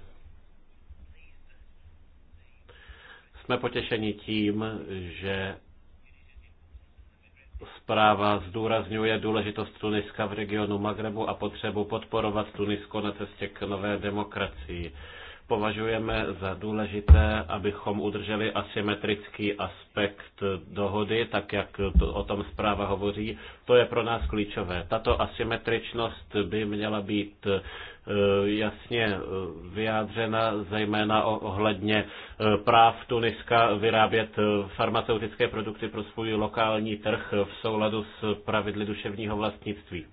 Jsme potěšeni tím, že Zpráva zdůrazňuje důležitost Tuniska v regionu Magrebu a potřebu podporovat Tunisko na cestě k nové demokracii považujeme za důležité, abychom udrželi asymetrický aspekt dohody, tak jak to, o tom zpráva hovoří. To je pro nás klíčové. Tato asymetričnost by měla být eh, jasně eh, vyjádřena, zejména ohledně eh, práv Tuniska vyrábět farmaceutické produkty pro svůj lokální trh v souladu s pravidly duševního vlastnictví.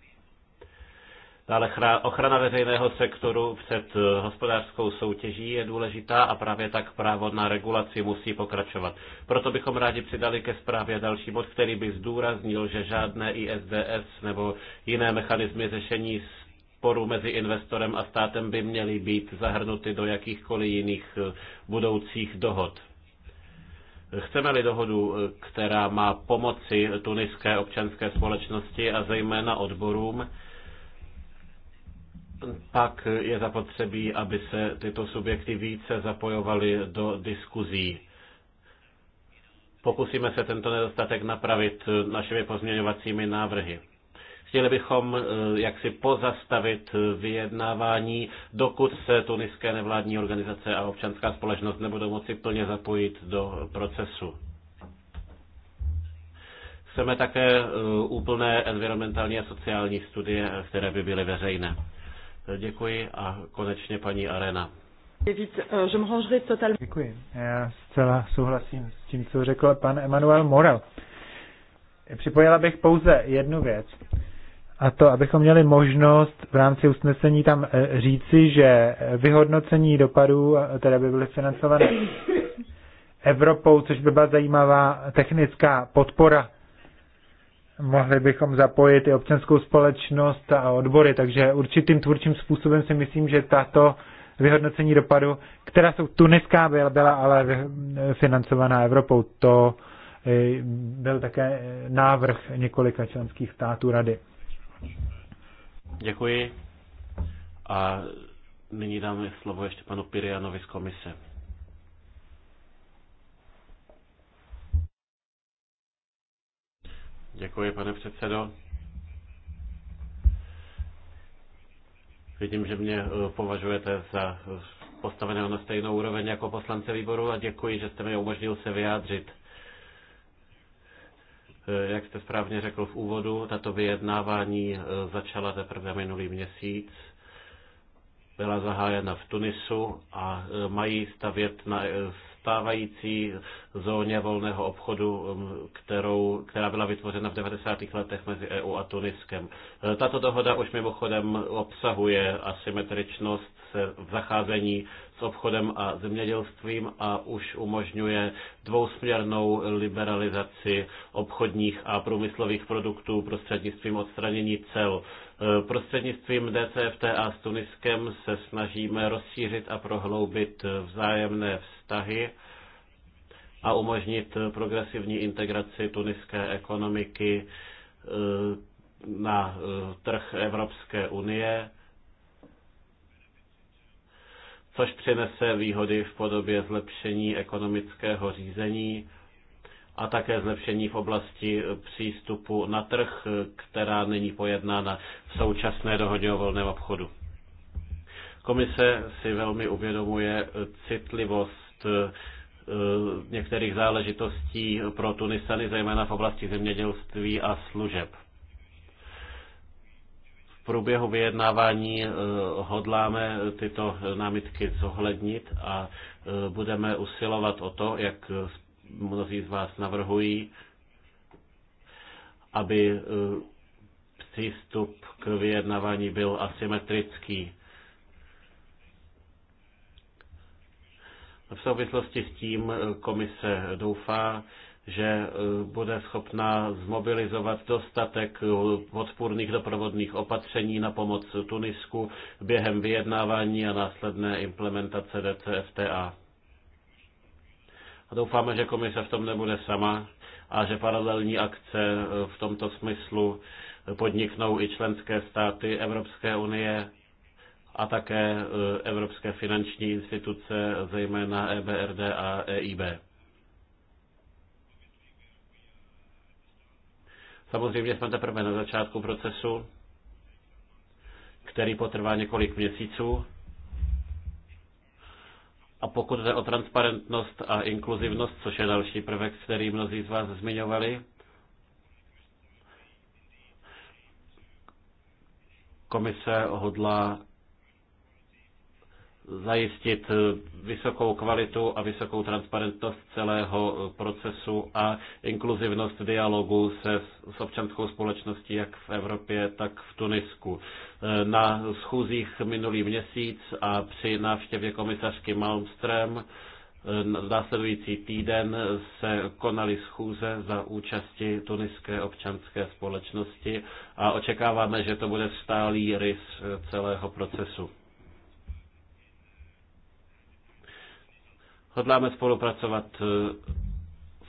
Ale ochrana veřejného sektoru před eh, hospodářskou soutěží je důležitá a právě tak právo na regulaci musí pokračovat. Proto bychom rádi přidali ke zprávě další bod, který by zdůraznil, že žádné ISDS nebo jiné mechanismy řešení sporu mezi investorem a státem by měly být zahrnuty do jakýchkoliv jiných eh, budoucích dohod. Chceme-li dohodu, eh, která má pomoci tuniské občanské společnosti a zejména odborům, pak je zapotřebí, aby se tyto subjekty více zapojovaly do diskuzí. Pokusíme se tento nedostatek napravit našimi pozměňovacími návrhy. Chtěli bychom eh, jaksi pozastavit vyjednávání, dokud se tuniské nevládní organizace a občanská společnost nebudou moci plně zapojit do procesu. Chceme také eh, úplné environmentální a sociální studie, které by byly veřejné. Děkuji a konečně paní Arena. Eh, Děkuji. Já zcela souhlasím s tím, co řekl pan Emanuel Morel. Připojila bych pouze jednu věc. A to, abychom měli možnost v rámci usnesení tam eh, říci, že vyhodnocení dopadů, eh, které by byly financované Evropou, což by byla zajímavá technická podpora mohli bychom zapojit i občanskou společnost a odbory, takže určitým tvůrčím způsobem si myslím, že tato vyhodnocení dopadu, která jsou tuniská, byla, byla ale financovaná Evropou. To eh, byl také návrh několika členských států rady. Děkuji. A nyní dáme slovo ještě panu Pirianovi z komise. Děkuji, pane předsedo. Vidím, že mě eh, považujete za eh, postaveného na stejnou úroveň jako poslance výboru a děkuji, že jste mi umožnil se vyjádřit. Eh, jak jste správně řekl v úvodu, tato vyjednávání začala teprve minulý měsíc. Byla zahájena v Tunisu a mají stavět na stávající zóně volného obchodu, um, kterou, která byla vytvořena v 90. letech mezi EU a Tuniskem. E, tato dohoda už mimochodem obsahuje asymetričnost v zacházení s obchodem a zemědělstvím a už umožňuje dvousměrnou liberalizaci obchodních a průmyslových produktů prostřednictvím odstranění cel Eh, prostřednictvím a s Tuniskem se snažíme rozšířit a prohloubit eh, vzájemné vztahy a umožnit eh, progresivní integraci tuniské ekonomiky na trh Evropské unie, což přinese výhody v podobě zlepšení ekonomického řízení a také zlepšení v oblasti eh, přístupu na trh, eh, která není pojednána v současné dohodě o volném obchodu. Komise si velmi uvědomuje eh, citlivost některých záležitostí pro Tunisany, zejména v oblasti zemědělství a služeb. V průběhu vyjednávání hodláme tyto námitky zohlednit a budeme usilovat o to, jak mnozí z vás navrhují, aby e, přístup k vyjednávání byl asymetrický. V souvislosti s tím e, komise doufá, že e, bude schopna zmobilizovat dostatek odpůrných doprovodných opatření na pomoc Tunisku během vyjednávání a následné implementace DCFTA. A doufáme, že komise v tom nebude sama a že paralelní akce eh, v tomto smyslu podniknou i členské státy Evropské unie a také eh, evropské finanční instituce, zejména EBRD a EIB. Samozřejmě jsme teprve na začátku procesu, který potrvá několik měsíců a pokud jde o transparentnost a inkluzivnost, což je další prvek, který mnozí z vás zmiňovali, komise hodlá zajistit eh, vysokou kvalitu a vysokou transparentnost celého eh, procesu a inkluzivnost dialogu se s občanskou společností jak v Evropě, tak v Tunisku. Eh, na schůzích minulý měsíc a při návštěvě komisařky Malmström následující týden se konaly schůze za účasti tuniské občanské společnosti a očekáváme, že to bude stálý rys celého procesu. Hodláme spolupracovat eh,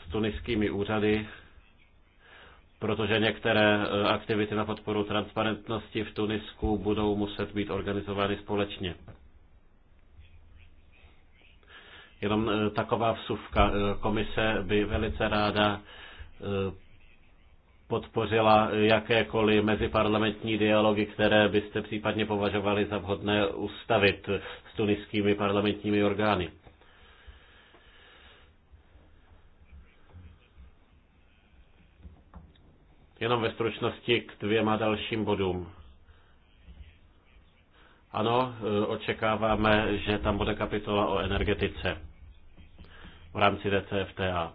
s tuniskými úřady, protože některé eh, aktivity na podporu transparentnosti v Tunisku budou muset být organizovány společně. Jenom eh, taková vsuvka. Komise by velice ráda podpořila jakékoliv meziparlamentní dialogy, které byste případně považovali za vhodné ustavit s tuniskými parlamentními orgány. Jenom ve stručnosti k dvěma dalším bodům. Ano, e, očekáváme, že tam bude kapitola o energetice v rámci DCFTA.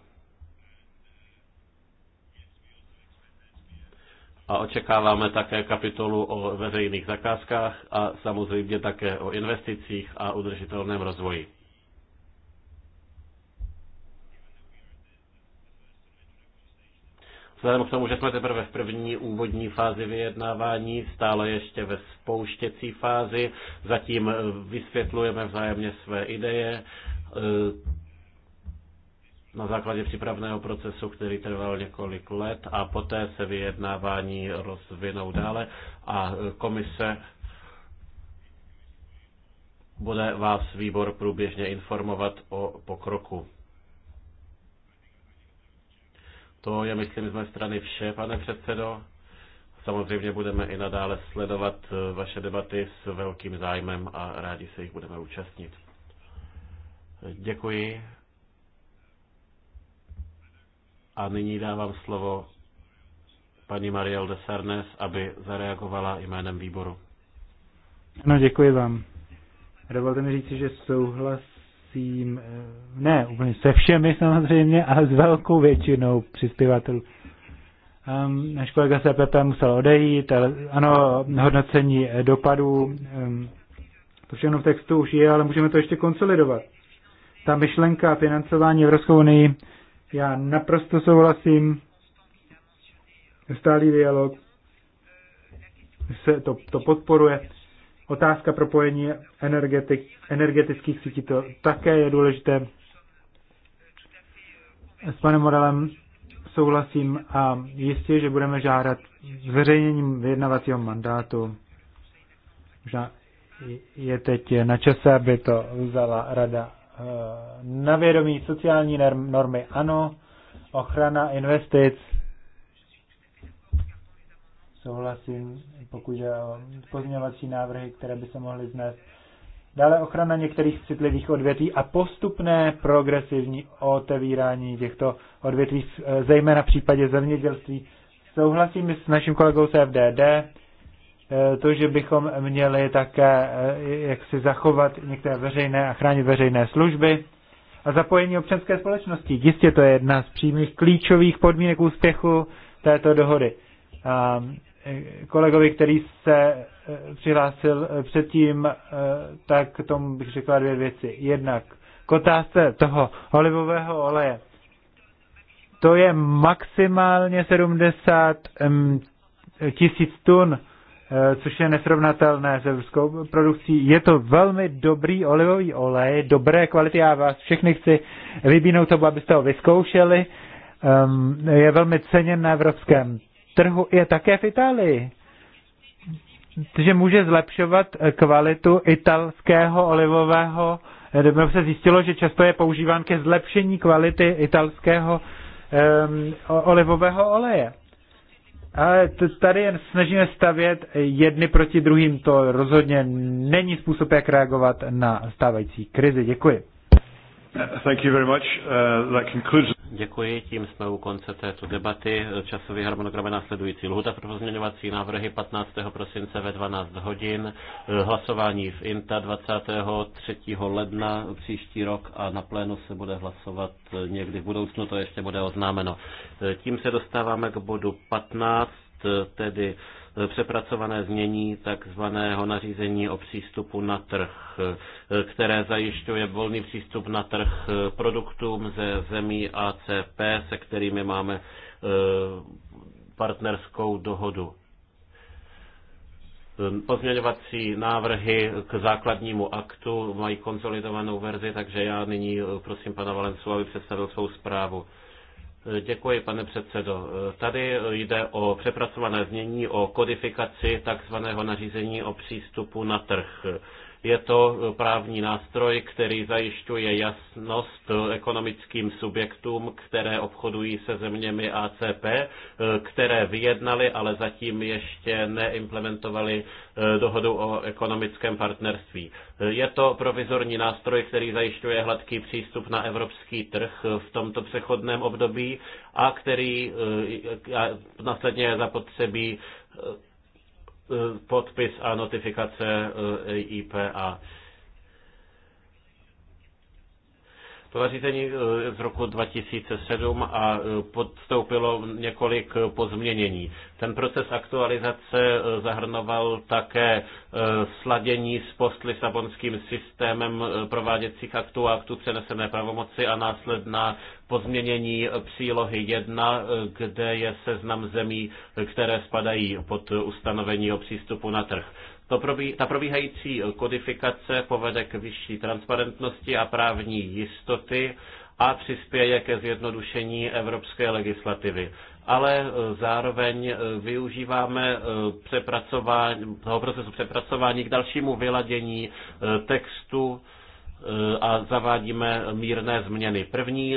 A očekáváme také kapitolu o veřejných zakázkách a samozřejmě také o investicích a udržitelném rozvoji. Vzhledem k tomu, že jsme teprve v první úvodní fázi vyjednávání, stále ještě ve spouštěcí fázi, zatím eh, vysvětlujeme vzájemně své ideje eh, na základě přípravného procesu, který trval několik let a poté se vyjednávání rozvinou dále a eh, komise bude vás výbor průběžně informovat o pokroku. To je, myslím, z mé strany vše, pane předsedo. Samozřejmě budeme i nadále sledovat eh, vaše debaty s velkým zájmem a rádi se jich budeme účastnit. Děkuji. A nyní dávám slovo paní Mariel de Sarnes, aby zareagovala jménem výboru. No, děkuji vám. Dovolte mi říci, že souhlas tím, eh, ne úplně se všemi samozřejmě, ale s velkou většinou přispěvatelů. Um, náš kolega se EPP musel odejít, ale ano, hodnocení eh, dopadů, um, to všechno v textu už je, ale můžeme to ještě konsolidovat. Ta myšlenka financování Evropskou unii, já naprosto souhlasím, stálý dialog, se to, to podporuje. Otázka propojení energetik, energetických sítí, to také je důležité. S panem Morelem souhlasím a jistě, že budeme žádat zveřejněním vyjednavacího mandátu. Možná je teď na čase, aby to vzala rada eh, na vědomí sociální normy ano, ochrana investic, souhlasím pokud jde o pozměňovací návrhy, které by se mohly znést. Dále ochrana některých citlivých odvětví a postupné progresivní otevírání těchto odvětví, eh, zejména v případě zemědělství. Souhlasím s naším kolegou z FDD, eh, to, že bychom měli také eh, jak si zachovat některé veřejné a chránit veřejné služby a zapojení občanské společnosti. Jistě to je jedna z přímých klíčových podmínek úspěchu této dohody. A kolegovi, který se eh, přihlásil eh, předtím, eh, tak k tomu bych řekla dvě věci. Jednak k otázce toho olivového oleje. To je maximálně 70 tisíc tun, což je nesrovnatelné s evropskou produkcí. Je to velmi dobrý olivový olej, dobré kvality. Já vás všechny chci vybínout tomu, abyste ho vyzkoušeli. Je velmi ceněn na evropském trhu je také v Itálii. Takže může zlepšovat kvalitu italského olivového, nebo se zjistilo, že často je používán ke zlepšení kvality italského um, olivového oleje. Ale tady jen snažíme stavět jedny proti druhým. To rozhodně není způsob, jak reagovat na stávající krizi. Děkuji. Thank you very much. Uh, that concludes... Děkuji, tím jsme u konce této debaty. Časový harmonogram je následující. Lhuta pro pozměňovací návrhy 15. prosince ve 12 hodin, hlasování v INTA 23. ledna příští rok a na plénu se bude hlasovat někdy v budoucnu, to ještě bude oznámeno. Tím se dostáváme k bodu 15, tedy přepracované znění takzvaného nařízení o přístupu na trh, které zajišťuje volný přístup na trh produktům ze zemí ACP, se kterými máme e, partnerskou dohodu pozměňovací návrhy k základnímu aktu mají konsolidovanou verzi, takže já nyní e, prosím pana Valencu, aby představil svou zprávu. Děkuji, pane předsedo. Tady jde o přepracované znění, o kodifikaci takzvaného nařízení o přístupu na trh. Je to právní nástroj, který zajišťuje jasnost ekonomickým subjektům, které obchodují se zeměmi ACP, které vyjednali, ale zatím ještě neimplementovali eh, dohodu o ekonomickém partnerství. Je to provizorní nástroj, který zajišťuje hladký přístup na evropský trh v tomto přechodném období a který eh, a následně je zapotřebí eh, Eh, podpis a notifikace eh, e a To nařízení eh, z roku 2007 a eh, podstoupilo několik pozměnění. Ten proces aktualizace eh, zahrnoval také sladění s post-lisabonským systémem prováděcích aktů a aktů přenesené pravomoci a následná pozměnění přílohy 1, kde je seznam zemí, které spadají pod ustanovení o přístupu na trh. To probí, ta probíhající kodifikace povede k vyšší transparentnosti a právní jistoty a přispěje ke zjednodušení evropské legislativy. Ale e, zároveň e, využíváme e, přepracování, toho procesu přepracování k dalšímu vyladění textu a zavádíme mírné změny. První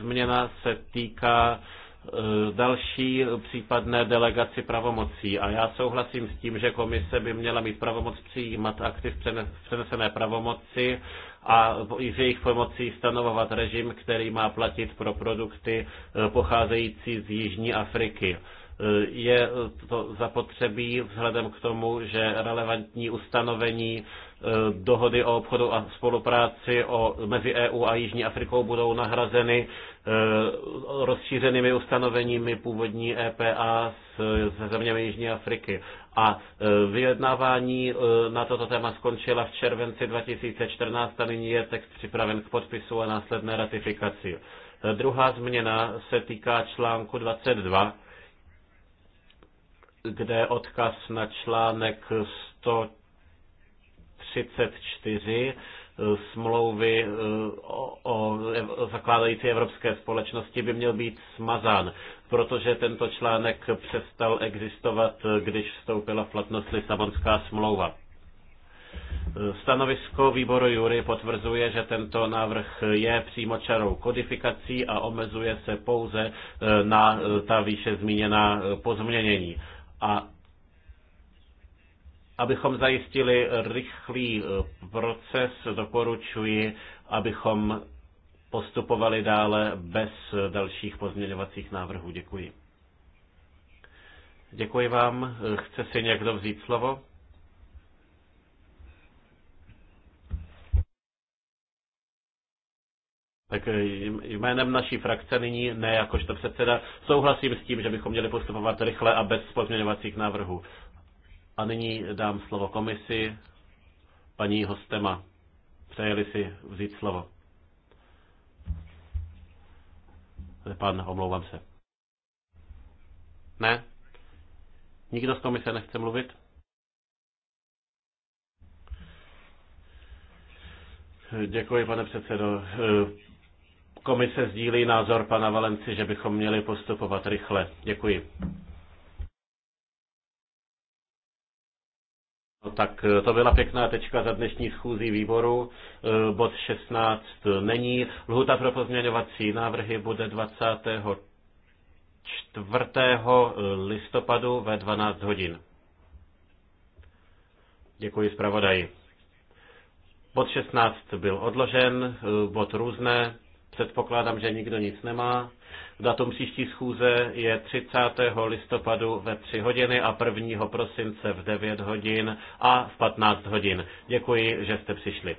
změna se týká Eh, další případné delegaci pravomocí. A já souhlasím s tím, že komise by měla mít pravomoc přijímat akty v přenesené pravomoci a s jejich pomocí stanovovat režim, který má platit pro produkty eh, pocházející z Jižní Afriky eh, je to zapotřebí vzhledem k tomu, že relevantní ustanovení Eh, dohody o obchodu a spolupráci o, mezi EU a Jižní Afrikou budou nahrazeny eh, rozšířenými ustanoveními původní EPA se zeměmi Jižní Afriky. A eh, vyjednávání na toto téma skončila v červenci 2014 a nyní je text připraven k podpisu a následné ratifikaci. Druhá změna se týká článku 22, kde je odkaz na článek 100 34 eh, smlouvy eh, o, o zakládající evropské společnosti by měl být smazán, protože tento článek přestal existovat, eh, když vstoupila v platnost Lisabonská smlouva. Stanovisko výboru Jury potvrzuje, že tento návrh je přímočarou kodifikací a omezuje se pouze na ta výše zmíněná pozměnění. A Abychom zajistili rychlý eh, proces, doporučuji, abychom postupovali dále bez eh, dalších pozměňovacích návrhů. Děkuji. Děkuji vám. Eh, chce si někdo vzít slovo? Tak jménem naší frakce nyní, ne jakožto předseda, souhlasím s tím, že bychom měli postupovat rychle a bez pozměňovacích návrhů. A nyní dám slovo komisi. Paní Hostema, přejeli si vzít slovo. Pan, omlouvám se. Ne? Nikdo z komise nechce mluvit? Děkuji, pane předsedo. Komise sdílí názor pana Valenci, že bychom měli postupovat rychle. Děkuji. No tak eh, to byla pěkná tečka za dnešní schůzí výboru. Eh, bod 16 není. Lhuta pro pozměňovací návrhy bude 24. Eh, listopadu ve 12 hodin. Děkuji zpravodaji. Bod 16 byl odložen, bod různé Předpokládám, že nikdo nic nemá. Datum příští schůze je 30. listopadu ve 3 hodiny a 1. prosince v 9 hodin a v 15 hodin. Děkuji, že jste přišli.